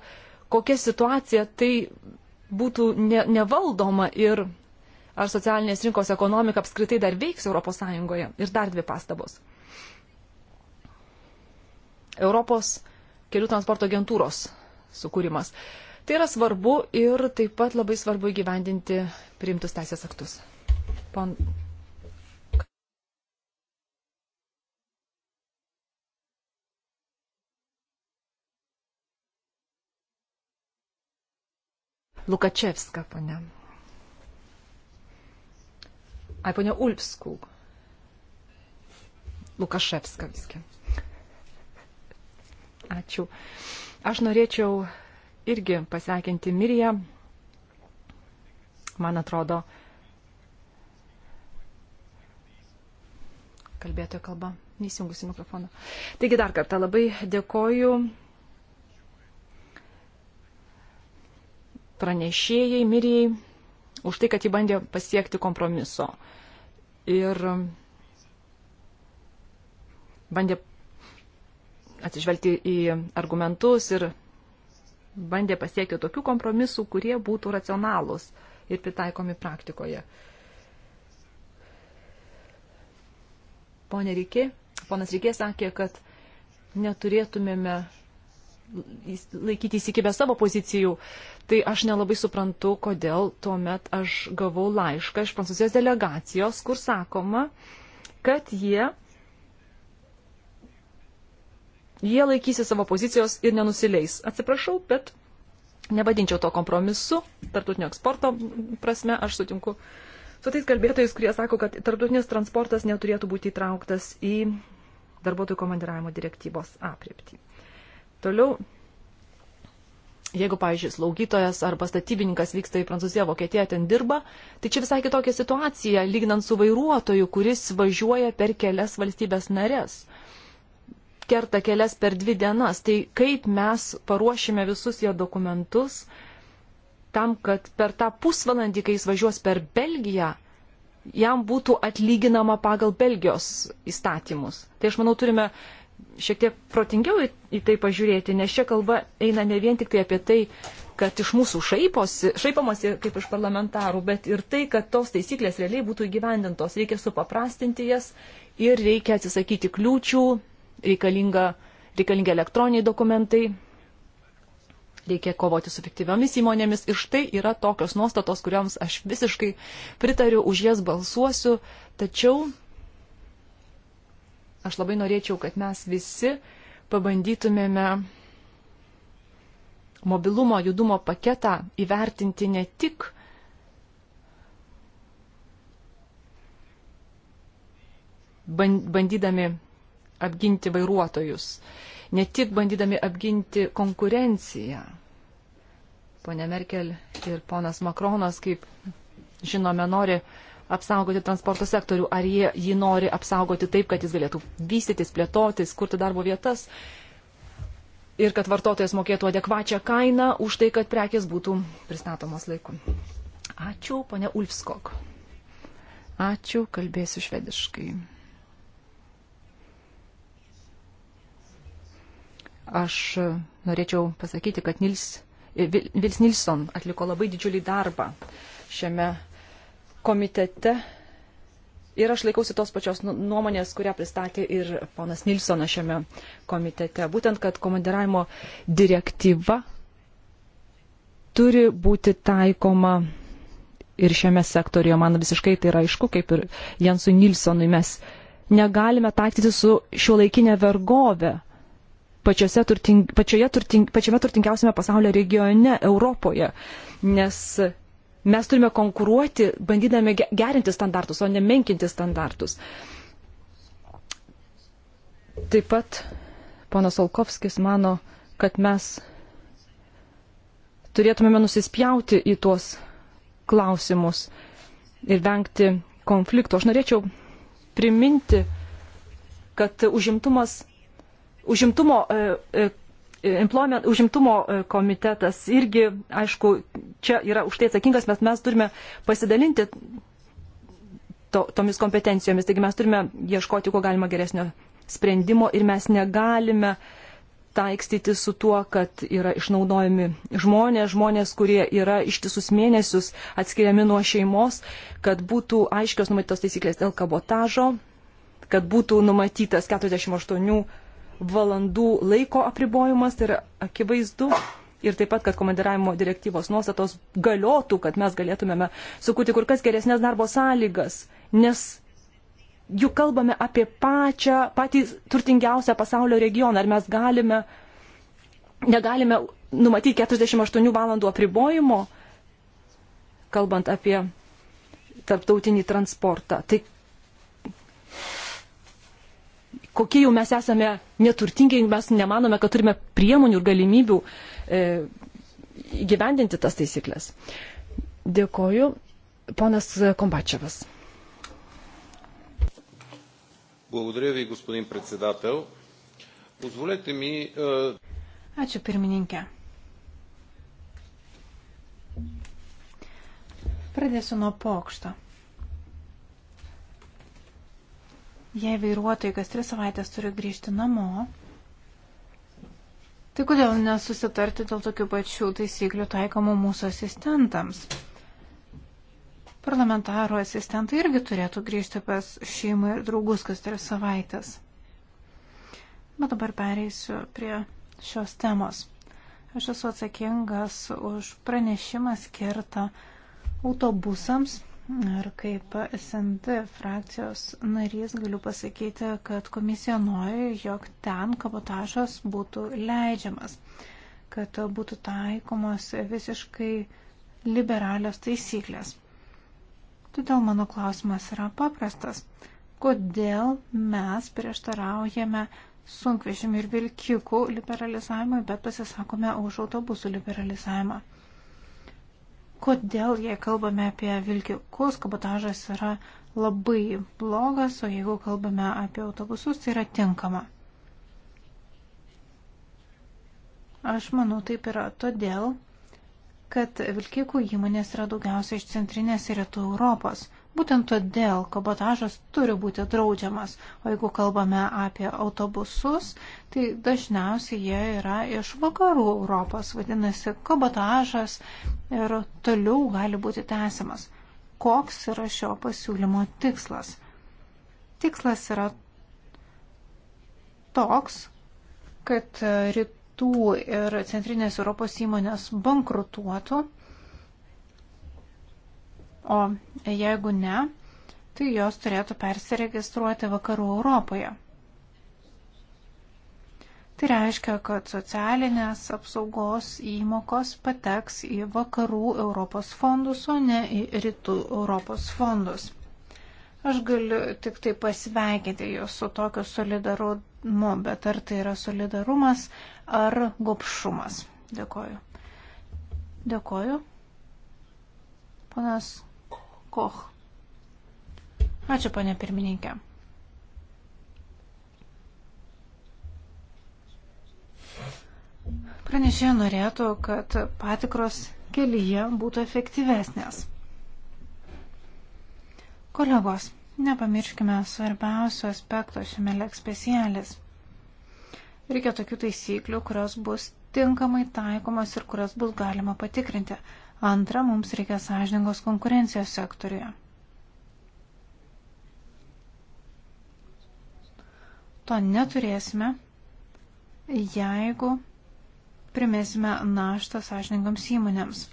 Speaker 1: kokia situacija tai būtų ne, nevaldoma ir ar socialinės rinkos ekonomika apskritai dar veiks ES. Ir dar dvi pastabos. Europos kelių transporto agentūros sukūrimas. Tai yra svarbu ir taip pat labai svarbu įgyvendinti priimtus teisės aktus. Pon... Lukačevska, ponia. Ai, ponia Ulpskų. Lukaševska visgi. Ačiū. Aš norėčiau irgi pasveikinti Miriją. Man atrodo, kalbėtojo kalba, neįsijungusi mikrofoną. Taigi dar kartą labai dėkoju pranešėjai Mirijai už tai, kad ji bandė pasiekti kompromiso. Ir bandė atsižvelgti į argumentus ir bandė pasiekti tokių kompromisų, kurie būtų racionalūs ir pritaikomi praktikoje. Pone Rykė, ponas Rykė sakė, kad neturėtumėme laikyti įsikibę savo pozicijų, tai aš nelabai suprantu, kodėl tuomet aš gavau laišką iš prancūzijos delegacijos, kur sakoma, kad jie jie laikysi savo pozicijos ir nenusileis. Atsiprašau, bet nevadinčiau to kompromisu, tartutinio eksporto prasme, aš sutinku su tais kalbėtojais, kurie sako, kad tartutinis transportas neturėtų būti įtrauktas į darbuotojų komandiravimo direktyvos apriepti. Toliau, jeigu, pavyzdžiui, slaugytojas arba statybininkas vyksta į Prancūziją, Vokietiją, ten dirba, tai čia visai kitokia situacija, lygnant su vairuotoju, kuris važiuoja per kelias valstybės narės kerta kelias per dvi dienas. Tai kaip mes paruošime visus jo dokumentus tam, kad per tą pusvalandį, kai jis važiuos per Belgiją, jam būtų atlyginama pagal Belgijos įstatymus. Tai aš manau, turime šiek tiek protingiau į, į tai pažiūrėti, nes čia kalba eina ne vien tik tai apie tai, kad iš mūsų šaiposi, šaipamasi kaip iš parlamentarų, bet ir tai, kad tos taisyklės realiai būtų įgyvendintos. Reikia supaprastinti jas ir reikia atsisakyti kliūčių, reikalinga, reikalingi elektroniniai dokumentai, reikia kovoti su fiktyviomis įmonėmis ir štai yra tokios nuostatos, kuriams aš visiškai pritariu, už jas balsuosiu, tačiau aš labai norėčiau, kad mes visi pabandytumėme mobilumo, judumo paketą įvertinti ne tik bandydami apginti vairuotojus, ne tik bandydami apginti konkurenciją. Pone Merkel ir ponas Makronas, kaip žinome, nori apsaugoti transporto sektorių, ar jie jį nori apsaugoti taip, kad jis galėtų vystytis, plėtotis, kurti darbo vietas ir kad vartotojas mokėtų adekvačią kainą už tai, kad prekės būtų pristatomos laiku. Ačiū, ponia Ulfskog. Ačiū, kalbėsiu švediškai. Aš norėčiau pasakyti, kad Nils, Vils Nilsson atliko labai didžiulį darbą šiame komitete. Ir aš laikausi tos pačios nu, nuomonės, kurią pristatė ir ponas Nilsonas šiame komitete. Būtent, kad komandiravimo direktyva turi būti taikoma ir šiame sektorijoje. Man visiškai tai yra aišku, kaip ir Jansui Nilsonui mes negalime taktyti su šiuolaikinė vergovė turting, pačioje turting, pačiame turtingiausiame pasaulio regione Europoje, nes mes turime konkuruoti, bandydami gerinti standartus, o ne menkinti standartus. Taip pat ponas Olkovskis mano, kad mes turėtumėme nusispjauti į tuos klausimus ir vengti konfliktų. Aš norėčiau priminti, kad užimtumas Užimtumo, e, e, e, employment, užimtumo komitetas irgi, aišku, čia yra už tai atsakingas, bet mes turime pasidalinti to, tomis kompetencijomis. Taigi mes turime ieškoti, kuo galima geresnio sprendimo ir mes negalime taikstyti su tuo, kad yra išnaudojami žmonės, žmonės, kurie yra ištisus mėnesius atskiriami nuo šeimos, kad būtų aiškios numatytos taisyklės dėl kabotažo, kad būtų numatytas 48 valandų laiko apribojimas, tai yra akivaizdu. Ir taip pat, kad komandiravimo direktyvos nuostatos galiotų, kad mes galėtumėme sukurti kur kas geresnės darbo sąlygas, nes juk kalbame apie pačią, patį turtingiausią pasaulio regioną. Ar mes galime, negalime numatyti 48 valandų apribojimo, kalbant apie tarptautinį transportą. Tai kokie jau mes esame neturtingi, mes nemanome, kad turime priemonių ir galimybių e, gyvendinti tas taisyklės. Dėkoju. Ponas Kombačiavas.
Speaker 2: Благодаря ви, господин председател. Позволете ми... Е...
Speaker 3: Ačiū pirmininkė. Pradėsiu nuo pokšto. Po Jei vairuotojai kas tris savaitės turi grįžti namo, tai kodėl nesusitarti dėl tokių pačių taisyklių taikomų mūsų asistentams? Parlamentarų asistentai irgi turėtų grįžti pas šeimą ir draugus kas tris savaitės. Bet dabar pereisiu prie šios temos. Aš esu atsakingas už pranešimą skirtą autobusams Ir kaip SND frakcijos narys galiu pasakyti, kad komisija nori, jog ten kabotažas būtų leidžiamas, kad būtų taikomos visiškai liberalios taisyklės. Todėl mano klausimas yra paprastas. Kodėl mes prieštaraujame sunkvežimių ir vilkikų liberalizavimui, bet pasisakome už autobusų liberalizavimą? kodėl, jei kalbame apie vilkikus, kabotažas yra labai blogas, o jeigu kalbame apie autobusus, tai yra tinkama. Aš manau, taip yra todėl, kad vilkikų įmonės yra daugiausia iš centrinės ir rytų Europos. Būtent todėl kabotažas turi būti draudžiamas, o jeigu kalbame apie autobusus, tai dažniausiai jie yra iš vakarų Europos, vadinasi, kabotažas ir toliau gali būti tęsiamas. Koks yra šio pasiūlymo tikslas? Tikslas yra toks, kad rytų ir centrinės Europos įmonės bankrutuotų o jeigu ne, tai jos turėtų persiregistruoti vakarų Europoje. Tai reiškia, kad socialinės apsaugos įmokos pateks į vakarų Europos fondus, o ne į rytų Europos fondus. Aš galiu tik tai pasveikinti jūs su tokiu solidarumu, bet ar tai yra solidarumas ar gopšumas. Dėkoju. Dėkoju. Panas Koch. Ačiū, ponė pirmininkė. Pranešė norėtų, kad patikros kelyje būtų efektyvesnės. Kolegos, nepamirškime svarbiausio aspekto šiame lekspecialis. Reikia tokių taisyklių, kurios bus tinkamai taikomos ir kurias bus galima patikrinti. Antra, mums reikia sąžiningos konkurencijos sektoriuje. To neturėsime, jeigu primėsime naštą sąžiningams įmonėms.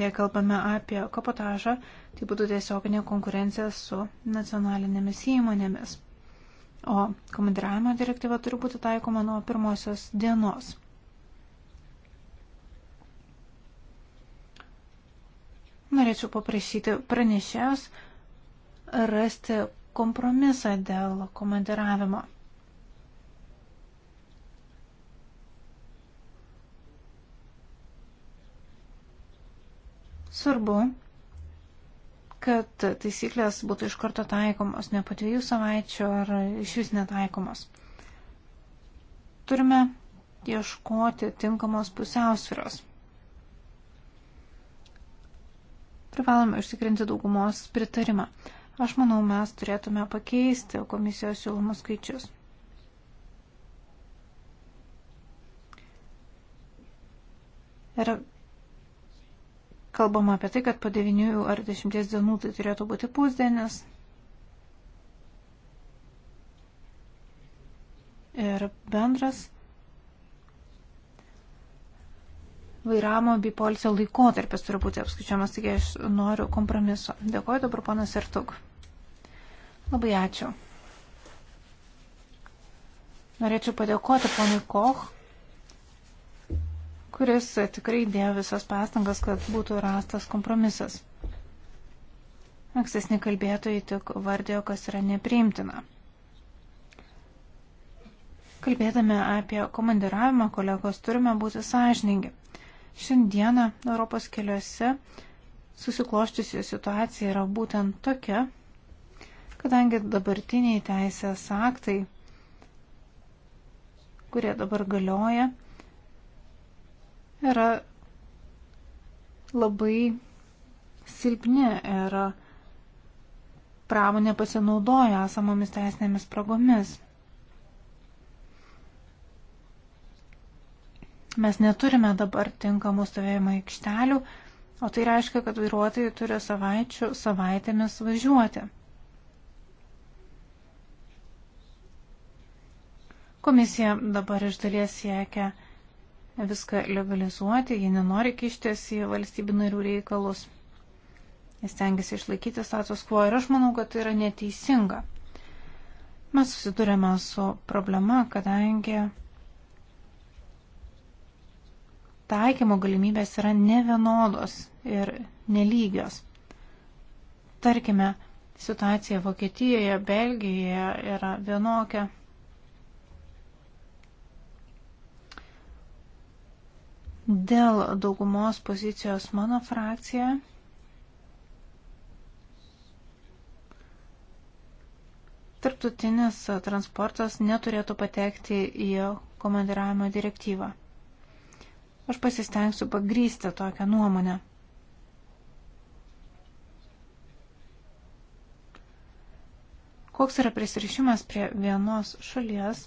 Speaker 3: Jei kalbame apie kapotažą, tai būtų tiesioginė konkurencija su nacionalinėmis įmonėmis. O komandiravimo direktyva turi būti taikoma nuo pirmosios dienos. norėčiau paprašyti pranešėjos rasti kompromisą dėl komandiravimo. Svarbu, kad taisyklės būtų iš karto taikomos, ne po dviejų savaičių ar iš vis netaikomos. Turime ieškoti tinkamos pusiausvyros. privalome užtikrinti daugumos pritarimą. Aš manau, mes turėtume pakeisti komisijos siūlomus skaičius. Ir kalbama apie tai, kad po 9 ar 10 dienų tai turėtų būti pusdienis. Ir bendras vairavimo bei polisio laikotarpis turi būti apskaičiamas, taigi aš noriu kompromiso. Dėkuoju dabar ponas Artuk. Labai ačiū. Norėčiau padėkoti ponui Koch, kuris tikrai dėjo visas pastangas, kad būtų rastas kompromisas. Ankstesni kalbėtojai tik vardėjo, kas yra nepriimtina. Kalbėdami apie komandiravimą, kolegos, turime būti sąžiningi. Šiandieną Europos keliuose susikloščiusi situacija yra būtent tokia, kadangi dabartiniai teisės aktai, kurie dabar galioja, yra labai silpni ir pramonė pasinaudoja esamomis teisinėmis spragomis. Mes neturime dabar tinkamų stovėjimo aikštelių, o tai reiškia, kad vairuotojai turi savaičių savaitėmis važiuoti. Komisija dabar iš dalies siekia viską legalizuoti, ji nenori kištis į valstybių narių reikalus. Jis tengiasi išlaikyti status quo ir aš manau, kad tai yra neteisinga. Mes susidurėme su problema, kadangi taikymo galimybės yra nevienodos ir nelygios. Tarkime, situacija Vokietijoje, Belgijoje yra vienokia. Dėl daugumos pozicijos mano frakcija tarptautinis transportas neturėtų patekti į komandiravimo direktyvą. Aš pasistengsiu pagrysti tokią nuomonę. Koks yra prisirišimas prie vienos šalies,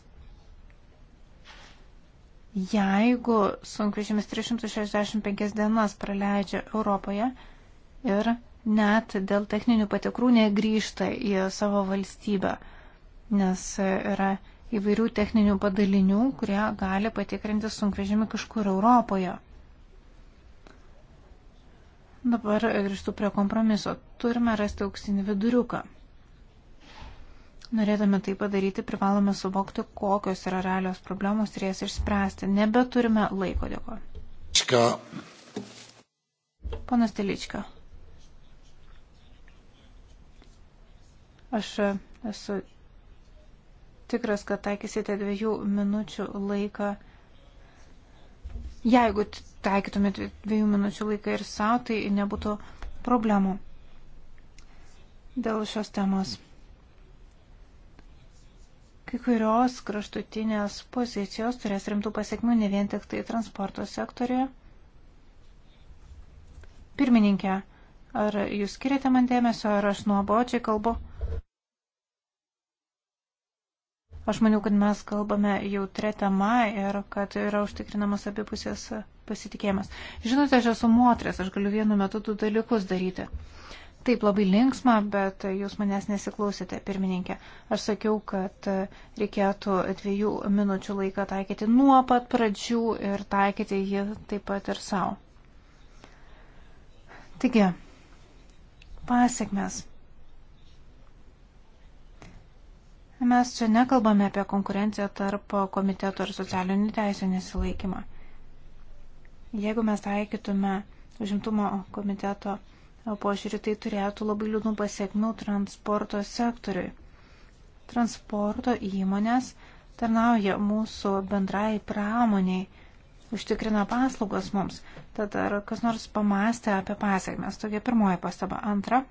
Speaker 3: jeigu sunkvežimis 365 dienas praleidžia Europoje ir net dėl techninių patikrų negrįžta į savo valstybę, nes yra įvairių techninių padalinių, kurie gali patikrinti sunkvežimį kažkur Europoje. Dabar grįžtu prie kompromiso. Turime rasti auksinį viduriuką. Norėdami tai padaryti, privalome suvokti, kokios yra realios problemos ir jas išspręsti. Nebeturime laiko, dėkoju. Ponas Telička. Aš esu tikras, kad taikysite dviejų minučių laiką. Jeigu taikytumėte dviejų minučių laiką ir savo, tai nebūtų problemų dėl šios temos. Kai kurios kraštutinės pozicijos turės rimtų pasiekmių ne vien tik tai transporto sektoriuje. Pirmininkė, ar jūs skiriate man dėmesio, ar aš nuobodžiai kalbu? Aš maniau, kad mes kalbame jautrė tema ir kad yra užtikrinamas abipusės pasitikėjimas. Žinote, aš esu moteris, aš galiu vienu metu du dalykus daryti. Taip, labai linksma, bet jūs manęs nesiklausėte, pirmininkė. Aš sakiau, kad reikėtų dviejų minučių laiką taikyti nuo pat pradžių ir taikyti jį taip pat ir savo. Taigi, pasiekmes. Mes čia nekalbame apie konkurenciją tarp komiteto ir socialinių teisų nesilaikymą. Jeigu mes taikytume užimtumo komiteto požiūrį, tai turėtų labai liūdnų pasiekmių transporto sektoriui. Transporto įmonės tarnauja mūsų bendrai pramoniai, užtikrina paslaugas mums. Tad ar kas nors pamastė apie pasiekmes? Tokia pirmoji pastaba. Antra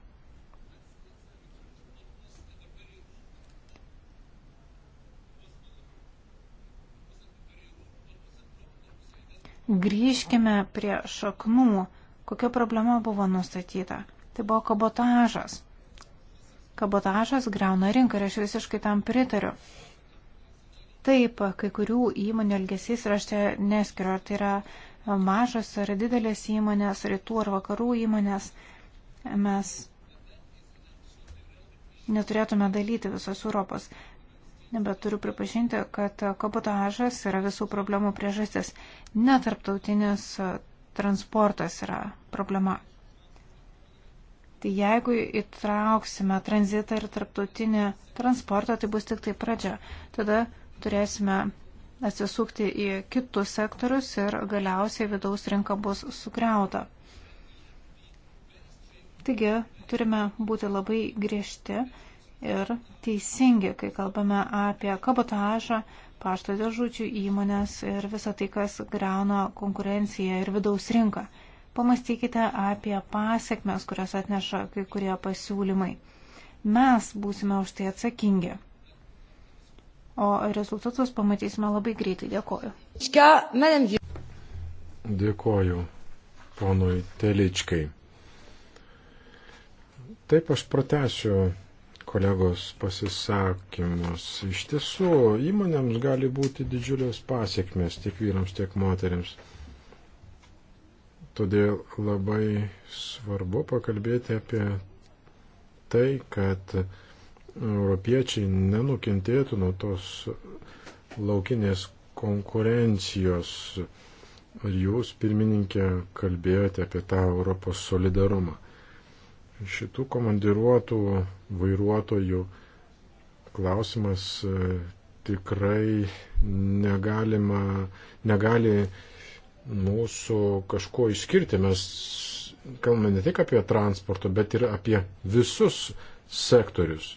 Speaker 3: grįžkime prie šaknų, kokia problema buvo nustatyta. Tai buvo kabotažas. Kabotažas greuna rinką ir aš visiškai tam pritariu. Taip, kai kurių įmonių elgesys ir aš čia neskiriu, ar tai yra mažos ar didelės įmonės, rytų ar vakarų įmonės. Mes neturėtume dalyti visos Europos bet turiu pripažinti, kad kabotažas yra visų problemų priežastis. Netarptautinis e, transportas yra problema. Tai jeigu įtrauksime tranzitą ir tarptautinį transportą, tai bus tik tai pradžia. Tada turėsime atsisukti į kitus sektorius ir galiausiai vidaus rinka bus sugriauta. Taigi turime būti labai griežti ir teisingi, kai kalbame apie kabotažą, pašto dėžučių įmonės ir visą tai, kas greuna konkurenciją ir vidaus rinką. Pamastykite apie pasiekmes, kurias atneša kai kurie pasiūlymai. Mes būsime už tai atsakingi. O rezultatus pamatysime labai
Speaker 1: greitai. Dėkoju.
Speaker 2: Dėkoju ponui Teličkai. Taip aš pratęsiu kolegos pasisakymus. Iš tiesų, įmonėms gali būti didžiulės pasiekmes tiek vyrams, tiek moteriams. Todėl labai svarbu pakalbėti apie tai, kad europiečiai nenukentėtų nuo tos laukinės konkurencijos. Ar jūs, pirmininkė, kalbėjote apie tą Europos solidarumą? šitų komandiruotų vairuotojų klausimas e, tikrai negalima, negali mūsų kažko išskirti. Mes kalbame ne tik apie transportą, bet ir apie visus sektorius.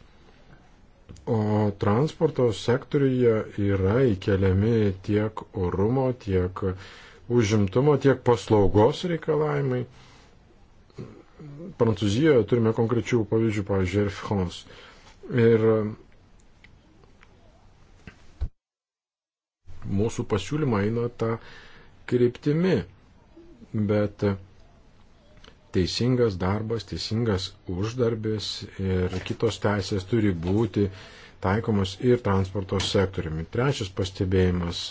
Speaker 2: O transporto sektoriuje yra įkeliami tiek orumo, tiek užimtumo, tiek paslaugos reikalavimai. Prancūzijoje turime konkrečių pavyzdžių, pavyzdžiui, Air France. Ir e, mūsų pasiūlymą eina tą kryptimi, bet teisingas darbas, teisingas uždarbis ir kitos teisės turi būti taikomos ir transporto sektoriumi. Trečias pastebėjimas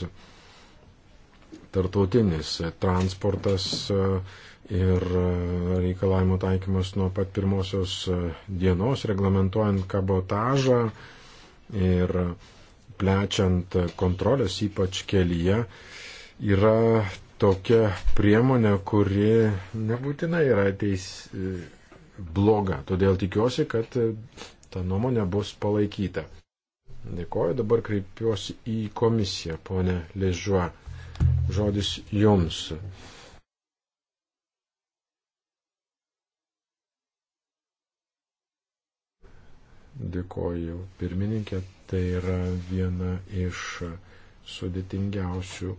Speaker 2: - tartautinis transportas. Uh, ir e, reikalavimo taikymas nuo pat pirmosios e, dienos, reglamentuojant kabotažą ir plečiant kontrolės, ypač kelyje, yra tokia priemonė, kuri nebūtinai yra teis e, bloga. Todėl tikiuosi, kad ta nuomonė bus palaikyta. Dėkoju, dabar kreipiuosi į komisiją, ponė Ležuo. Žodis jums. Dėkoju pirmininkė, tai yra viena iš sudėtingiausių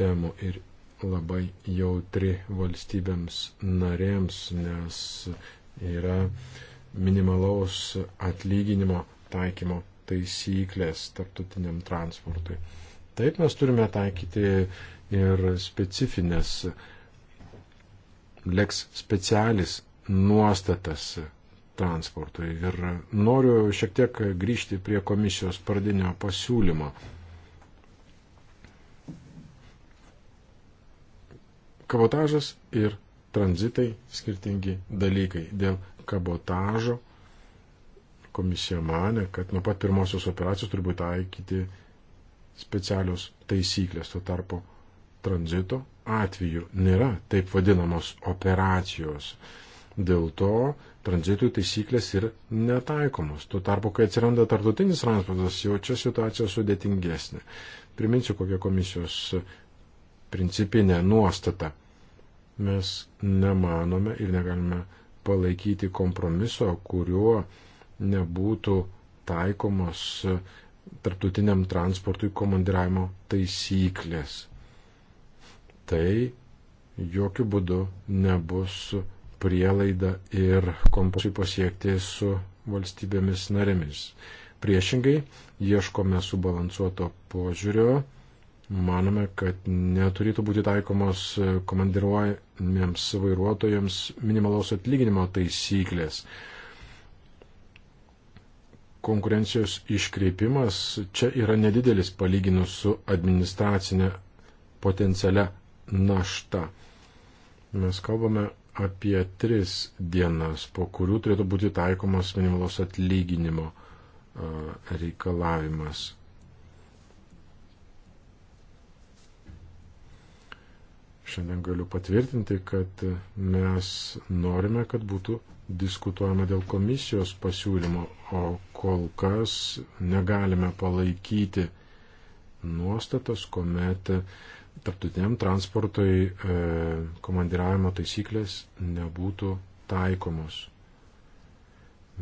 Speaker 2: temų ir labai jautri valstybėms narėms, nes yra minimalaus atlyginimo taikymo taisyklės tarptautiniam transportui. Taip mes turime taikyti ir specifines leks specialis nuostatas transportui. Ir noriu šiek tiek grįžti prie komisijos pradinio pasiūlymo. Kabotažas ir tranzitai skirtingi dalykai. Dėl kabotažo komisija mane, kad nuo pat pirmosios operacijos turi būti taikyti specialios taisyklės. Tuo tarpu tranzito atveju nėra taip vadinamos operacijos. Uh, Dėl to tranzitui taisyklės ir netaikomos. Tuo tarpu, kai atsiranda tartutinis transportas, jau čia situacija sudėtingesnė. Priminsiu, kokia komisijos principinė nuostata. Mes nemanome ir negalime palaikyti kompromiso, kuriuo nebūtų taikomos tarptautiniam transportui komandiravimo taisyklės. Tai jokių būdų nebus prielaidą ir kompasui pasiekti su valstybėmis narėmis. Priešingai, ieškome subalansuoto požiūrio, manome, kad neturėtų būti taikomos komandiruojamiems vairuotojams minimalaus atlyginimo taisyklės. Konkurencijos iškreipimas čia yra nedidelis palyginus su administracinė potencialia našta. Mes kalbame apie tris dienas, po kurių turėtų būti taikomas minimalos atlyginimo reikalavimas. Šiandien galiu patvirtinti, kad mes norime, kad būtų diskutuojama dėl komisijos pasiūlymo, o kol kas negalime palaikyti nuostatos, kuomet tarptautiniam transportui e, komandiravimo taisyklės nebūtų taikomos.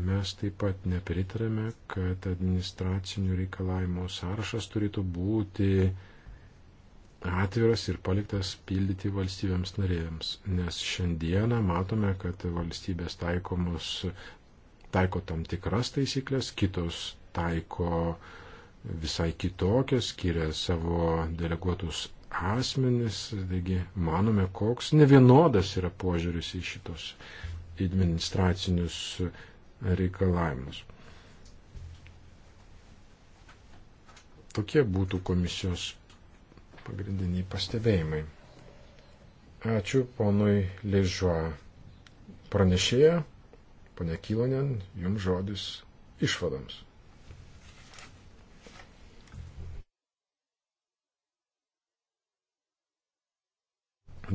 Speaker 2: Mes taip pat nepritarame, kad administracinių reikalavimų sąrašas turėtų būti atviras ir paliktas pildyti valstybėms narėjams, nes šiandieną matome, kad valstybės taikomus, taiko tam tikras taisyklės, kitos taiko visai kitokias, skiria savo deleguotus asmenis, taigi manome, koks nevienodas yra požiūris į šitos administracinius reikalavimus. Tokie būtų komisijos pagrindiniai pastebėjimai. Ačiū ponui Ležuo. Pranešėja, ponia Kylonen, jums žodis išvadoms.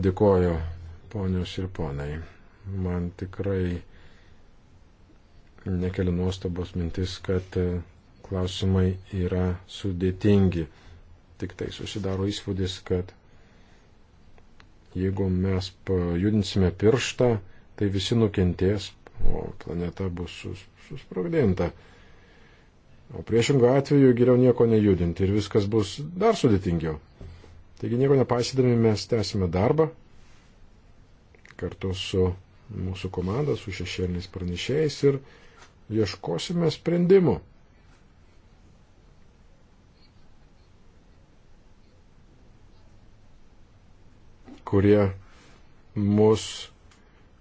Speaker 2: Dėkoju, ponios ir ponai. Man tikrai nekeli nuostabos mintis, kad e, klausimai yra sudėtingi. Tik tai susidaro įspūdis, kad jeigu mes pajudinsime pirštą, tai visi nukentės, o planeta bus sus, susprogdinta. O priešingą atveju geriau nieko nejudinti ir viskas bus dar sudėtingiau. Taigi nieko nepaisydami mes tęsime darbą kartu su mūsų komanda, su šešėliniais pranešėjais ir ieškosime sprendimų. kurie mus,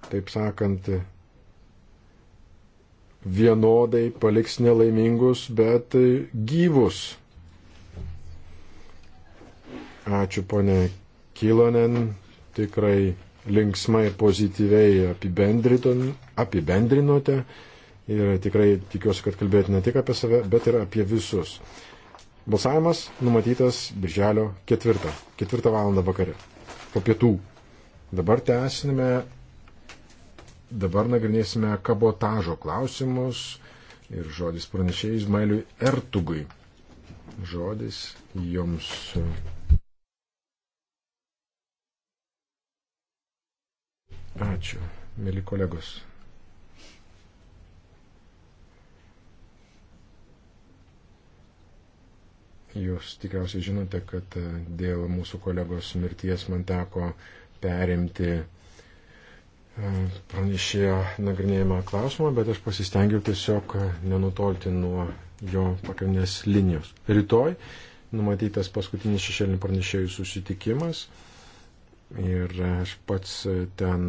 Speaker 2: taip sakant, vienodai paliks nelaimingus, bet gyvus Ačiū ponė Kilonen, tikrai linksmai ir pozityviai apibendrinote ir tikrai tikiuosi, kad kalbėjote ne tik apie save, bet ir apie visus. Balsavimas numatytas birželio 4, 4 val. vakare, po pietų. Dabar tęsime, dabar nagrinėsime kabotažo klausimus ir žodis pranešėjai Izmailiui Ertugui. Žodis jums. Ačiū, mėly kolegos. Jūs tikriausiai žinote, kad e, dėl mūsų kolegos mirties man teko perimti e, pranešėjo nagrinėjimą klausimą, bet aš pasistengiau tiesiog e, nenutolti nuo jo pagrindinės linijos. Rytoj numatytas paskutinis šešėlinių pranešėjų susitikimas. Ir aš pats ten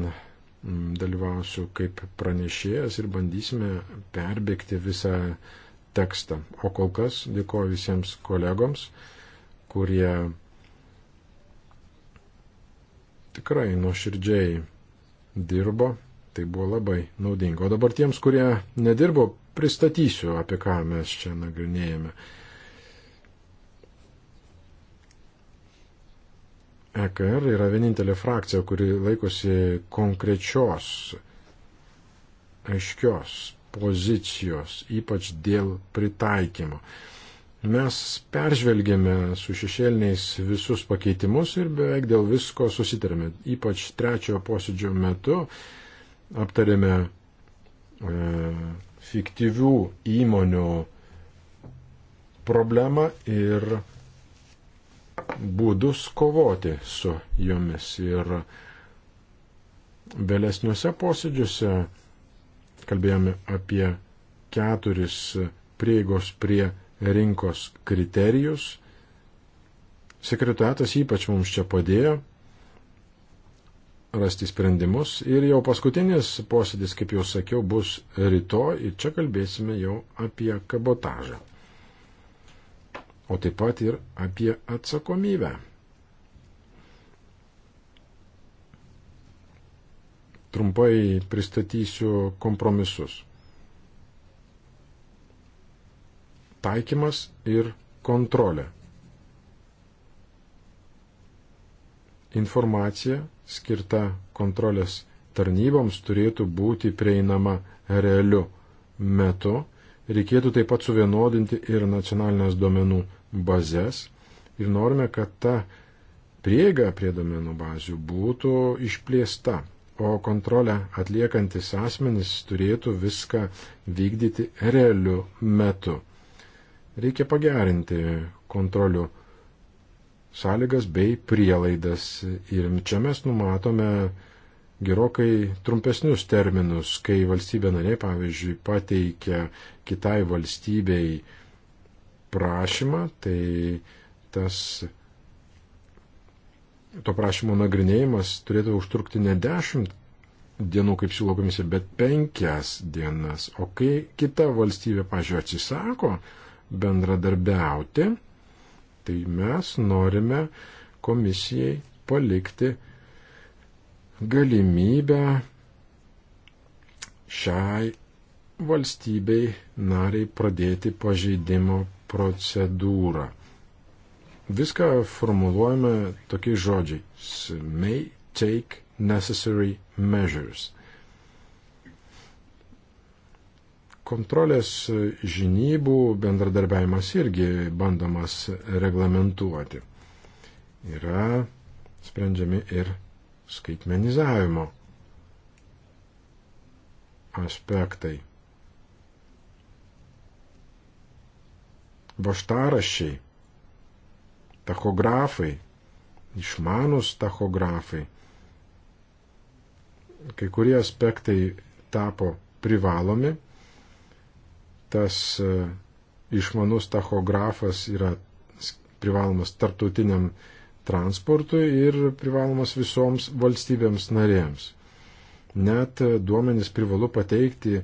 Speaker 2: mm, dalyvausiu kaip pranešėjas ir bandysime perbėgti visą tekstą. O kol kas dėkoju visiems kolegoms, kurie tikrai nuoširdžiai dirbo. Tai buvo labai naudinga. O dabar tiems, kurie nedirbo, pristatysiu, apie ką mes čia nagrinėjame. EKR yra vienintelė frakcija, kuri laikosi konkrečios, aiškios pozicijos, ypač dėl pritaikymo. Mes peržvelgėme su šešėliniais visus pakeitimus ir beveik dėl visko susitarėme. Ypač trečiojo posėdžio metu aptarėme e, fiktyvių įmonių problemą ir būdus kovoti su jomis. Ir vėlesniuose posėdžiuose kalbėjome apie keturis prieigos prie rinkos kriterijus. Sekretariatas ypač mums čia padėjo rasti sprendimus. Ir jau paskutinis posėdis, kaip jau sakiau, bus rytoj ir čia kalbėsime jau apie kabotažą o taip pat ir apie atsakomybę. Trumpai pristatysiu kompromisus. Taikymas ir kontrolė. Informacija skirta kontrolės tarnyboms turėtų būti prieinama realiu metu. Reikėtų taip pat suvienodinti ir nacionalinės duomenų bazės ir norime, kad ta prieiga prie domenų bazių būtų išplėsta, o kontrolę atliekantis asmenys turėtų viską vykdyti realiu metu. Reikia pagerinti kontrolių sąlygas bei prielaidas ir čia mes numatome gerokai trumpesnius terminus, kai valstybė narė, pavyzdžiui, pateikia kitai valstybei prašymą, tai tas to prašymo nagrinėjimas turėtų užtrukti ne 10 dienų, kaip siūlo komisija, bet 5 dienas. O kai kita valstybė, pažiūrėjau, atsisako bendradarbiauti, tai mes norime komisijai palikti galimybę šiai valstybei nariai pradėti pažeidimo procedūrą. Viską formuluojame tokiais žodžiais. May take necessary measures. Kontrolės žinybų bendradarbiavimas irgi bandomas reglamentuoti. Yra sprendžiami ir skaitmenizavimo aspektai. vaštarašiai, tachografai, išmanus tachografai. Kai kurie aspektai tapo privalomi. Tas e, išmanus tachografas yra privalomas tartutiniam transportui ir privalomas visoms valstybėms narėms. Net e, duomenis privalu pateikti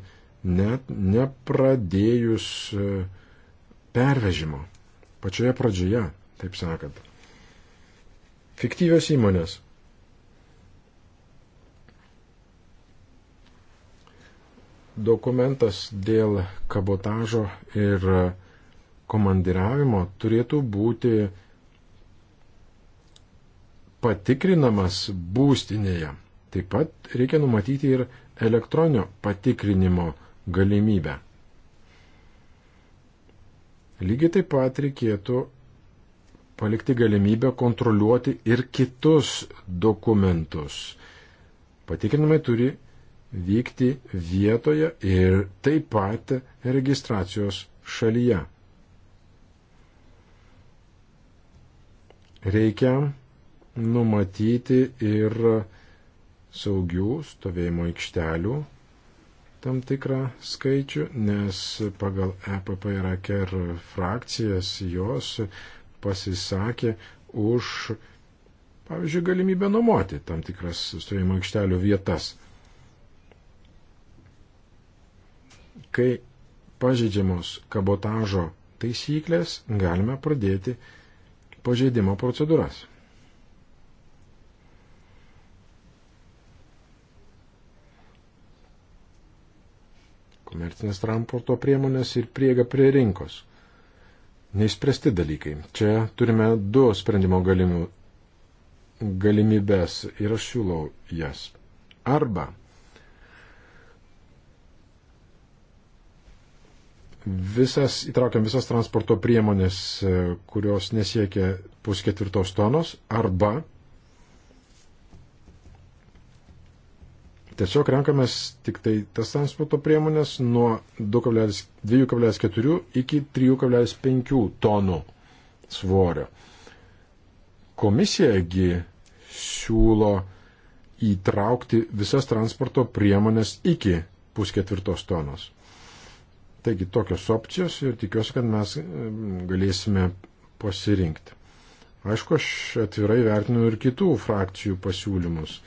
Speaker 2: net nepradėjus uh, pervežimo, pačioje pradžioje, taip sakant. Fiktyvios įmonės. Dokumentas dėl kabotažo ir komandiravimo turėtų būti patikrinamas būstinėje. Taip pat reikia numatyti ir elektroninio patikrinimo galimybę. Lygiai taip pat reikėtų palikti galimybę kontroliuoti ir kitus dokumentus. Patikrinimai turi vykti vietoje ir taip pat registracijos šalyje. Reikia numatyti ir saugių stovėjimo aikštelių tam tikrą skaičių, nes pagal EPP ir AKR frakcijas jos pasisakė už, pavyzdžiui, galimybę nuomoti tam tikras stovėjimo aikštelių vietas. Kai pažeidžiamos kabotažo taisyklės, galime pradėti pažeidimo procedūras. komercinės transporto priemonės ir prieiga prie rinkos. Neįspręsti dalykai. Čia turime du sprendimo galimų, galimybės ir aš siūlau jas. Arba visas, įtraukiam visas transporto priemonės, kurios nesiekia pusketvirtos tonos, arba Tiesiog renkamės tik tai tas transporto priemonės nuo 2,4 iki 3,5 tonų svorio. Komisijagi siūlo įtraukti visas transporto priemonės iki pusketvirtos tonos. Taigi tokios opcijos ir tikiuosi, kad mes galėsime pasirinkti. Aišku, aš atvirai vertinu ir kitų frakcijų pasiūlymus.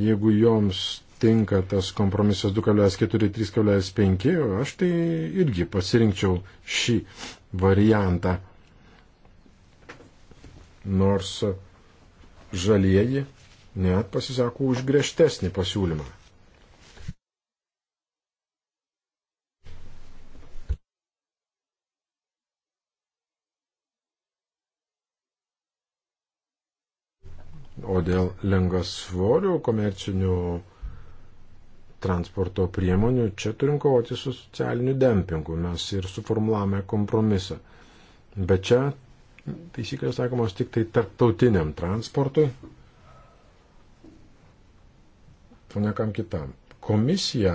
Speaker 2: Jeigu joms tinka tas kompromisas 2,4, 3,5, o aš tai irgi pasirinkčiau šį variantą. Nors žalieji net pasisako už griežtesnį pasiūlymą. O dėl lengvasvorių komercinių transporto priemonių, čia turim kovoti su socialiniu dempingu. Mes ir suformulavome kompromisą. Bet čia taisyklės sakomos tik tai tarptautiniam transportui, o ne kam kitam. Komisija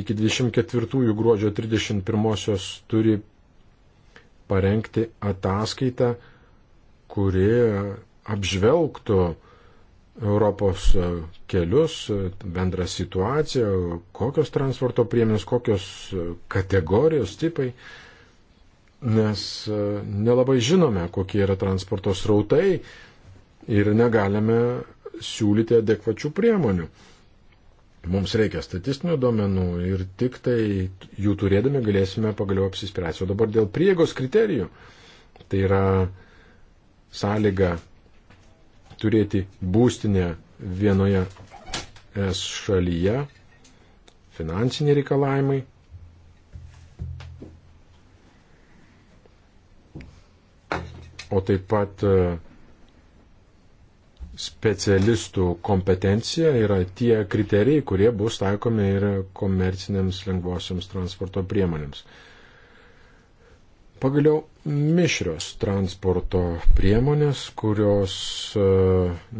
Speaker 2: iki 24 gruodžio 31 turi parengti ataskaitą, kuri apžvelgtų Europos e, kelius, e, bendrą situaciją, kokios transporto priemonės, kokios e, kategorijos tipai, nes nelabai žinome, kokie yra transporto srautai ir negalime siūlyti adekvačių priemonių. Mums reikia statistinių duomenų ir tik tai jų turėdami galėsime pagaliau apsispręsti. O dabar dėl priegos kriterijų. Tai yra sąlyga turėti būstinę vienoje es šalyje, finansiniai reikalavimai. O taip pat e, specialistų kompetencija yra tie kriterijai, kurie bus taikomi ir komerciniams lengvosiams transporto priemonėms. Pagaliau mišrios transporto priemonės, kurios e,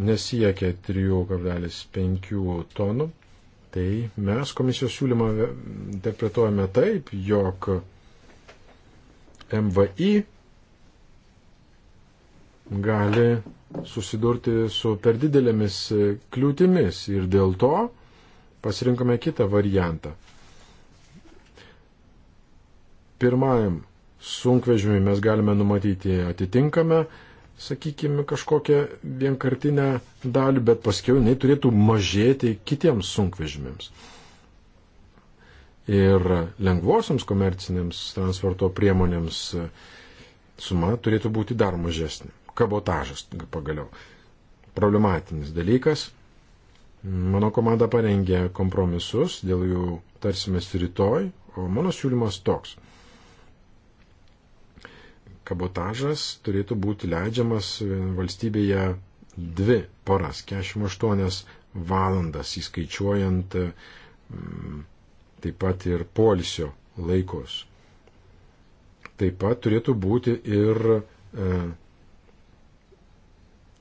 Speaker 2: nesiekia 3,5 tonų. Tai mes komisijos siūlymą interpretuojame taip, jog MVI gali susidurti su per didelėmis kliūtimis ir dėl to pasirinkome kitą variantą. Pirmajam sunkvežimiui mes galime numatyti atitinkamą, sakykime, kažkokią vienkartinę dalį, bet paskiau jinai turėtų mažėti kitiems sunkvežimiams. Ir lengvosiams komerciniams transporto priemonėms e, suma turėtų būti dar mažesnė. Kabotažas pagaliau. Problematinis dalykas. Mano komanda parengė kompromisus, dėl jų tarsimės rytoj, o mano siūlymas toks kabotažas turėtų būti leidžiamas valstybėje dvi paras, 48 valandas, įskaičiuojant mm, taip pat ir polisio laikos. Taip pat turėtų būti ir e,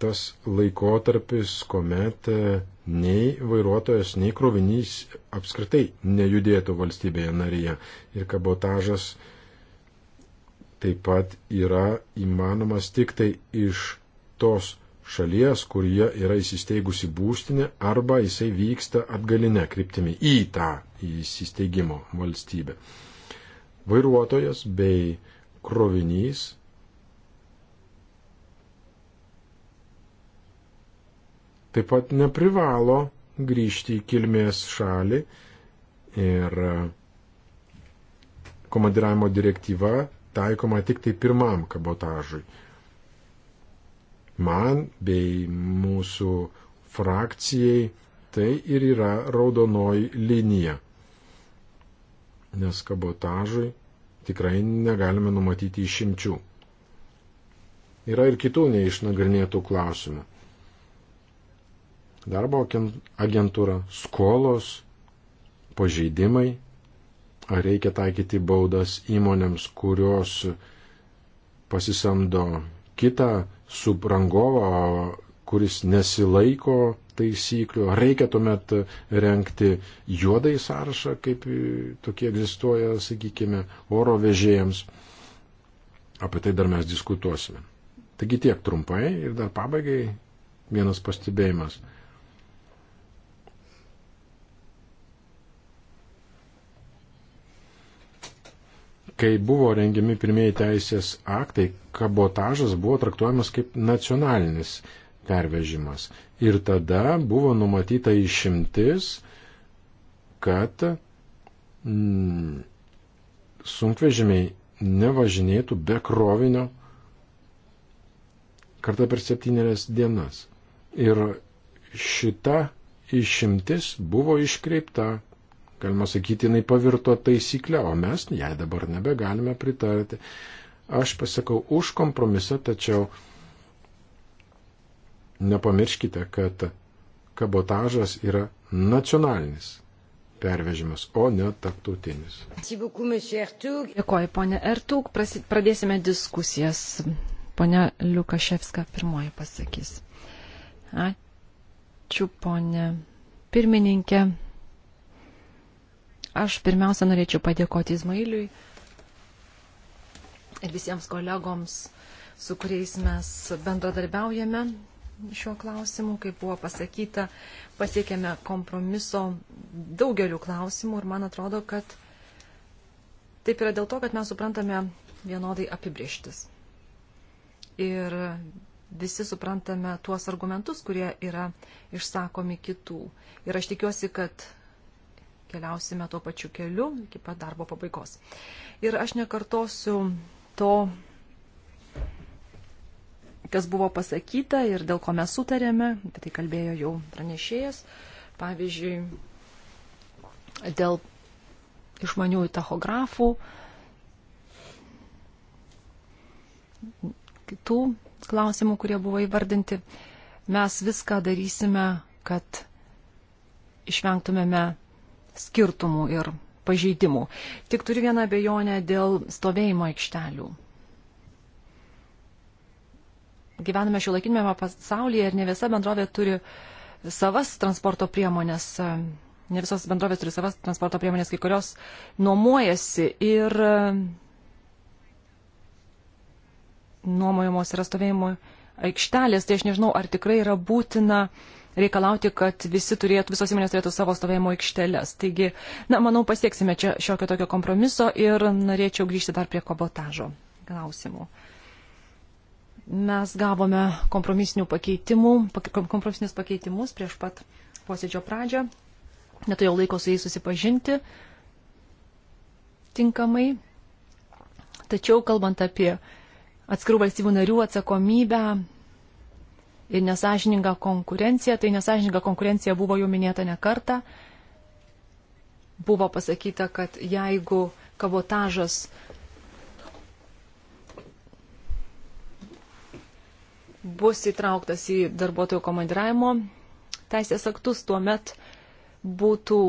Speaker 2: tas laikotarpis, kuomet e, nei vairuotojas, nei krovinys apskritai nejudėtų valstybėje narėje ir kabotažas e, taip pat yra įmanomas tik tai iš tos šalies, kur jie yra įsisteigusi būstinė, arba jisai vyksta atgalinę kryptimį į tą įsisteigimo valstybę. Vairuotojas bei krovinys taip pat neprivalo grįžti į kilmės šalį ir komandiravimo direktyva taikoma tik tai pirmam kabotažui. Man bei mūsų frakcijai tai ir yra raudonoji linija. Nes kabotažui tikrai negalime numatyti išimčių. Yra ir kitų neišnagrinėtų klausimų. Darbo agentūra, skolos, pažeidimai ar reikia taikyti baudas įmonėms, kurios pasisamdo kitą subrangovą, kuris nesilaiko taisyklių, ar reikia tuomet renkti juodai sąrašą, kaip tokie egzistuoja, sakykime, oro vežėjams. Apie tai dar mes diskutuosime. Taigi tiek trumpai ir dar pabaigai vienas pastebėjimas. kai buvo rengiami pirmieji teisės aktai, kabotažas buvo traktuojamas kaip nacionalinis pervežimas. Ir tada buvo numatyta išimtis, kad mm, sunkvežimiai nevažinėtų be krovinio kartą per septynerias dienas. Ir šita išimtis buvo iškreipta Galima sakyti, jinai pavirto taisyklę, o mes jai dabar nebegalime pritarti. Aš pasakau už kompromisą, tačiau nepamirškite, kad kabotažas yra nacionalinis pervežimas, o ne tarptautinis.
Speaker 1: Dėkoju, ponė Ertug. Pradėsime diskusijas. Pone Liukaševska pirmoji pasakys. Ačiū, ponė pirmininkė. Aš pirmiausia norėčiau padėkoti Izmailiui ir visiems kolegoms, su kuriais mes bendradarbiaujame šiuo klausimu. Kaip buvo pasakyta, pasiekėme kompromiso daugeliu klausimų ir man atrodo, kad taip yra dėl to, kad mes suprantame vienodai apibrieštis. Ir visi suprantame tuos argumentus, kurie yra išsakomi kitų. Ir aš tikiuosi, kad keliausime tuo pačiu keliu iki pat darbo pabaigos. Ir aš nekartosiu to, kas buvo pasakyta ir dėl ko mes sutarėme, apie tai kalbėjo jau pranešėjas, pavyzdžiui, dėl išmaniųjų tachografų, kitų klausimų, kurie buvo įvardinti, mes viską darysime, kad išvengtumėme skirtumų ir pažeidimų. Tik turiu vieną abejonę dėl stovėjimo aikštelių. Gyvename šio laikinėme pasaulyje ir ne visa bendrovė turi savas transporto priemonės. E, ne visos bendrovės turi savas transporto priemonės, kai kurios nuomojasi ir e, nuomojamos yra stovėjimo aikštelės, tai aš nežinau, ar tikrai yra būtina uh, reikalauti, kad visi turėtų, visos įmonės turėtų savo stovėjimo aikšteles. Taigi, na, manau, pasieksime čia šiokio tokio kompromiso ir norėčiau grįžti dar prie kabotažo klausimų. Mes gavome kompromisinių pakeitimų, kompromisinius pakeitimus prieš pat posėdžio pradžią. Neturėjau laiko su jais susipažinti tinkamai. Tačiau, kalbant apie atskirų valstybių narių atsakomybę, nesažininga konkurencija. Tai nesažininga konkurencija buvo jau minėta ne kartą. Buvo pasakyta, kad jeigu kabotažas bus įtrauktas į darbuotojų komandiravimo teisės aktus, tuomet būtų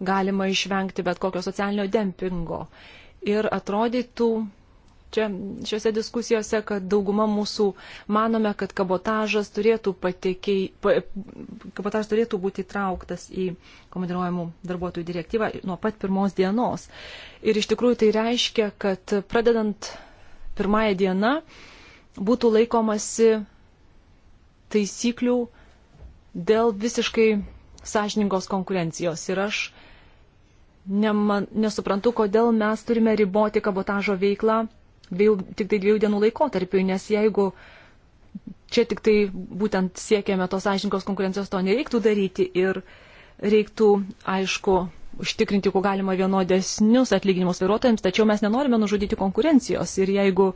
Speaker 1: galima išvengti bet kokio socialinio dempingo. Ir atrodytų, čia šiuose diskusijose, kad dauguma mūsų manome, kad kabotažas turėtų, patekiai, pa, kabotažas turėtų būti įtrauktas į komandiruojamų darbuotojų direktyvą nuo pat pirmos dienos. Ir iš tikrųjų tai reiškia, kad pradedant pirmąją dieną būtų laikomasi taisyklių dėl visiškai sąžiningos konkurencijos. Ir aš neman, nesuprantu, kodėl mes turime riboti kabotažo veiklą dviejų, tik tai dviejų dienų laikotarpiu, nes jeigu čia tik tai būtent siekėme tos sąžininkos konkurencijos, to nereiktų daryti ir reiktų, aišku, užtikrinti, kuo galima vienodesnius atlyginimus vairuotojams, tačiau mes nenorime nužudyti konkurencijos ir jeigu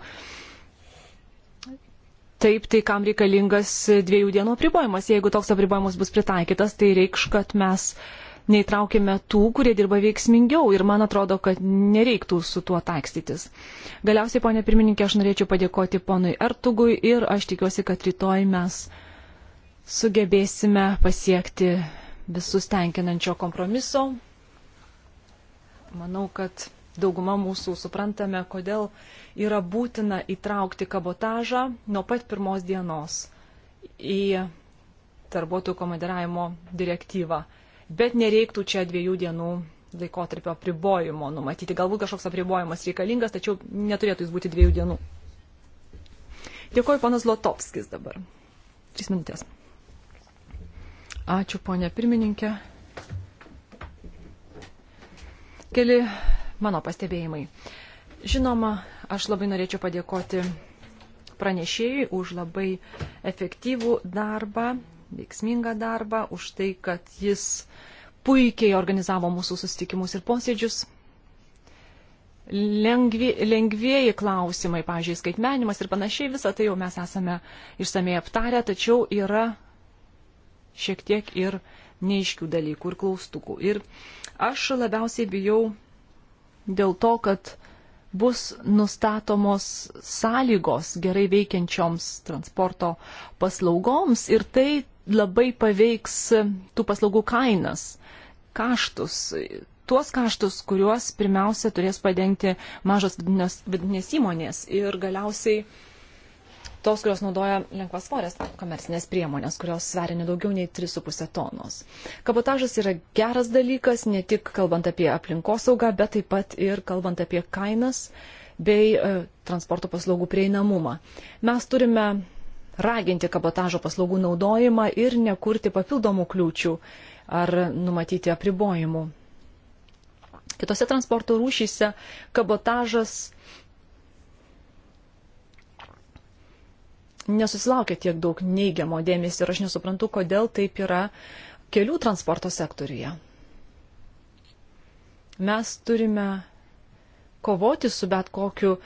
Speaker 1: taip, tai kam reikalingas dviejų dienų apribojimas, jeigu toks apribojimas bus pritaikytas, tai reikš, kad mes uh, neįtraukėme tų, kurie dirba veiksmingiau ir man atrodo, kad nereiktų su tuo takstytis. Galiausiai, ponė pirmininkė, aš norėčiau padėkoti ponui Artugui ir aš tikiuosi, kad rytoj mes sugebėsime pasiekti visus tenkinančio kompromiso. Manau, kad dauguma mūsų suprantame, kodėl yra būtina įtraukti kabotažą nuo pat pirmos dienos į darbuotojų komandiravimo direktyvą bet nereiktų čia dviejų dienų laikotarpio apribojimo numatyti. Galbūt kažkoks apribojimas reikalingas, tačiau neturėtų jis būti dviejų dienų. Dėkuoju, panas Lotovskis dabar. Tris minutės. Ačiū, ponė pirmininkė. Keli mano pastebėjimai. Žinoma, aš labai norėčiau padėkoti pranešėjai už labai efektyvų darbą veiksmingą darbą, už tai, kad jis puikiai organizavo mūsų susitikimus ir posėdžius. Lengvi, lengvieji klausimai, pažiūrėjau, skaitmenimas ir panašiai, visą tai jau mes esame išsamei aptarę, tačiau yra šiek tiek ir neiškių dalykų ir klaustukų. Ir aš labiausiai bijau dėl to, kad bus nustatomos sąlygos gerai veikiančioms transporto paslaugoms ir tai labai paveiks tų paslaugų kainas, kaštus, tuos kaštus, kuriuos pirmiausia turės padengti mažos vidinės įmonės ir galiausiai tos, kurios naudoja lengvas svorės komercinės priemonės, kurios sveria nedaugiau nei 3,5 tonos. Kabotažas yra geras dalykas, ne tik kalbant apie aplinkosaugą, bet taip pat ir kalbant apie kainas bei e, transporto paslaugų prieinamumą. Mes turime raginti kabotažo paslaugų naudojimą ir nekurti papildomų kliūčių ar numatyti apribojimų. Kitose transporto rūšyse kabotažas nesusilaukia tiek daug neigiamo dėmesio ir aš nesuprantu, kodėl taip yra kelių transporto sektoriuje. Mes turime kovoti su bet kokiu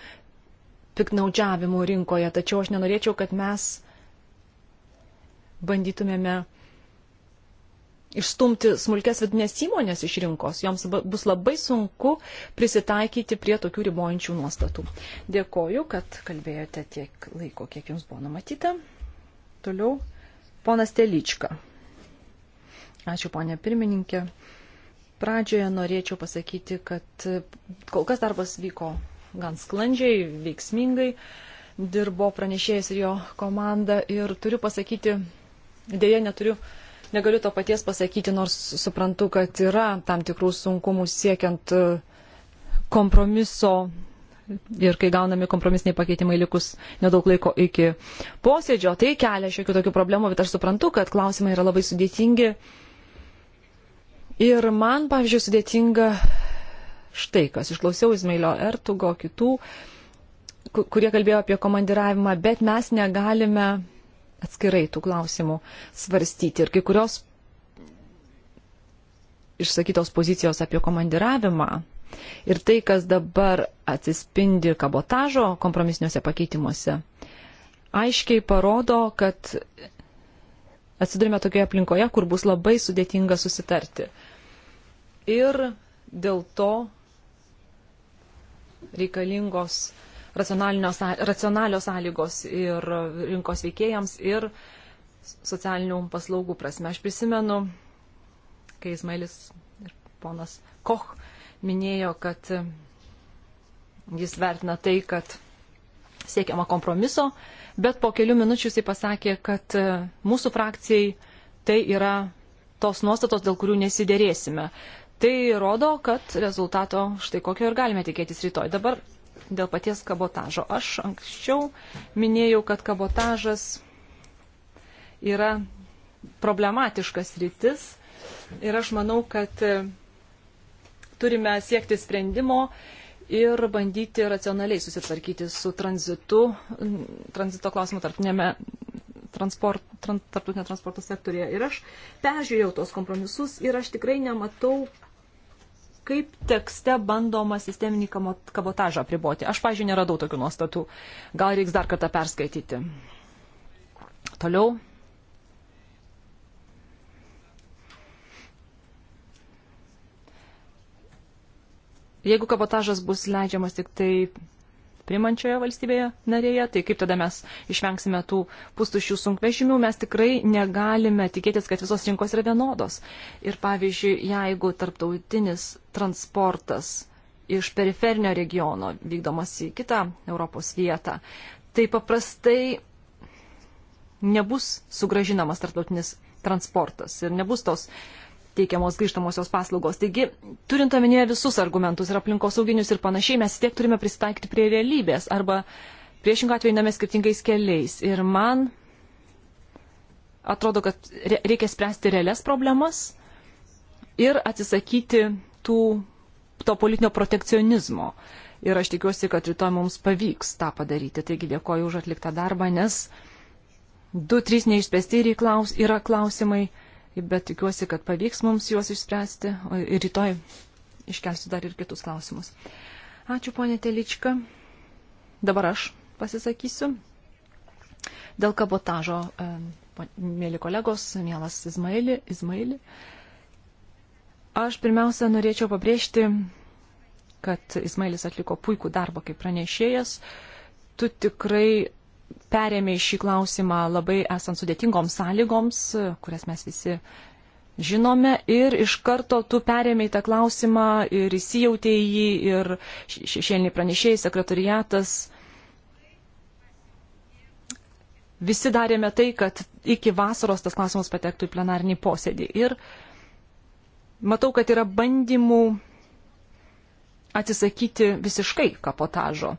Speaker 1: piknaudžiavimų rinkoje, tačiau aš nenorėčiau, kad mes bandytumėme išstumti smulkės vidinės įmonės iš rinkos. Joms bus labai sunku prisitaikyti prie tokių ribojančių nuostatų. Dėkoju, kad kalbėjote tiek laiko, kiek jums buvo numatyta. Toliau, ponas Telička. Ačiū, ponė pirmininkė. Pradžioje norėčiau pasakyti, kad kol kas darbas vyko gan sklandžiai, veiksmingai dirbo pranešėjas ir jo komanda. Ir turiu pasakyti, dėja neturiu, negaliu to paties pasakyti, nors suprantu, kad yra tam tikrų sunkumų siekiant e, kompromiso ir kai gaunami kompromisiniai pakeitimai likus nedaug laiko iki posėdžio, tai kelia šiokių tokių problemų, bet aš suprantu, kad klausimai yra labai sudėtingi. Ir man, pavyzdžiui, sudėtinga štai kas. Išklausiau Izmailio Ertugo, kitų, kurie kalbėjo apie komandiravimą, bet mes negalime atskirai tų klausimų svarstyti. Ir kai kurios išsakytos pozicijos apie komandiravimą ir tai, kas dabar atsispindi kabotažo kompromisiniuose pakeitimuose, aiškiai parodo, kad atsidurime tokioje aplinkoje, kur bus labai sudėtinga susitarti. Ir dėl to reikalingos racionalios sąlygos ir rinkos veikėjams ir socialinių paslaugų prasme. Aš prisimenu, kai Izmailis ir ponas Koch minėjo, kad jis vertina tai, kad siekiama kompromiso, bet po kelių minučių jisai pasakė, kad e, mūsų frakcijai tai yra tos nuostatos, dėl kurių nesidėrėsime. Tai rodo, kad rezultato štai kokio ir galime tikėtis rytoj. Dabar dėl paties kabotažo. Aš anksčiau minėjau, kad kabotažas yra problematiškas rytis ir aš manau, kad e, turime siekti sprendimo ir bandyti racionaliai susitvarkyti su tranzitu, tranzito klausimu tarptinėme transport, tran, tarptautinio transporto sektorėje. Ir aš peržiūrėjau tos kompromisus ir aš tikrai nematau kaip tekste bandoma sisteminį kabotažą apriboti. Aš, pažiūrėjau, neradau tokių nuostatų. Gal reiks dar kartą perskaityti. Toliau. Jeigu kabotažas bus leidžiamas tik tai primančioje valstybėje narėje, tai kaip tada mes išvengsime tų pustuščių sunkvežimių, mes tikrai negalime tikėtis, kad visos rinkos yra vienodos. Ir pavyzdžiui, jeigu tarptautinis transportas iš periferinio regiono vykdomas į kitą Europos vietą, tai paprastai nebus sugražinamas tarptautinis transportas ir nebus tos uh, teikiamos grįžtamosios paslaugos. Taigi, turint omenyje visus argumentus ir aplinkosauginius ir panašiai, mes tiek turime pristaikyti prie realybės arba priešingą atveju einame skirtingais keliais. Ir man atrodo, kad reikia spręsti realias problemas ir atsisakyti tų, to politinio protekcionizmo. Ir aš tikiuosi, kad rytoj mums pavyks tą padaryti. Taigi dėkoju už atliktą darbą, nes du, trys neišspręsti yra klausimai bet tikiuosi, kad pavyks mums juos išspręsti ir rytoj iškelsiu dar ir kitus klausimus. Ačiū, ponė Telička. Dabar aš pasisakysiu. Dėl kabotažo, mėly kolegos, mielas Izmaili, Izmaili. Aš pirmiausia norėčiau pabrėžti, kad Izmailis atliko puikų darbą kaip pranešėjas. Tu tikrai perėmė šį klausimą labai esant sudėtingoms sąlygoms, kurias mes visi žinome ir iš karto tu perėmėjai tą klausimą ir įsijautėjai jį ir šešėliniai pranešėjai, sekretariatas. Visi darėme tai, kad iki vasaros tas klausimas patektų į plenarinį posėdį. Ir matau, kad yra bandymų atsisakyti visiškai kapotažo.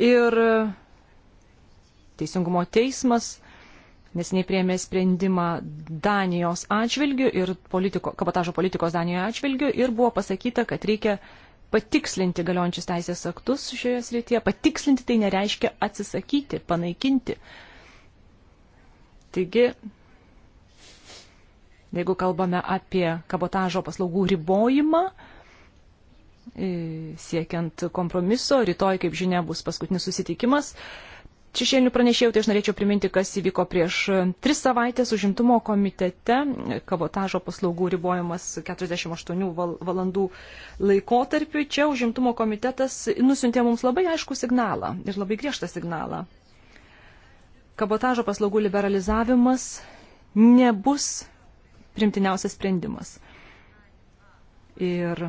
Speaker 1: Ir Teisingumo teismas nesiniai priėmė sprendimą Danijos atžvilgių ir politiko, kabotažo politikos Danijoje atžvilgių ir buvo pasakyta, kad reikia patikslinti galiojančius teisės aktus šioje srityje. Patikslinti tai nereiškia atsisakyti, panaikinti. Taigi, jeigu kalbame apie kabotažo paslaugų ribojimą, e, siekiant kompromiso, rytoj, kaip žinia, bus paskutinis susitikimas, šešėlinių pranešėjų, tai aš norėčiau priminti, kas įvyko prieš e, tris savaitės užimtumo komitete. Kavotažo paslaugų ribojamas 48 valandų laikotarpiu. Čia užimtumo komitetas nusintė mums labai aišku signalą ir labai griežtą signalą. Kabotažo paslaugų liberalizavimas nebus primtiniausias sprendimas. Ir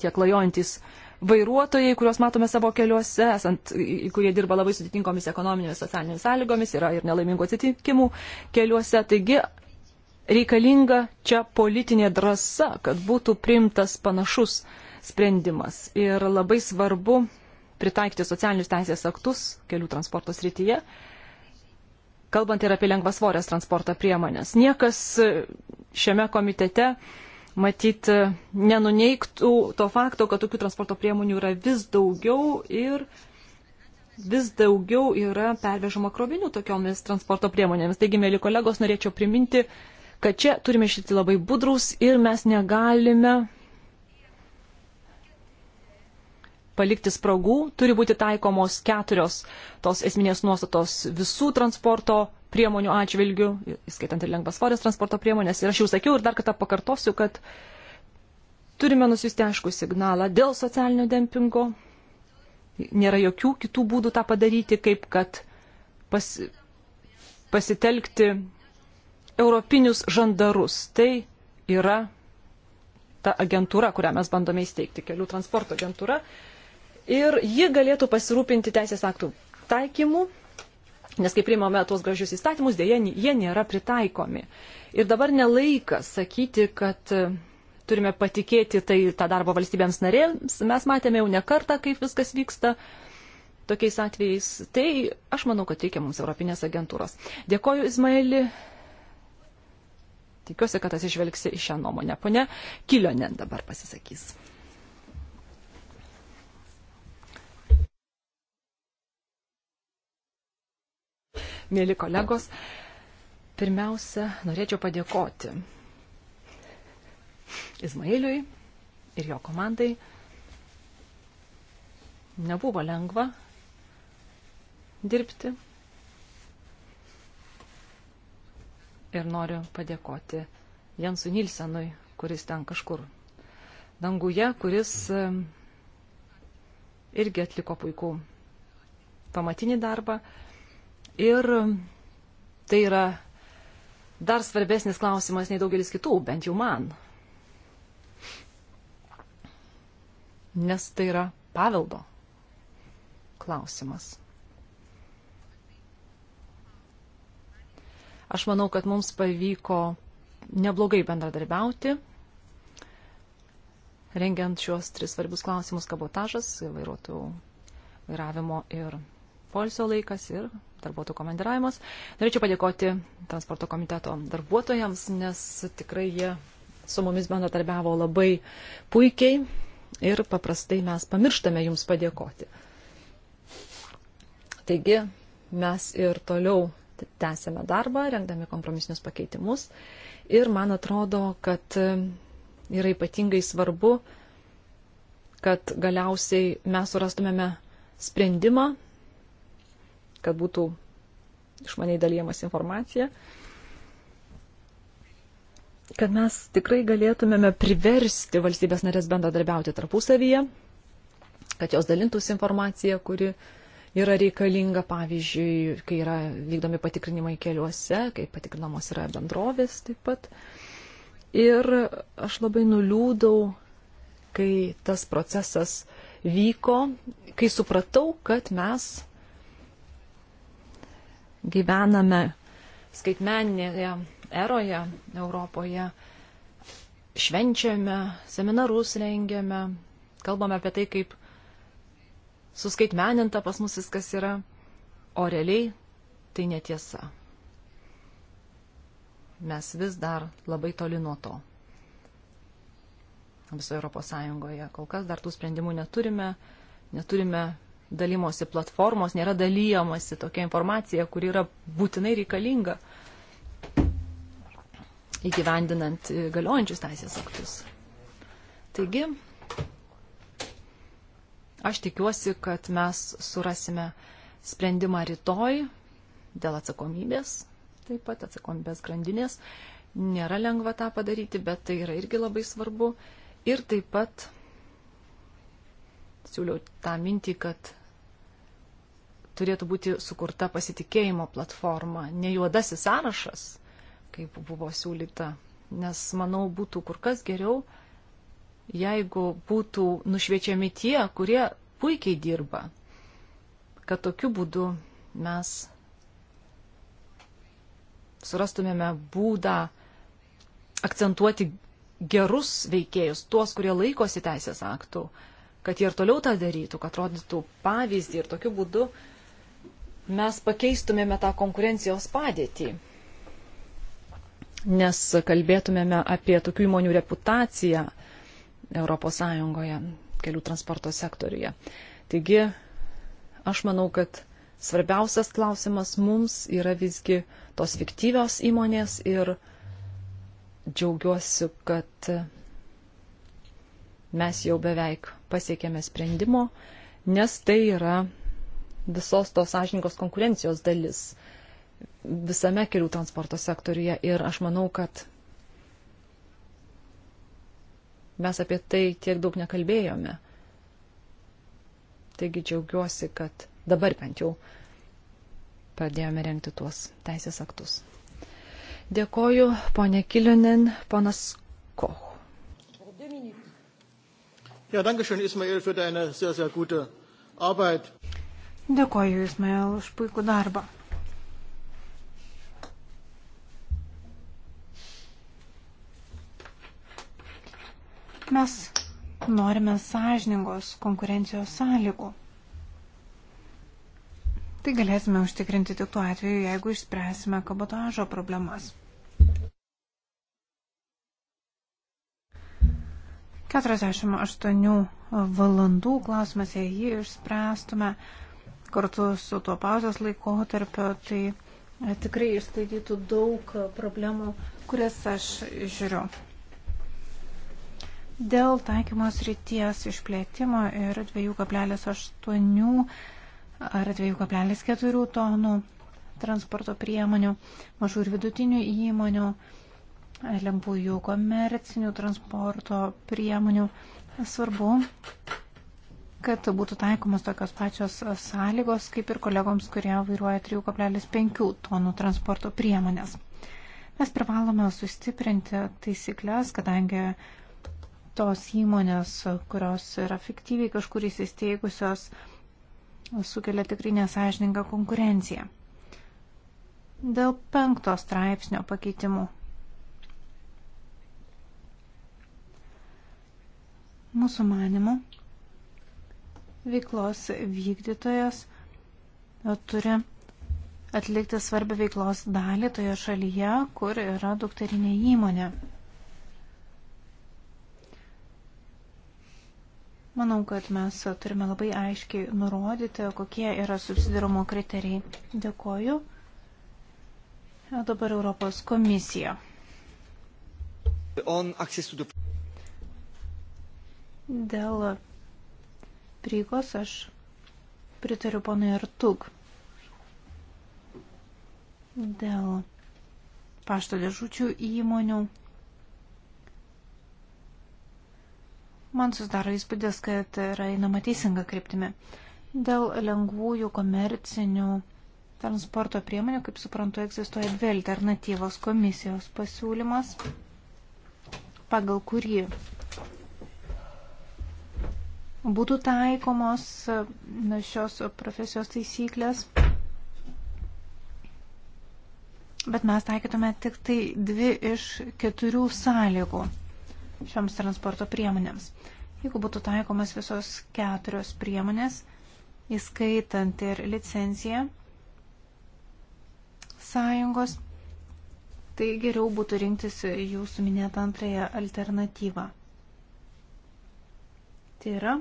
Speaker 1: tie klajojantis uh, vairuotojai, kuriuos matome savo keliuose, esant, kurie dirba labai sudėtingomis ekonominėmis socialinėmis sąlygomis, yra ir nelaimingų atsitikimų keliuose. Taigi reikalinga čia politinė drąsa, kad būtų priimtas panašus sprendimas. Ir labai svarbu pritaikyti socialinius teisės aktus kelių transporto srityje, kalbant ir apie lengvasvorės transporto priemonės. Niekas šiame komitete matyt nenuneiktų to fakto, kad tokių transporto priemonių yra vis daugiau ir vis daugiau yra pervežama krovinių tokiomis transporto priemonėmis. Taigi, mėly kolegos, norėčiau priminti, kad čia turime išlikti labai budrus ir mes negalime palikti spragų, turi būti taikomos keturios tos esminės nuostatos visų transporto priemonių atžvilgių, įskaitant ir lengvas svorės transporto priemonės. Ir aš jau sakiau ir dar kartą pakartosiu, kad turime nusiųsti aišku signalą dėl socialinio dempingo. Nėra jokių kitų būdų tą padaryti, kaip kad pas, pasitelkti europinius žandarus. Tai yra ta agentūra, kurią mes bandome įsteigti, kelių transporto agentūra. Ir ji galėtų pasirūpinti teisės aktų taikymu Nes kai priimame tuos gražius įstatymus, dėje jie nėra pritaikomi. Ir dabar nelaikas sakyti, kad e, turime patikėti tai tą darbą valstybėms narėms. Mes matėme jau ne kartą, kaip viskas vyksta tokiais atvejais. Tai aš manau, kad reikia mums Europinės agentūros. Dėkoju, Izmaili. Tikiuosi, kad atsižvelgsi į šią nuomonę. Pone Kilionen dabar pasisakys. mėly kolegos. Pirmiausia, norėčiau padėkoti Izmailiui ir jo komandai. Nebuvo lengva dirbti. Ir noriu padėkoti Jansu Nilsenui, kuris ten kažkur danguje, kuris irgi atliko puikų pamatinį darbą. Ir tai yra dar svarbesnis klausimas nei daugelis kitų, bent jau man. Nes tai yra paveldo klausimas. Aš manau, kad mums pavyko neblogai bendradarbiauti, rengiant šios tris svarbius klausimus - kabotažas, vairuotojų vairavimo ir polsio laikas ir darbuotojų komandiravimas. Norėčiau padėkoti transporto komiteto darbuotojams, nes tikrai jie su mumis bendradarbiavo labai puikiai ir paprastai mes pamirštame jums padėkoti. Taigi mes ir toliau tęsėme darbą, rengdami kompromisinius pakeitimus ir man atrodo, kad yra ypatingai svarbu, kad galiausiai mes surastumėme sprendimą kad būtų išmaniai dalyjamas informacija, kad mes tikrai galėtumėme priversti valstybės narės bendradarbiauti tarpusavyje, kad jos dalintųsi informacija, kuri yra reikalinga, pavyzdžiui, kai yra vykdomi patikrinimai keliuose, kai patikrinamos yra bendrovės taip pat. Ir aš labai nuliūdau, kai tas procesas vyko, kai supratau, kad mes gyvename skaitmeninėje eroje Europoje, švenčiame, seminarus rengiame, kalbame apie tai, kaip suskaitmeninta pas mus viskas yra, o realiai tai netiesa. Mes vis dar labai toli nuo to. Visoje Europos Sąjungoje kol kas dar tų sprendimų neturime, neturime dalymosi platformos, nėra dalyjamasi tokia informacija, kuri yra būtinai reikalinga įgyvendinant e, galiojančius teisės aktus. Taigi, aš tikiuosi, kad mes surasime sprendimą rytoj dėl atsakomybės, taip pat atsakomybės grandinės. Nėra lengva tą padaryti, bet tai yra irgi labai svarbu. Ir taip pat siūliau tą mintį, kad turėtų būti sukurta pasitikėjimo platforma, ne juodasis sąrašas, kaip buvo siūlyta, nes manau būtų kur kas geriau, jeigu būtų nušviečiami tie, kurie puikiai dirba, kad tokiu būdu mes surastumėme būdą akcentuoti gerus veikėjus, tuos, kurie laikosi teisės aktų, kad jie ir toliau tą darytų, kad rodytų pavyzdį ir tokiu būdu mes pakeistumėme tą konkurencijos padėtį, nes kalbėtumėme apie tokių įmonių reputaciją ES kelių transporto sektoriuje. Taigi, aš manau, kad svarbiausias klausimas mums yra visgi tos fiktyvios įmonės ir džiaugiuosi, kad mes jau beveik pasiekėme sprendimo, nes tai yra visos tos sąžininkos konkurencijos dalis visame kelių transporto sektoriuje. Ir aš manau, kad mes apie tai tiek daug nekalbėjome. Taigi džiaugiuosi, kad dabar bent jau pradėjome renkti tuos teisės aktus. Dėkoju, ponė Kilionen, ponas Koch. Ja, danke schön, Ismail, für deine sehr, sehr gute Arbeit.
Speaker 3: Dėkoju, Ismail, už puikų darbą. Mes norime sąžiningos konkurencijos sąlygų. Tai galėsime užtikrinti tik tuo atveju, jeigu išspręsime kabotažo problemas. 48 valandų klausimas, jei jį išspręstume, kartu su tuo pauzės laikotarpio, tai e, tikrai išsklaidytų daug problemų, kurias aš žiūriu. Dėl taikymos ryties išplėtimo ir 2,8 ar 2,4 tonų transporto priemonių, mažų ir vidutinių įmonių, lempųjų komercinių transporto priemonių. Svarbu, kad būtų taikomas tokios pačios sąlygos kaip ir kolegoms, kurie vairuoja 3,5 tonų transporto priemonės. Mes privalome sustiprinti taisyklės, kadangi tos įmonės, kurios yra fiktyviai kažkur įsisteigusios, sukelia tikrai nesažininką konkurenciją. Dėl penkto straipsnio pakeitimų. Mūsų manimu, veiklos vykdytojas turi atlikti svarbią veiklos dalį toje šalyje, kur yra dukterinė įmonė. Manau, kad mes turime labai aiškiai nurodyti, kokie yra subsidirumo kriterijai. Dėkoju. O dabar Europos komisija. Dėl prieigos, aš pritariu ponui Artuk dėl pašto dėžučių įmonių. Man susidaro įspūdis, kad yra einama teisinga kryptimi. Dėl lengvųjų komercinių transporto priemonių, kaip suprantu, egzistuoja dvi alternatyvos komisijos pasiūlymas, pagal kurį būtų taikomos šios profesijos taisyklės. Bet mes taikytume tik tai dvi iš keturių sąlygų šioms transporto priemonėms. Jeigu būtų taikomas visos keturios priemonės, įskaitant ir licenciją sąjungos, tai geriau būtų rinktis jūsų minėtą antrąją alternatyvą. Tai yra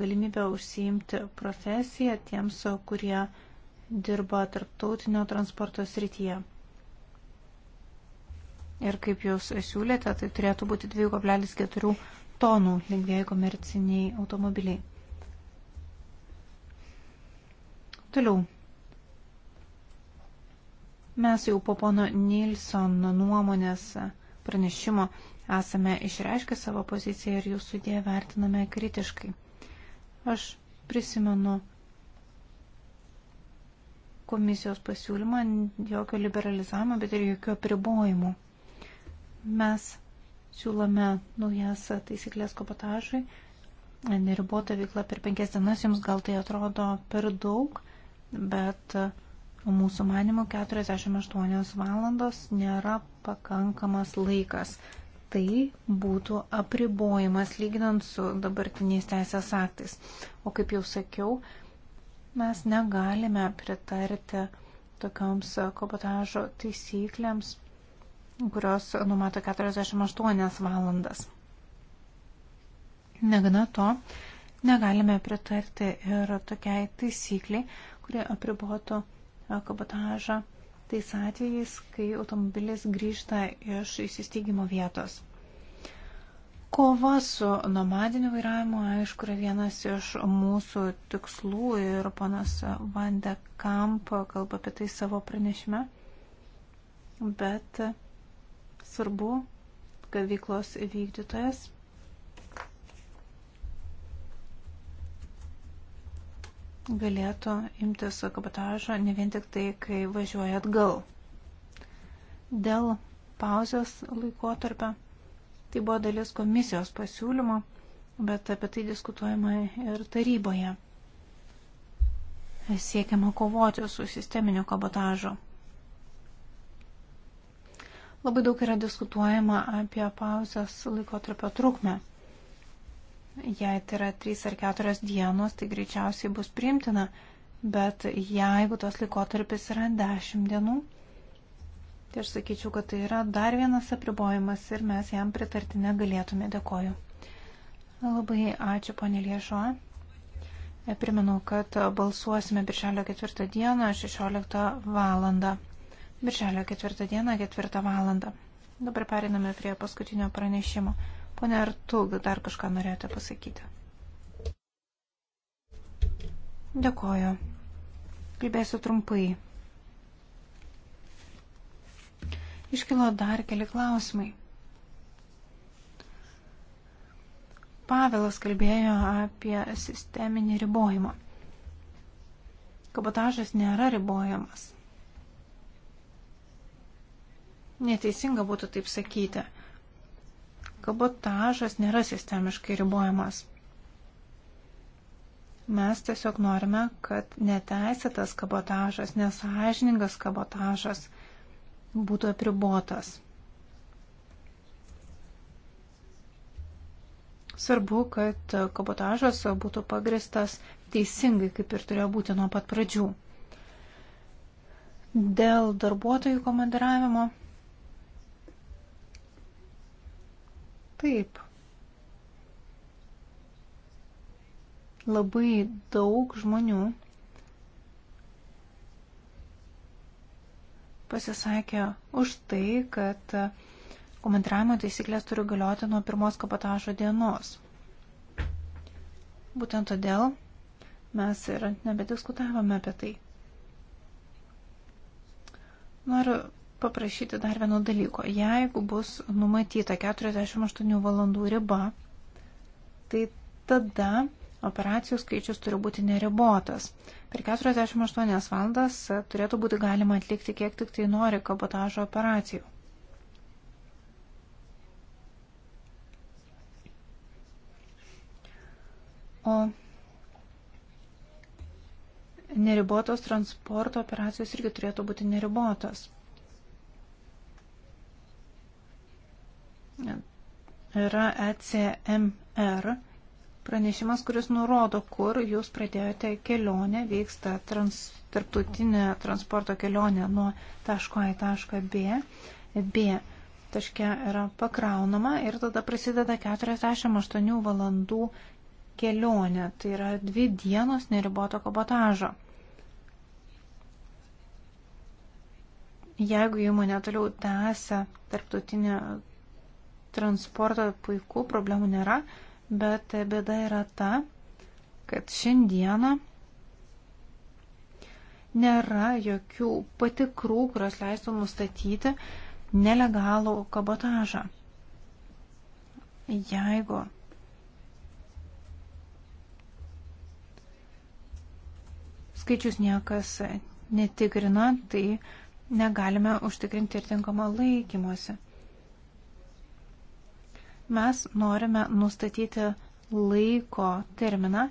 Speaker 3: galimybė užsiimti profesiją tiems, kurie dirba tarptautinio transporto srityje. Ir kaip jūs siūlėte, tai turėtų būti 2,4 tonų lengvėjai komerciniai automobiliai. Toliau. Mes jau po pono Nilson nuomonės pranešimo esame išreiškę savo poziciją ir jų sudėję vertiname kritiškai. Aš prisimenu komisijos pasiūlymą, jokio liberalizavimo, bet ir jokio pribojimų. Mes siūlome naujas taisyklės kabotažui, neribota veikla per penkias dienas, jums gal tai atrodo per daug, bet e, mūsų manimo 48 valandos nėra pakankamas laikas tai būtų apribojimas lyginant su dabartiniais teisės aktais. O kaip jau sakiau, mes negalime pritarti tokioms kabotažo taisyklėms, kurios numato 48 valandas. Negana to, negalime pritarti ir tokiai taisykliai, kuri apribotų kabotažą tais atvejais, kai automobilis grįžta iš įsisteigimo vietos. Kova su nomadiniu vairavimu, aišku, yra vienas iš mūsų tikslų ir panas Vande Kamp kalba apie tai savo pranešime. Bet svarbu, kad veiklos vykdytojas galėtų imtis kabotažo ne vien tik tai, kai važiuoja atgal. Dėl pauzės laikotarpio tai buvo dalis komisijos pasiūlymo, bet apie tai diskutuojama ir taryboje. Siekiama kovoti su sisteminiu kabotažu. Labai daug yra diskutuojama apie pauzės laikotarpio trukmę. Jei tai yra 3 ar 4 dienos, tai greičiausiai bus priimtina, bet jeigu tos laikotarpis yra 10 dienų, tai aš sakyčiau, kad tai yra dar vienas apribojimas ir mes jam pritarti negalėtume. Dėkoju. Labai ačiū, ponė Liešo. E, primenu, kad balsuosime birželio 4 dieną 16 valandą. Birželio 4 dieną 4 valandą. Dabar periname prie paskutinio pranešimo. Pone Artug, dar kažką norėjote pasakyti? Dėkoju. Kalbėsiu trumpai. Iškilo dar keli klausimai. Pavelas kalbėjo apie sisteminį ribojimą. Kabotažas nėra ribojamas. Neteisinga būtų taip sakyti kabotažas nėra sistemiškai ribojamas. Mes tiesiog norime, kad neteisėtas kabotažas, nesažiningas kabotažas būtų apribotas. Svarbu, kad kabotažas būtų pagristas teisingai, kaip ir turėjo būti nuo pat pradžių. Dėl darbuotojų komandiravimo Taip. Labai daug žmonių pasisakė už tai, kad komentavimo taisyklės turi galioti nuo pirmos kapotažo dienos. Būtent todėl mes ir nebediskutavome apie tai. Noriu paprašyti dar vieno dalyko. Jeigu bus numatyta 48 valandų riba, tai tada operacijų skaičius turi būti neribotas. Per 48 valandas turėtų būti galima atlikti kiek tik tai nori kabotažo operacijų. O neribotos transporto operacijos irgi turėtų būti neribotos. yra ECMR pranešimas, kuris nurodo, kur jūs pradėjote kelionę, vyksta trans, tarptautinė transporto kelionė nuo taško A į tašką B. B taške yra pakraunama ir tada prasideda 48 valandų kelionė. Tai yra dvi dienos neriboto kabotažo. Jeigu įmonė toliau tęsia tarptautinį transporto puiku, problemų nėra, bet bėda yra ta, kad šiandieną nėra jokių patikrų, kurios leistų nustatyti nelegalų kabotažą. Jeigu skaičius niekas netikrina, tai negalime užtikrinti ir tinkamo laikymosi mes norime nustatyti laiko terminą,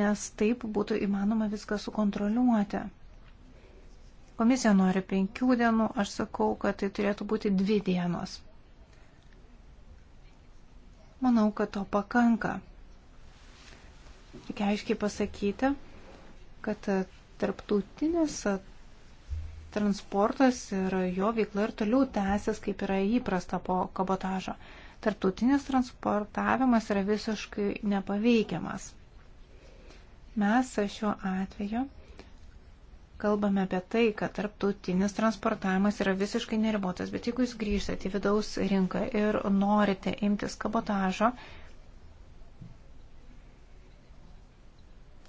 Speaker 3: nes taip būtų įmanoma viską sukontroliuoti. Komisija nori penkių dienų, aš sakau, kad tai turėtų būti dvi dienos. Manau, kad to pakanka. Reikia aiškiai pasakyti, kad tarptautinis transportas ir jo veikla ir toliau tęsis, kaip yra įprasta po kabotažo tarptautinis transportavimas yra visiškai nepaveikiamas. Mes šiuo atveju kalbame apie tai, kad tarptautinis transportavimas yra visiškai neribotas, bet jeigu jūs grįžtate į vidaus rinką ir norite imtis kabotažo,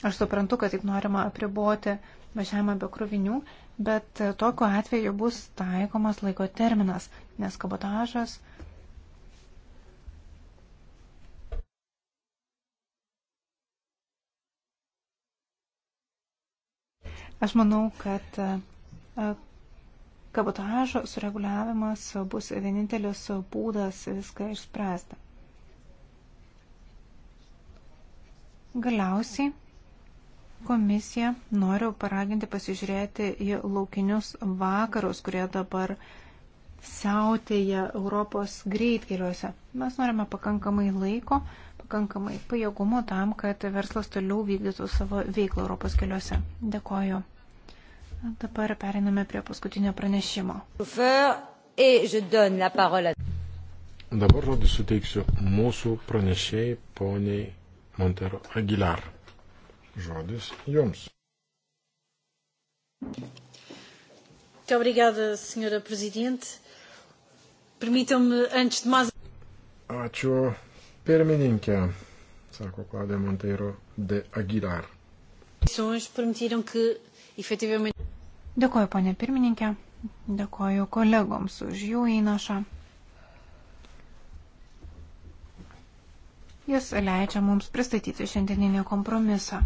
Speaker 3: aš suprantu, kad taip norima apriboti važiavimą be krovinių, bet tokiu atveju bus taikomas laiko terminas, nes kabotažas Aš manau, kad e, kabotažo sureguliavimas bus vienintelis būdas viską išspręsti. Galiausiai komisija noriu paraginti pasižiūrėti į laukinius vakarus, kurie dabar siautėja Europos greitkeliuose. Mes norime pakankamai laiko, pakankamai pajėgumo tam, kad verslas toliau vykdytų savo veiklą Europos keliuose. Dėkoju. Dabar periname prie paskutinio pranešimo.
Speaker 2: Dabar žodį suteiksiu mūsų pranešėjai poniai Montero Aguilar. Žodis jums.
Speaker 3: Muito obrigada, Sra. Presidente. Permitam-me, antes de mais.
Speaker 2: Ačiū, pirmininkė, sako Klaudė Monteiro de Aguilar.
Speaker 3: Dėkoju, ponė pirmininkė, dėkoju kolegoms už jų įnašą. Jis leidžia mums pristatyti šiandieninį kompromisą.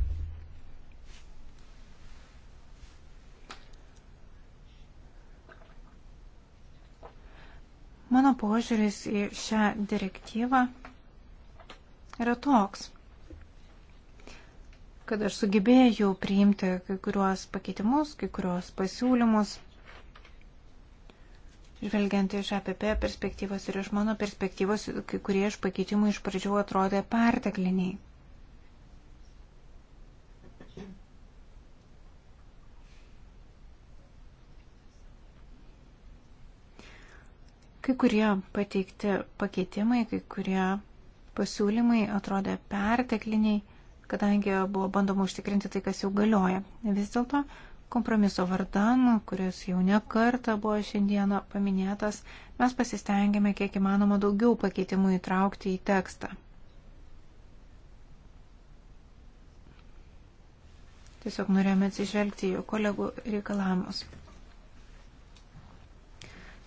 Speaker 3: Mano požiūris į šią direktyvą yra toks, kad aš sugebėjau priimti kai kuriuos pakeitimus, kai kuriuos pasiūlymus, žvelgiant iš APP perspektyvos ir iš mano perspektyvos, kai kurie iš pakeitimų iš pradžių atrodė pertekliniai. kai kurie pateikti pakeitimai, kai kurie pasiūlymai atrodė pertekliniai, kadangi buvo bandoma užtikrinti tai, kas jau galioja. Vis dėlto kompromiso vardan, kuris jau ne kartą buvo šiandieną paminėtas, mes pasistengėme kiek įmanoma daugiau pakeitimų įtraukti į tekstą. Tiesiog norėjome atsižvelgti jų kolegų reikalavimus.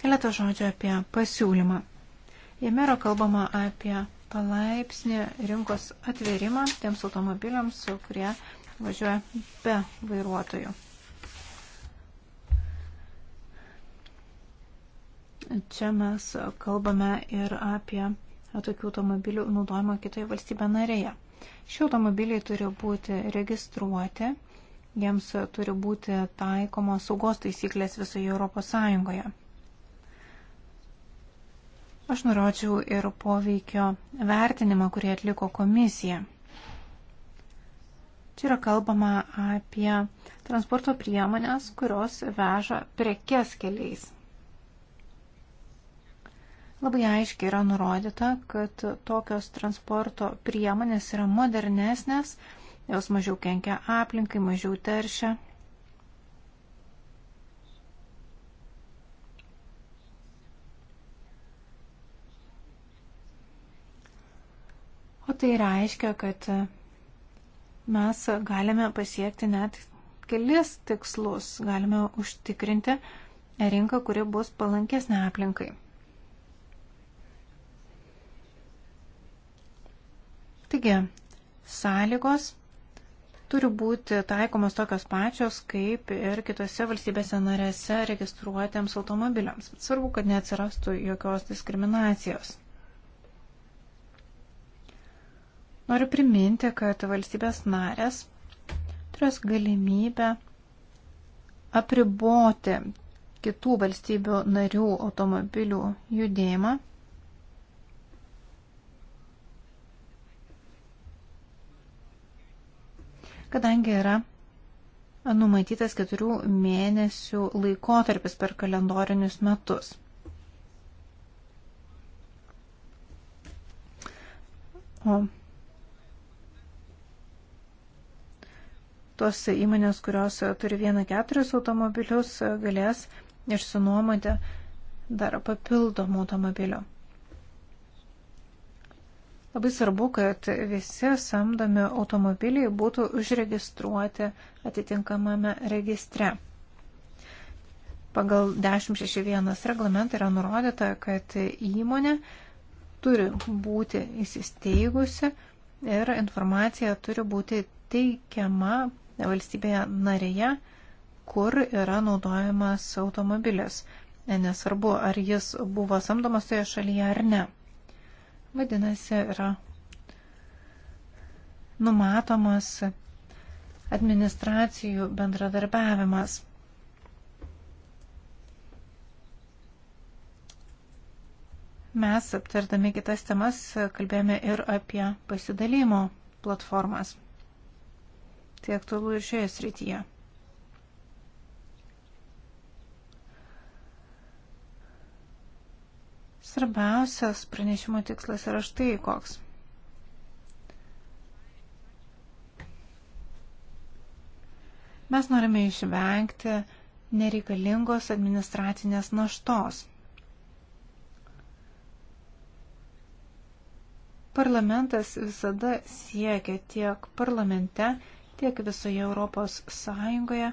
Speaker 3: Keletą žodžių apie pasiūlymą. Jame yra kalbama apie palaipsnį rinkos atverimą tiems automobiliams, kurie važiuoja be vairuotojų. Čia mes kalbame ir apie tokių automobilių naudojimą kitoje valstybė narėje. Šie automobiliai turi būti registruoti, jiems turi būti taikomos saugos taisyklės visoje Europos Sąjungoje. Aš nurodžiau ir poveikio vertinimą, kurį atliko komisija. Čia yra kalbama apie transporto priemonės, kurios veža prekes keliais. Labai aiškiai yra nurodyta, kad tokios transporto priemonės yra modernesnės, jos mažiau kenkia aplinkai, mažiau teršia O tai reiškia, kad mes galime pasiekti net kelis tikslus. Galime užtikrinti rinką, kuri bus palankesnė aplinkai. Taigi, sąlygos turi būti taikomos tokios pačios, kaip ir kitose valstybėse narėse registruotiems automobiliams. Svarbu, kad neatsirastų jokios diskriminacijos. Noriu priminti, kad valstybės narės turės galimybę apriboti kitų valstybių narių automobilių judėjimą. Kadangi yra numatytas keturių mėnesių laikotarpis per kalendorinius metus. O tos įmonės, kurios turi vieną keturis automobilius, galės išsinuomoti dar papildomų automobilių. Labai svarbu, kad visi samdomi automobiliai būtų užregistruoti atitinkamame registre. Pagal 1061 reglamentą yra nurodyta, kad įmonė turi būti įsisteigusi ir informacija turi būti teikiama valstybėje narėje, kur yra naudojamas automobilis, nesvarbu, ar jis buvo samdomas toje šalyje ar ne. Vadinasi, yra numatomas administracijų bendradarbiavimas. Mes, aptardami kitas temas, kalbėjome ir apie pasidalymo platformas. Tai aktualu ir šioje srityje. Svarbiausias pranešimo tikslas yra štai koks. Mes norime išvengti nereikalingos administracinės naštos. Parlamentas visada siekia tiek parlamente, tiek visoje Europos Sąjungoje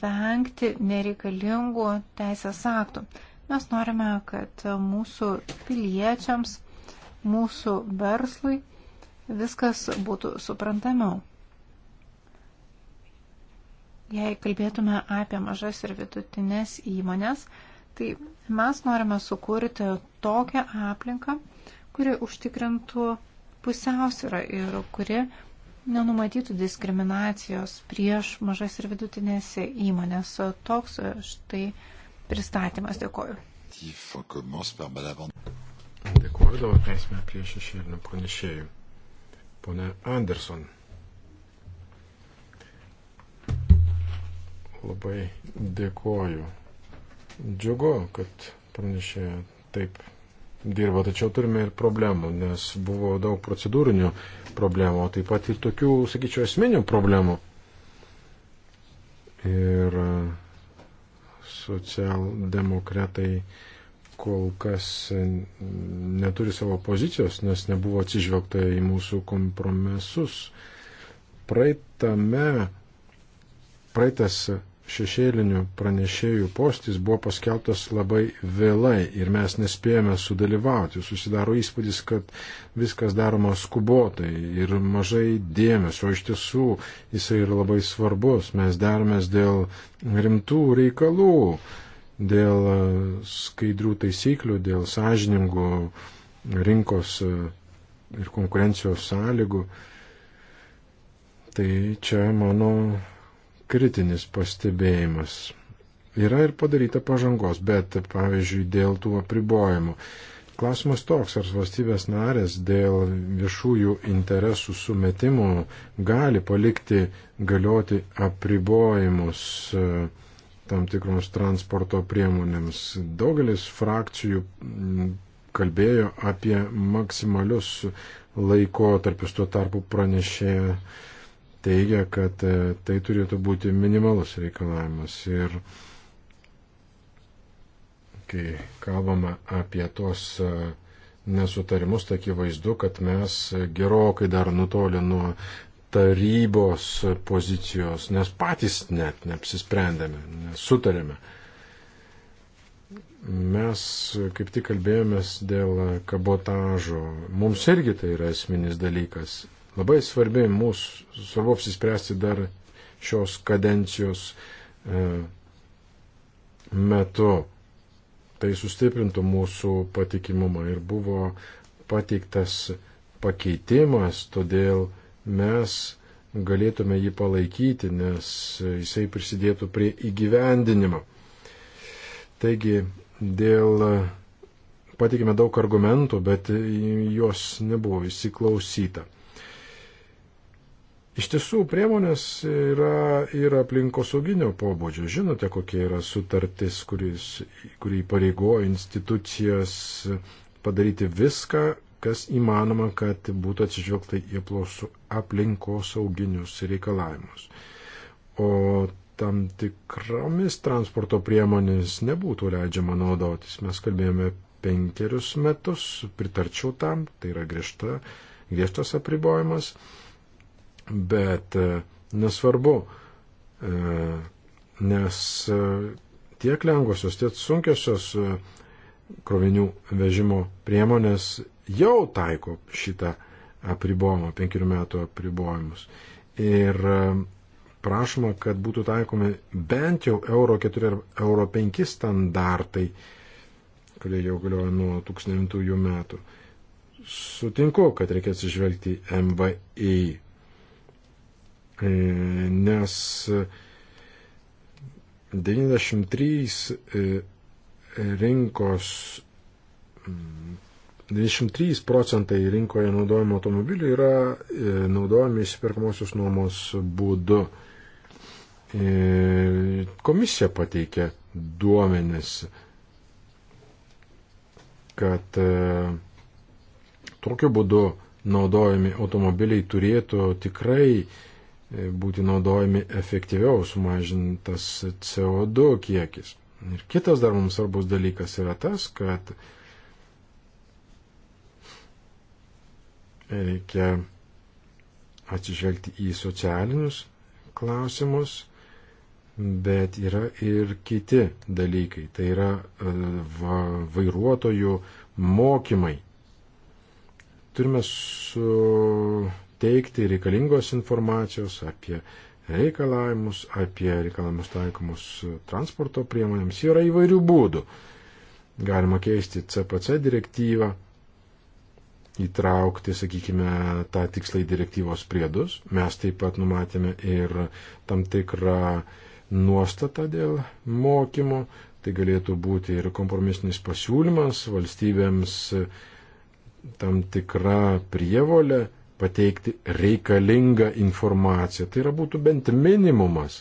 Speaker 3: vengti nereikalingų teisės aktų. Mes norime, kad mūsų piliečiams, mūsų verslui viskas būtų suprantamiau. Jei kalbėtume apie mažas ir vidutinės įmonės, tai mes norime sukurti tokią aplinką, kuri užtikrintų pusiausvyrą ir kuri nenumatytų diskriminacijos prieš mažas ir vidutinėse įmonės. Toks e, štai pristatymas. Dėkoju.
Speaker 2: Dėkuoju, dabar teisime prie šešėlinių pranešėjų. Pone Anderson. Labai dėkoju. Džiugu, kad pranešė taip dirba, tačiau turime ir problemų, nes buvo daug procedūrinių problemų, o taip pat ir tokių, sakyčiau, esminių problemų. Ir e, socialdemokratai kol kas neturi savo pozicijos, nes nebuvo atsižvelgta į mūsų kompromisus. Praeitame, praeitas šešėlinių pranešėjų postis buvo paskelbtas labai vėlai ir mes nespėjome sudalyvauti. Susidaro įspūdis, kad viskas daroma skubotai ir mažai dėmesio. Iš tiesų jisai yra labai svarbus. Mes deramės dėl rimtų reikalų, dėl skaidrių taisyklių, dėl sąžiningų rinkos ir konkurencijos sąlygų. Tai čia mano kritinis pastebėjimas. Yra ir padaryta pažangos, bet, pavyzdžiui, dėl tų apribojimų. Klausimas toks, ar valstybės narės dėl viešųjų interesų sumetimų gali palikti galioti apribojimus e, tam tikroms transporto priemonėms. Daugelis frakcijų kalbėjo apie maksimalius laikotarpius, tuo tarpu pranešė teigia, kad e, tai turėtų būti minimalus reikalavimas. Ir kai kalbama apie tos e, nesutarimus, tokį tai vaizdu, kad mes gerokai dar nutolę nuo tarybos pozicijos, nes patys net neapsisprendėme, nesutarėme. Mes kaip tik kalbėjomės dėl kabotažo. Mums irgi tai yra esminis dalykas. Labai svarbi mūsų, svarbu apsispręsti dar šios kadencijos e, metu. Tai sustiprintų mūsų patikimumą ir buvo pateiktas pakeitimas, todėl mes galėtume jį palaikyti, nes jisai prisidėtų prie įgyvendinimo. Taigi dėl patikime daug argumentų, bet juos nebuvo įsiklausyta. Iš tiesų, priemonės yra ir aplinkosauginio pobūdžio. Žinote, kokia yra sutartis, kuris, kurį pareigoja institucijas padaryti viską, kas įmanoma, kad būtų atsižvelgta į aplinkosauginius reikalavimus. O tam tikromis transporto priemonės nebūtų leidžiama naudotis. Mes kalbėjome penkerius metus, pritarčiau tam, tai yra griežta, griežtas apribojimas. Bet e, nesvarbu, e, nes e, tiek lengvosios, tiek sunkiosios krovinių vežimo priemonės jau taiko šitą apribojimą, penkerių metų apribojimus. Ir prašoma, kad būtų taikomi bent jau euro 4 ir euro 5 standartai, kurie jau galioja nuo 2009 metų. Sutinku, kad reikia atsižvelgti MVI E, nes 93 e, rinkos 23 mm, procentai rinkoje naudojimo automobilių yra e, naudojami įsiperkamosios nuomos būdu. Komisija pateikė duomenis, kad tokiu būdu naudojami automobiliai turėtų tikrai būti naudojami efektyviau sumažintas CO2 kiekis. Ir kitas dar mums svarbus dalykas yra tas, kad reikia atsižvelgti į socialinius klausimus, bet yra ir kiti dalykai. Tai yra e, vairuotojų mokymai. Turime su teikti reikalingos informacijos apie reikalavimus, apie reikalavimus taikomus transporto priemonėms. Yra įvairių būdų. Galima keisti CPC direktyvą, įtraukti, sakykime, tą tikslai direktyvos priedus. Mes taip pat numatėme ir tam tikrą nuostatą dėl mokymo. Tai galėtų būti ir kompromisinis pasiūlymas valstybėms tam tikra prievolė pateikti reikalingą informaciją. Tai yra būtų bent minimumas.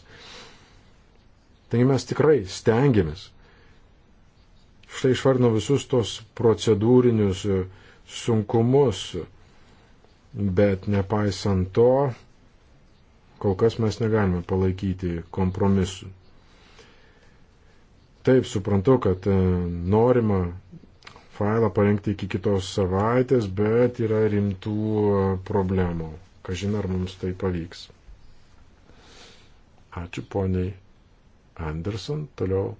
Speaker 2: Tai mes tikrai stengiamės. Štai išvarno visus tos procedūrinius sunkumus, bet nepaisant to, kol kas mes negalime palaikyti kompromisų. Taip, suprantu, kad norima failą parengti iki kitos savaitės, bet yra rimtų e, problemų. Kažin ar mums tai pavyks. Ačiū poniai Anderson, toliau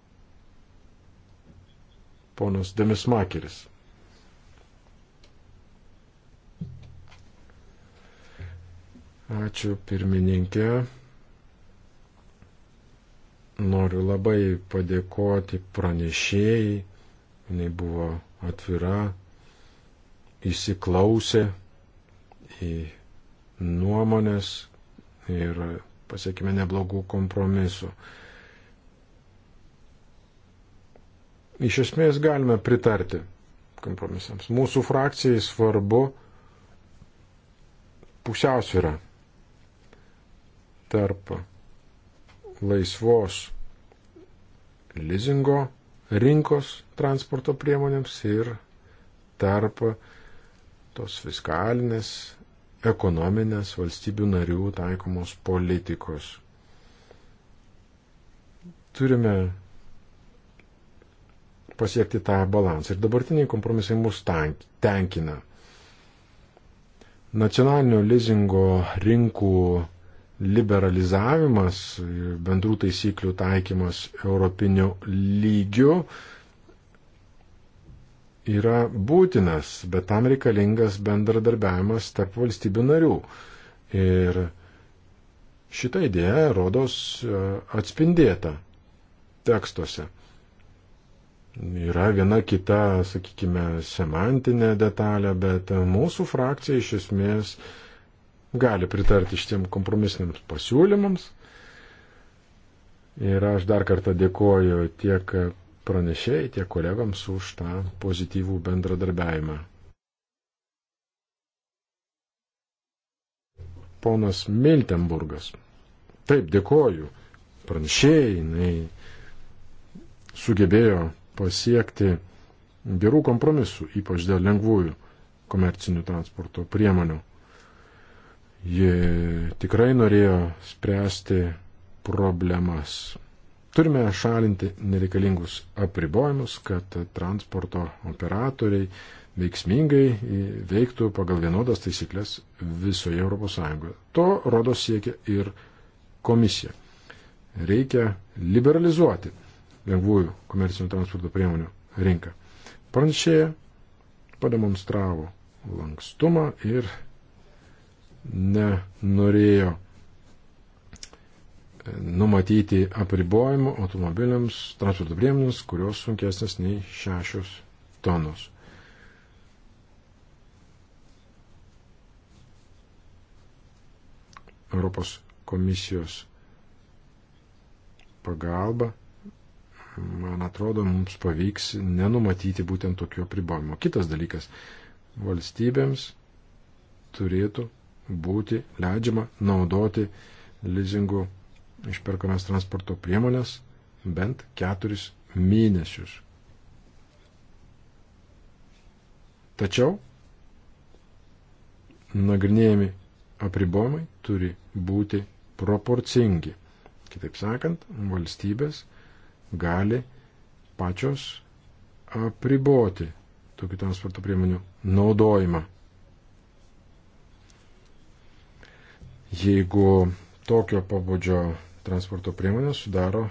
Speaker 2: ponas Demismakeris. Ačiū pirmininkė. Noriu labai padėkoti pranešėjai. Jis buvo atvira, įsiklausė į nuomonės ir pasiekime neblogų kompromisų. Iš esmės galime pritarti kompromisams. Mūsų frakcijai svarbu pusiausvyrą tarp laisvos lizingo rinkos transporto priemonėms ir tarp tos fiskalinės, ekonominės valstybių narių taikomos politikos. Turime pasiekti tą balansą ir dabartiniai kompromisai mus tenkina. Nacionalinio lizingo rinkų liberalizavimas, bendrų taisyklių taikymas europiniu lygiu yra būtinas, bet tam reikalingas bendradarbiavimas tarp valstybių narių. Ir šitą idėją rodos e, atspindėta tekstuose. Yra viena kita, sakykime, semantinė detalė, bet mūsų frakcija iš esmės uh, gali pritarti šitiem kompromisiniams pasiūlymams. Ir aš dar kartą dėkoju tiek pranešėjai, tiek kolegams už tą pozityvų bendradarbiavimą. Ponas Miltenburgas. Taip, dėkoju. Pranešėjai, jinai sugebėjo pasiekti gerų kompromisų, ypač dėl lengvųjų komercinių transporto priemonių. Ji tikrai norėjo spręsti problemas. Turime šalinti nereikalingus apribojimus, kad transporto operatoriai veiksmingai veiktų pagal vienodas taisyklės visoje ES. To rodo siekia ir komisija. Reikia liberalizuoti lengvųjų komercinių transporto priemonių rinką. Pranešėja pademonstravo lankstumą ir nenorėjo e, numatyti apribojimų automobiliams, transporto priemonėms, kurios sunkesnės nei 6 tonos. Europos komisijos pagalba, man atrodo, mums pavyks nenumatyti būtent tokio pribojimo. Kitas dalykas - valstybėms turėtų būti leidžiama naudoti leasingų išperkamas transporto priemonės bent keturis mėnesius. Tačiau nagrinėjami apribojimai turi būti proporcingi. Kitaip sakant, valstybės gali pačios apriboti tokių transporto priemonių naudojimą. jeigu tokio pabudžio transporto priemonės sudaro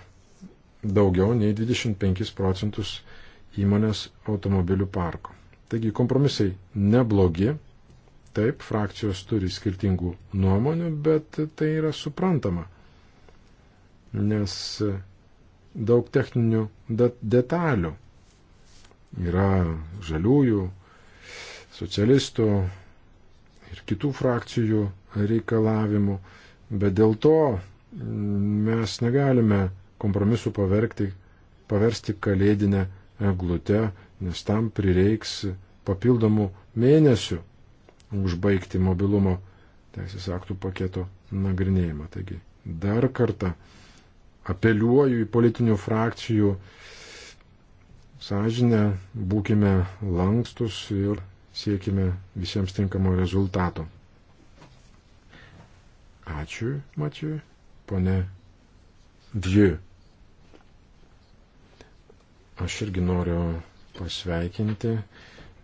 Speaker 2: daugiau nei 25 procentus įmonės automobilių parko. Taigi kompromisai neblogi, taip, frakcijos turi skirtingų nuomonių, bet tai yra suprantama, nes daug techninių detalių yra žaliųjų, socialistų ir kitų frakcijų reikalavimų, bet dėl to mes negalime kompromisų paverkti, paversti kalėdinę eglutę, nes tam prireiks papildomų mėnesių užbaigti mobilumo teisės aktų paketo nagrinėjimą. Taigi dar kartą apeliuoju į politinių frakcijų sąžinę, būkime lankstus ir siekime visiems tinkamo rezultato. Ačiū, Mačiu. Pone Dvi. Aš irgi noriu pasveikinti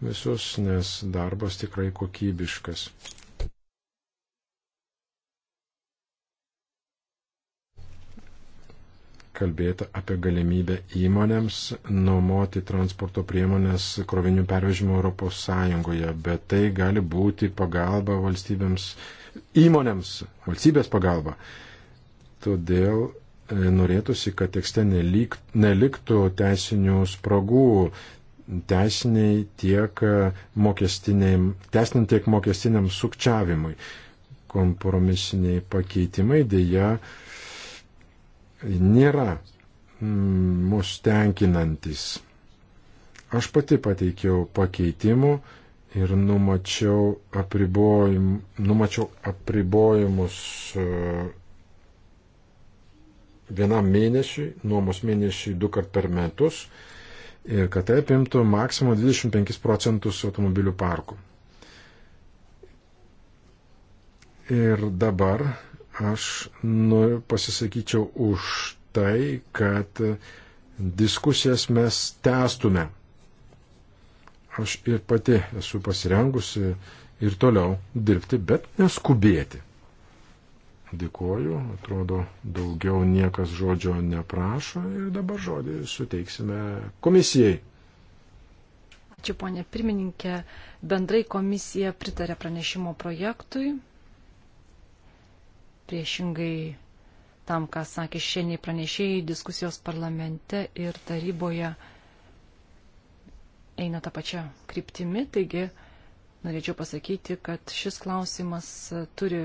Speaker 2: visus, nes darbas tikrai kokybiškas. kalbėta apie galimybę įmonėms nuomoti transporto priemonės krovinių pervežimo ES, bet tai gali būti pagalba valstybėms įmonėms, valstybės pagalba. Todėl e, norėtųsi, kad tekste neliktų teisinių spragų teisiniai tiek e, mokestiniam, teisiniam tiek mokestiniam sukčiavimui. Kompromisiniai pakeitimai dėja e, nėra mm, mus tenkinantis. Aš pati pateikiau pakeitimų, ir numačiau, apribojim, numačiau apribojimus e, vienam mėnesiui, nuomos mėnesiui du kart per metus ir e, kad tai apimtų maksimum 25 procentus automobilių parkų. Ir dabar aš nu, pasisakyčiau už tai, kad diskusijas mes tęstume aš ir pati esu pasirengusi ir toliau dirbti, bet neskubėti. Dėkuoju, atrodo, daugiau niekas žodžio neprašo ir dabar žodį suteiksime komisijai.
Speaker 1: Ačiū, ponė pirmininkė. Bendrai komisija pritarė pranešimo projektui. Priešingai tam, ką sakė šiandien pranešėjai, diskusijos parlamente ir taryboje eina tą pačią kryptimį, taigi norėčiau pasakyti, kad šis klausimas e, turi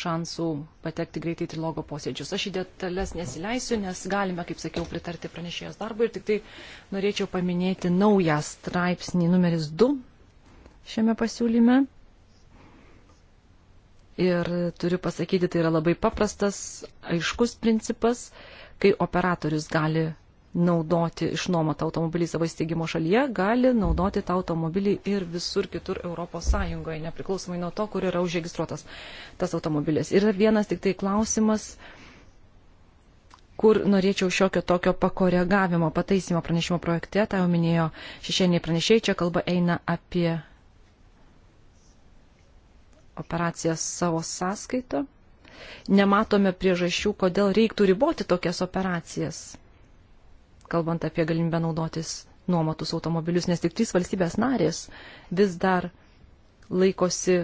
Speaker 1: šansų patekti greitai į trilogo posėdžius. Aš į detalės nesileisiu, nes galime, kaip sakiau, pritarti pranešėjos darbui ir tik tai norėčiau paminėti naują straipsnį numeris 2 šiame pasiūlyme. Ir turiu pasakyti, tai yra labai paprastas, aiškus principas, kai operatorius gali naudoti išnuomotą automobilį savo įsteigimo šalyje, gali naudoti tą automobilį ir visur kitur ES, nepriklausomai nuo to, kur yra užregistruotas tas automobilis. Ir vienas tik tai klausimas, kur norėčiau šiokio tokio pakoregavimo, pataisimo pranešimo projekte, tai jau minėjo šešėniai pranešėjai, čia kalba eina apie operaciją savo sąskaitą. Nematome priežasčių, kodėl reiktų riboti tokias operacijas kalbant apie galimybę naudotis nuomotus automobilius, nes tik trys valstybės narės vis dar laikosi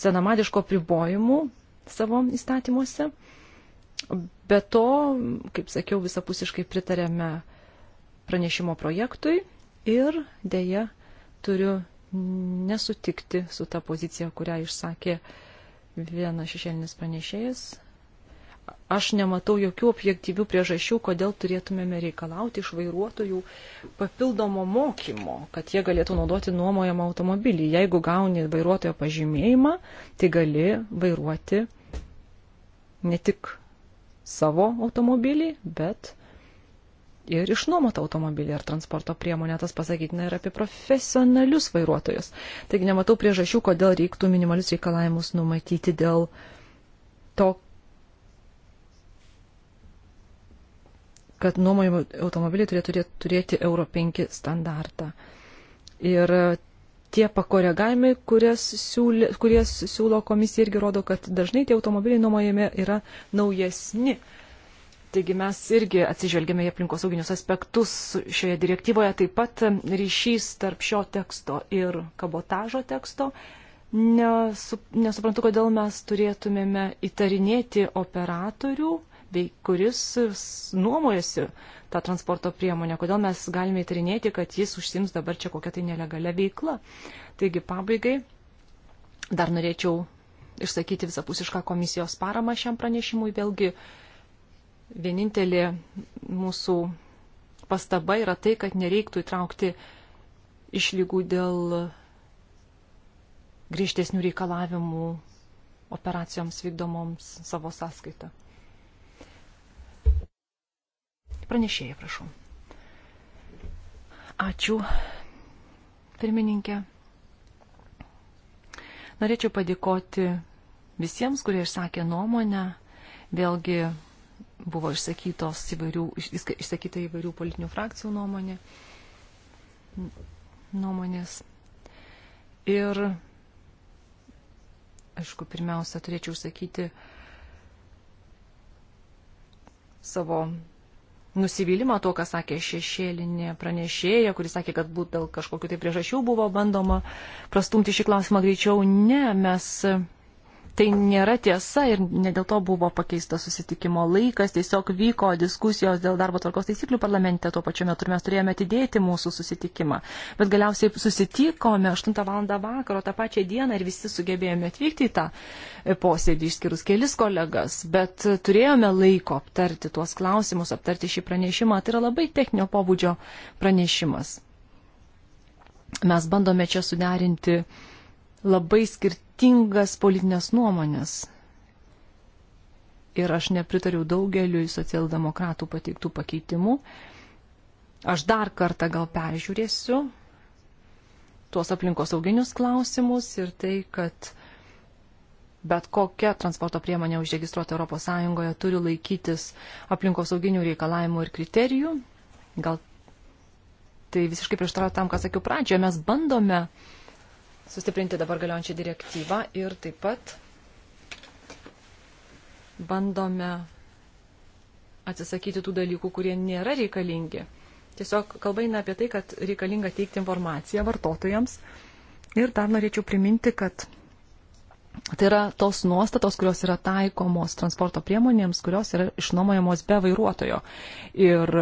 Speaker 1: senamadiško pribojimų savo įstatymuose. Be to, kaip sakiau, visapusiškai pritarėme pranešimo projektui ir dėja turiu nesutikti su ta pozicija, kurią išsakė vienas šešėlinis pranešėjas aš nematau jokių objektyvių priežasčių, kodėl turėtumėme reikalauti iš vairuotojų papildomo mokymo, kad jie galėtų naudoti nuomojamą automobilį. Jeigu gauni vairuotojo pažymėjimą, tai gali vairuoti ne tik savo automobilį, bet ir išnuomotą automobilį ar transporto priemonę. Tas pasakytina ir apie profesionalius vairuotojus. Taigi nematau priežasčių, kodėl reiktų minimalius reikalavimus numatyti dėl to, kad nuomojami automobiliai turėtų turėti Euro 5 standartą. Ir e, tie pakoregavimai, siūlė, kurie siūlo komisija, irgi rodo, kad dažnai tie automobiliai nuomojami yra naujesni. Taigi mes irgi atsižvelgėme į aplinkosauginius aspektus šioje direktyvoje, taip pat e, ryšys tarp šio teksto ir kabotažo teksto. Nesu, nesuprantu, kodėl mes turėtumėme įtarinėti operatorių, uh, bei kuris nuomojasi tą transporto priemonę. Kodėl mes galime įtarinėti, kad jis užsims dabar čia kokią tai nelegalią veiklą. Taigi pabaigai dar norėčiau išsakyti visapusišką komisijos paramą šiam pranešimui. Vėlgi vienintelė mūsų pastaba yra tai, kad nereiktų įtraukti išlygų dėl griežtesnių reikalavimų operacijoms vykdomoms savo sąskaitą. Pranešėja, prašau. Ačiū, pirmininkė. Norėčiau padėkoti visiems, kurie išsakė nuomonę. Vėlgi buvo išsakytos įvairių, išsakyta įvairių politinių frakcijų nuomonė, nuomonės. Ir, aišku, pirmiausia, turėčiau išsakyti savo nusivylimą to, ką sakė šešėlinė pranešėja, kuris sakė, kad būt dėl kažkokiu tai priežasčių buvo bandoma prastumti šį klausimą greičiau. Ne, mes tai nėra tiesa ir ne dėl to buvo pakeistas susitikimo laikas, tiesiog vyko diskusijos dėl darbo tvarkos taisyklių parlamente, tuo pačiu metu mes turėjome atidėti mūsų susitikimą. Bet galiausiai susitikome 8 val. vakaro tą pačią dieną ir visi sugebėjome atvykti į tą posėdį, išskyrus kelis kolegas, bet turėjome laiko aptarti tuos klausimus, aptarti šį pranešimą. Tai yra labai techninio pobūdžio pranešimas. Mes bandome čia suderinti uh, labai skirtingas politinės nuomonės. Ir aš nepritariu daugeliu socialdemokratų pateiktų pakeitimų. Aš dar kartą gal peržiūrėsiu tuos aplinkosauginius klausimus ir tai, kad bet kokia transporto priemonė užregistruota ES turi laikytis aplinkosauginių reikalavimų ir kriterijų. Gal tai visiškai prieštarauja tam, ką sakiau pradžioje. Mes bandome uh, sustiprinti dabar galiojančią direktyvą ir taip pat bandome atsisakyti tų dalykų, kurie nėra reikalingi. Tiesiog kalba eina apie tai, kad reikalinga teikti informaciją vartotojams. Ir dar norėčiau priminti, kad tai yra tos nuostatos, kurios yra taikomos transporto priemonėms, kurios yra išnuomojamos be vairuotojo. Ir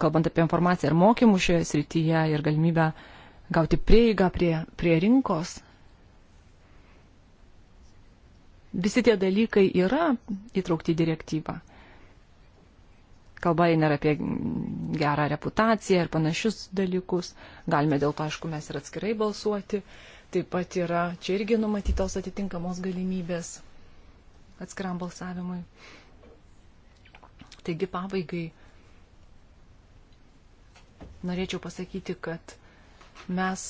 Speaker 1: kalbant apie informaciją ir mokymus šioje srityje ir galimybę uh, gauti prieigą prie, prie rinkos. Visi tie dalykai yra įtraukti į direktyvą. Kalba eina ir apie gerą reputaciją ir panašius dalykus. Galime dėl to, aišku, mes ir atskirai balsuoti. Taip pat yra čia irgi numatytos atitinkamos galimybės atskiram balsavimui. Taigi pabaigai norėčiau pasakyti, kad mes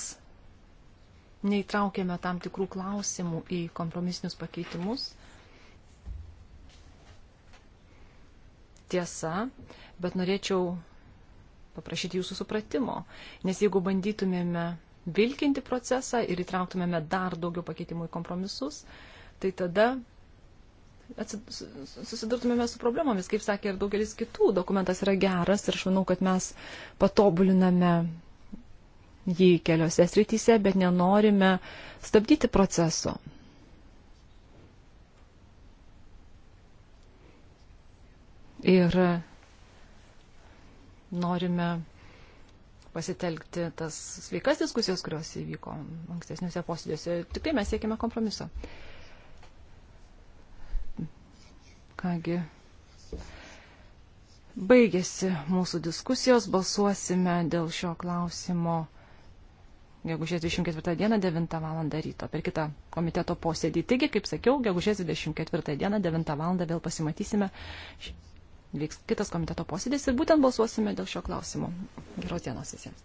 Speaker 1: neįtraukėme tam tikrų klausimų į kompromisinius pakeitimus. Tiesa, bet norėčiau paprašyti jūsų supratimo, nes jeigu bandytumėme vilkinti procesą ir įtrauktumėme dar daugiau pakeitimų į kompromisus, tai tada susidurtumėme su problemomis, kaip sakė ir daugelis kitų. Dokumentas yra geras ir aš manau, kad mes patobuliname jį keliose srityse, bet nenorime stabdyti proceso. Ir norime pasitelkti tas sveikas diskusijos, kurios įvyko ankstesniuose posėdžiuose. Tikrai mes siekime kompromiso. Kągi, baigėsi mūsų diskusijos, balsuosime dėl šio klausimo gegužės 24 dieną 9 val. ryto per kitą komiteto posėdį. Taigi, kaip sakiau, gegužės 24 dieną 9 val. vėl pasimatysime. Vyks kitas komiteto posėdis ir būtent balsuosime dėl šio klausimo. Geros dienos visiems.